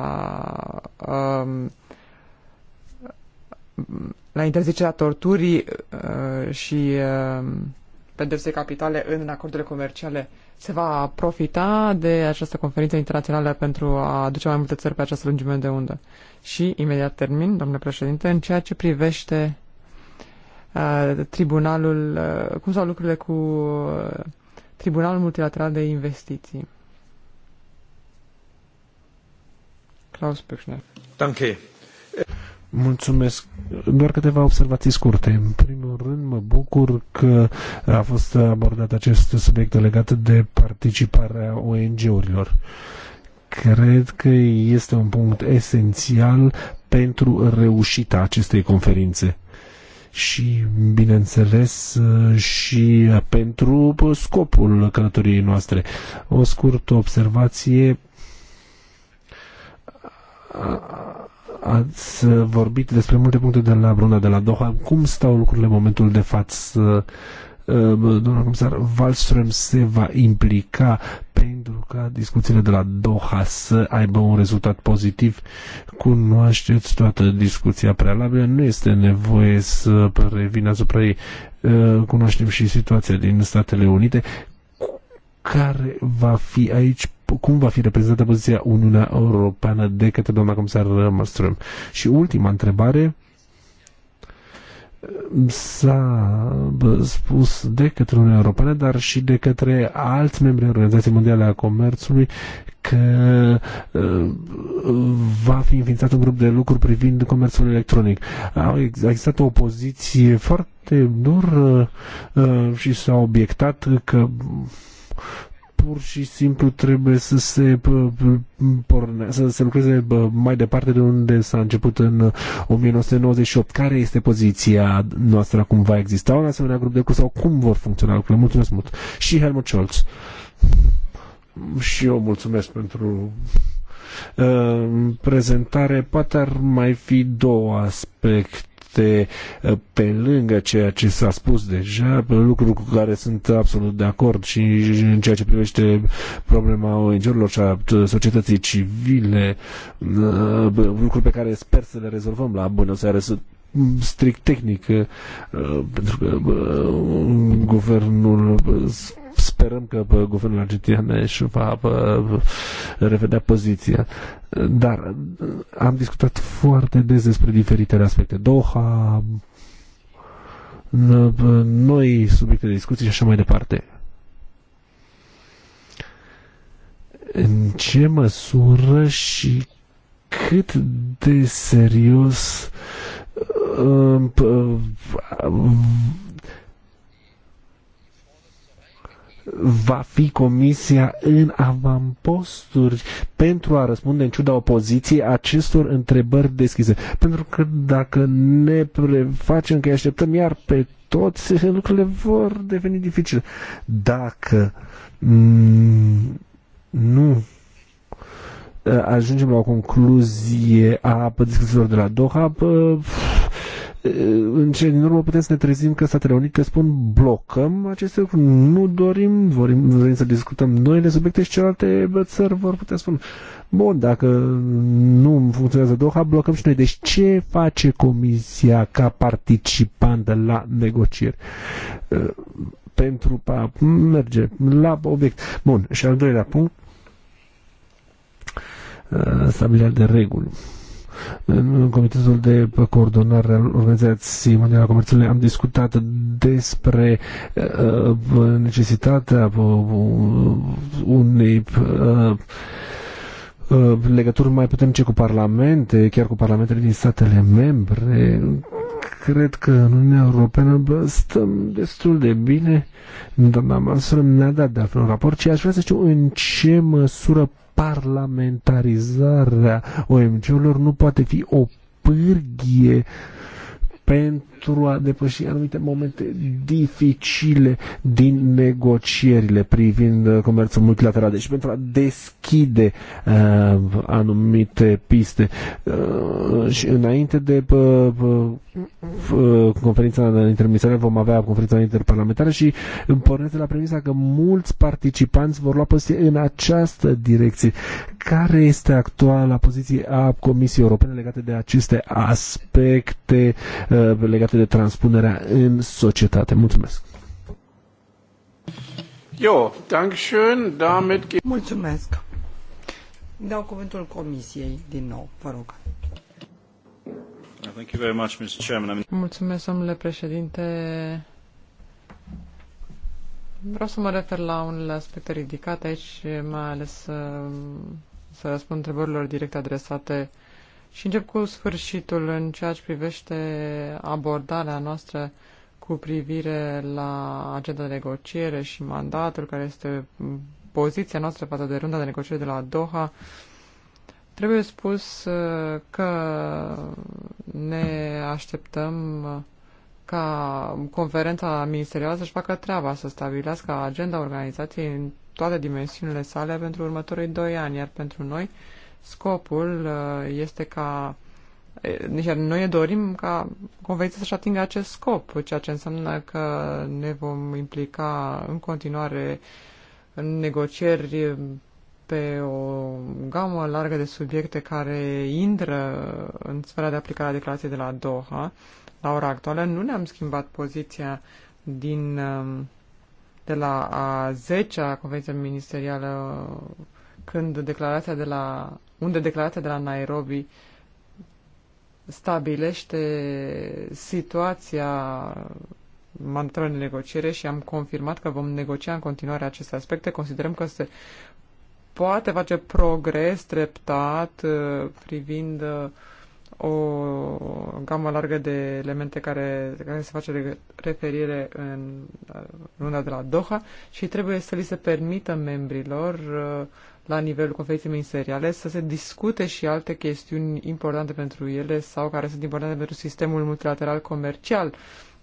um, la interzicerea torturii uh, și uh, um, pedepse capitale în acordurile comerciale uh, se va profita de această conferință internațională pentru a aduce mai multe țări pe această lungime de undă. Și, imediat termin, domnule președinte, în ceea ce privește uh, tribunalul, uh, cum s-au lucrurile cu uh, Tribunalul Multilateral de Investiții. Klaus Büchner. Danke. Mulțumesc. Doar câteva observații scurte. În primul rând, mă bucur că a fost abordat acest subiect legat de participarea ONG-urilor. Cred că este un punct esențial pentru reușita acestei conferințe și, bineînțeles, și pentru scopul călătoriei noastre. O scurtă observație Ați vorbit despre multe puncte de la Bruna de la Doha. Cum stau lucrurile în momentul de față? Uh, Domnul comisar, Wallström se va implica pentru ca discuțiile de la Doha să aibă un rezultat pozitiv. Cunoașteți toată discuția prealabilă, nu este nevoie să revin asupra ei. Uh, cunoaștem și situația din Statele Unite care va fi aici cum va fi reprezentată poziția Uniunea Europeană de către doamna comisar Malmström. Și ultima întrebare s-a spus de către Uniunea Europeană, dar și de către alți membri Organizației Mondiale a Comerțului că uh, va fi înființat un grup de lucru privind comerțul electronic. A existat o poziție foarte dur uh, și s-a obiectat că pur și simplu trebuie să se porne, să se lucreze mai departe de unde s-a început în 1998. Uh, Care este poziția noastră acum? Va exista un asemenea grup de lucru sau cum vor funcționa lucrurile? Mulțumesc mult. Și Helmut Scholz. Și eu mulțumesc pentru uh, prezentare. Poate ar mai fi două aspecte este eh, pe lângă ceea ce s-a spus deja, lucruri cu care sunt absolut de acord și în ceea ce privește problema ONG-urilor și a ă, societății civile, ă, lucruri pe care sper să le rezolvăm la Buenos Aires strict tehnic, ă, pentru că guvernul sperăm că guvernul argentinian își va revedea poziția. Dar uh, am discutat foarte des despre diferitele aspecte. Doha, noi subiecte de discuții și așa mai departe. În ce măsură și cât de serios uh, uh, uh, va fi comisia în avamposturi pentru a răspunde în ciuda opoziției acestor întrebări deschise. Pentru că dacă ne prefacem că îi așteptăm iar pe toți, lucrurile vor deveni dificile. Dacă mm, nu eh, ajungem la o concluzie a discuțiilor de la Doha, în ce din urmă putem să ne trezim că Statele Unite spun blocăm aceste lucruri, nu dorim, vorim, dorim să discutăm noile subiecte și celelalte țări vor putea spune bun, dacă nu funcționează Doha, blocăm și noi. Deci ce face Comisia ca participant la negocieri? Ă, pentru a merge la obiect. Bun, și al doilea punct, ă, stabilirea de reguli în Comitetul de Coordonare al Organizației Mondiale a Comerțului am discutat despre uh, uh, necesitatea uh, unei legături mai puternice cu parlamente, chiar cu parlamentele din statele membre. Cred că în Uniunea Europeană bă, stăm destul de bine. Doamna Malmström ne-a dat de un raport și aș vrea să știu în ce măsură parlamentarizarea OMG-urilor nu poate fi o pârghie pentru a depăși anumite momente dificile din negocierile privind uh, comerțul multilateral, deci pentru a deschide uh, anumite piste. Uh, și înainte de uh, uh, uh conferința interministerială vom avea conferința interparlamentară și îmi pornesc la premisa că mulți participanți vor lua poziție în această direcție. Care este actuala poziție a Comisiei Europene legate de aceste aspecte uh, Uh, legate de transpunerea în societate. Mulțumesc! Jo, dankeschön, damit... Mulțumesc! Dau cuvântul Comisiei din nou, vă rog. Thank you very much, Mr. Chairman. Mulțumesc, domnule președinte. Vreau să mă refer la unele aspecte ridicate aici, mai ales să, uh, să răspund întrebărilor direct adresate și încep cu sfârșitul în ceea ce privește abordarea noastră cu privire la agenda de negociere și mandatul, care este poziția noastră față de runda de negociere de la Doha. Trebuie spus uh, că ne așteptăm uh, ca conferința ministerială să-și facă treaba, să stabilească agenda organizației în toate dimensiunile sale pentru următorii doi ani, iar pentru noi Scopul uh, este ca deci noi ne dorim ca convenția să-și atingă acest scop, ceea ce înseamnă că ne vom implica în continuare în negocieri pe o gamă largă de subiecte care intră în sfera de aplicare a declarației de la Doha. La ora actuală nu ne-am schimbat poziția din, um, de la a 10-a Convenție Ministerială când declarația de la unde declarația de la Nairobi stabilește situația mandatorului de negociere și am confirmat că vom negocia în continuare aceste aspecte. Considerăm că se poate face progres treptat uh, privind uh, o gamă largă de elemente care, care se face referire în luna uh, de la Doha și trebuie să li se permită membrilor la nivelul conferinței ministeriale să se discute și alte chestiuni importante pentru ele sau care sunt importante pentru sistemul multilateral comercial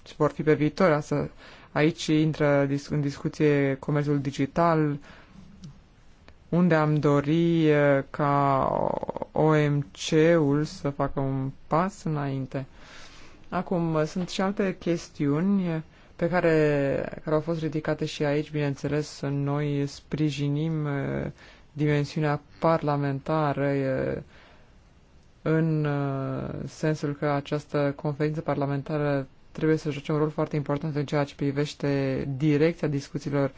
și vor fi pe viitor. Asta. Aici intră în discuție comerțul digital, unde am dori ca OMC-ul să facă un pas înainte. Acum, sunt și alte chestiuni pe care, care au fost ridicate și aici, bineînțeles, noi sprijinim dimensiunea parlamentară în uh, sensul că această conferință parlamentară trebuie să joace un rol foarte important în ceea ce privește direcția discuțiilor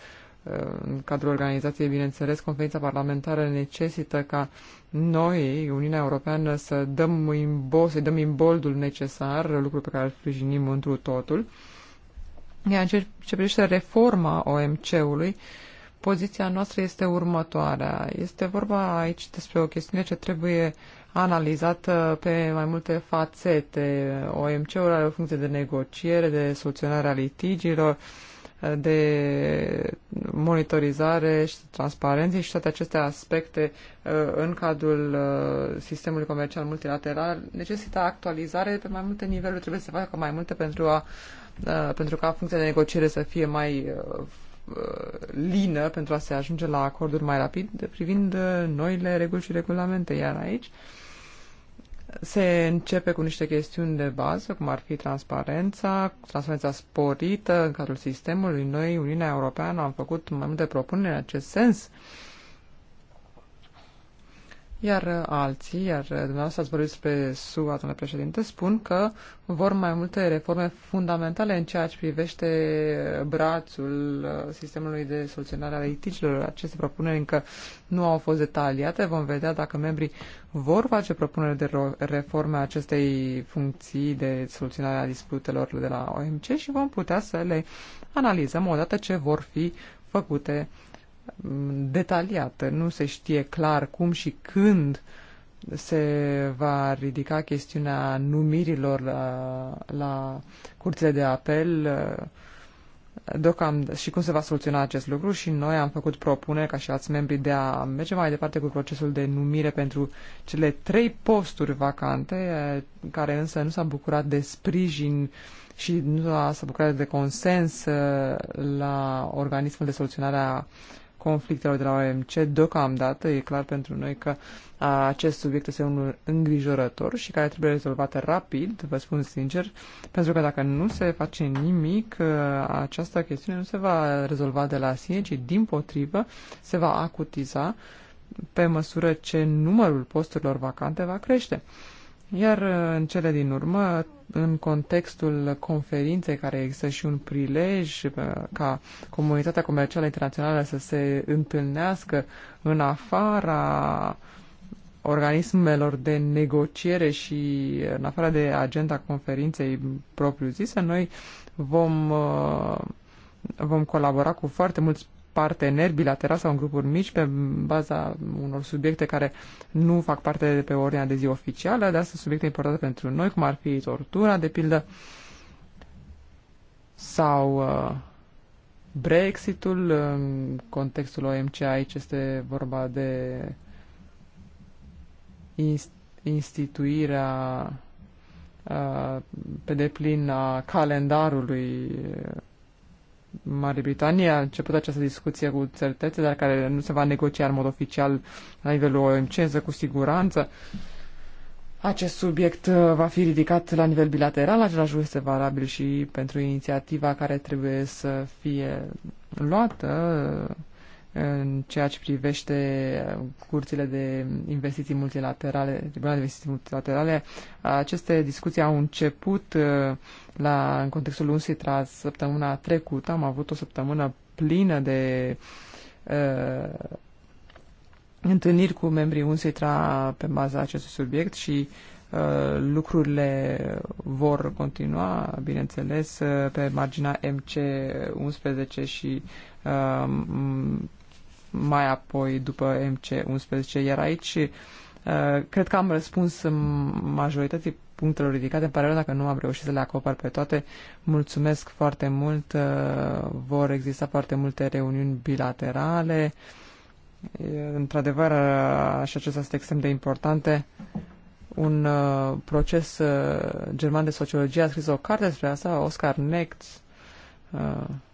uh, în cadrul organizației, bineînțeles, conferința parlamentară necesită ca noi, Uniunea Europeană, să dăm imbo, să dăm imboldul necesar, lucru pe care îl sprijinim întru totul. Iar în ce privește reforma OMC-ului, uh, Poziția noastră este următoarea. Este vorba aici despre o chestiune ce trebuie analizată pe mai multe fațete. OMC-ul are o funcție de negociere, de soluționare a litigiilor, de monitorizare și transparență și toate aceste aspecte uh, în cadrul uh, sistemului comercial multilateral necesită actualizare pe mai multe niveluri, trebuie să facă mai multe pentru a uh, pentru ca funcția de negociere să fie mai Uh, lină pentru a se ajunge la acorduri mai rapid privind uh, noile reguli și regulamente. Iar aici se începe cu niște chestiuni de bază, cum ar fi transparența, transparența sporită în cadrul sistemului. Noi, Uniunea Europeană, am făcut mai multe propuneri în acest sens. Uh, iar uh, alții, iar uh, dumneavoastră ați vorbit despre SUA, domnule președinte, spun că vor mai multe reforme fundamentale în ceea ce privește brațul uh, sistemului de soluționare a litigilor. Aceste propuneri încă nu au fost detaliate. Vom vedea dacă membrii vor face propuneri de reforme acestei funcții de soluționare a disputelor de la OMC și vom putea să le analizăm odată ce vor fi făcute detaliată. Nu se știe clar cum și când se va ridica chestiunea numirilor la, la curțile de apel deocamdată și cum se va soluționa acest lucru și noi am făcut propuneri ca și alți membri de a merge mai departe cu procesul de numire pentru cele trei posturi vacante care însă nu s-a bucurat de sprijin și nu s-a bucurat de consens uh, la organismul de soluționare a conflictelor de la OMC. Deocamdată e clar pentru noi că acest subiect este unul îngrijorător și care trebuie rezolvat rapid, vă spun sincer, pentru că dacă nu se face nimic, această chestiune nu se va rezolva de la sine, ci din potrivă se va acutiza pe măsură ce numărul posturilor vacante va crește. Iar uh, în cele din urmă, în contextul conferinței care există și un prilej uh, ca comunitatea comercială internațională să se întâlnească în afara organismelor de negociere și în afara de agenda conferinței propriu-zisă, noi vom, uh, vom colabora cu foarte mulți parteneri bilateral sau în grupuri mici pe baza unor subiecte care nu fac parte de pe ordinea de zi oficială, dar sunt subiecte importante pentru noi, cum ar fi tortura, de pildă, sau uh, Brexitul, în contextul OMC aici este vorba de instituirea uh, pe deplin a calendarului Marii Britanie a început această discuție cu țări terțe, dar care nu se va negocia în mod oficial la nivelul OMC, însă cu siguranță acest subiect uh, va fi ridicat la nivel bilateral, același lucru este valabil și pentru inițiativa care trebuie să fie luată în ceea ce privește uh, curțile de investiții multilaterale, Tribunalul de Investiții Multilaterale. Aceste discuții au început uh, la, în contextul UNSITRA săptămâna trecută. Am avut o săptămână plină de uh, întâlniri cu membrii UNSITRA pe baza acestui subiect și uh, lucrurile vor continua, bineînțeles, pe marginea MC11 și mai apoi după MC11, iar aici uh, cred că am răspuns majorității punctelor ridicate. Îmi pare rău dacă nu am reușit să le acopăr pe toate. Mulțumesc foarte mult. Uh, vor exista foarte multe reuniuni bilaterale. Într-adevăr, uh, și acestea sunt extrem de importante. Un proces german de sociologie a scris o carte despre asta, Oscar Necht,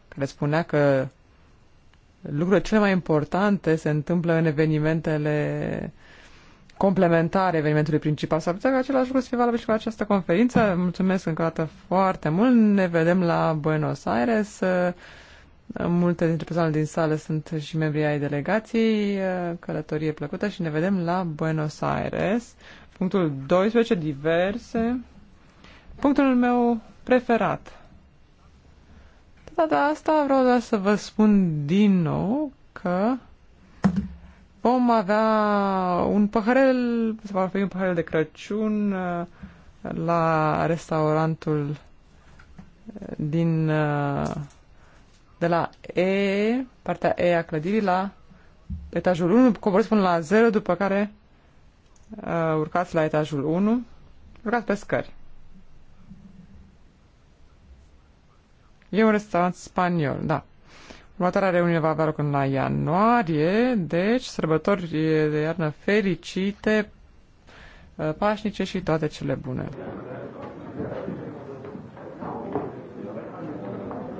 care spunea că lucrurile cele mai importante se întâmplă în evenimentele complementare evenimentului principal. S-ar putea ca același lucru să fie valabil și cu această conferință. Mulțumesc încă o dată foarte mult. Ne vedem la Buenos Aires. Multe dintre persoanele din sală sunt și membrii ai delegației. Călătorie plăcută și ne vedem la Buenos Aires. Punctul 12, diverse. Punctul meu preferat data asta vreau doar să vă spun din nou că vom avea un păhărel, se va fi un păhărel de Crăciun uh, la restaurantul uh, din uh, de la E, partea E a clădirii la etajul 1, coborâți până la 0, după care uh, urcați la etajul 1, urcați pe scări. E un restaurant spaniol, da. Următoarea reuniune va avea loc în la ianuarie, deci sărbători de iarnă fericite, pașnice și toate cele bune.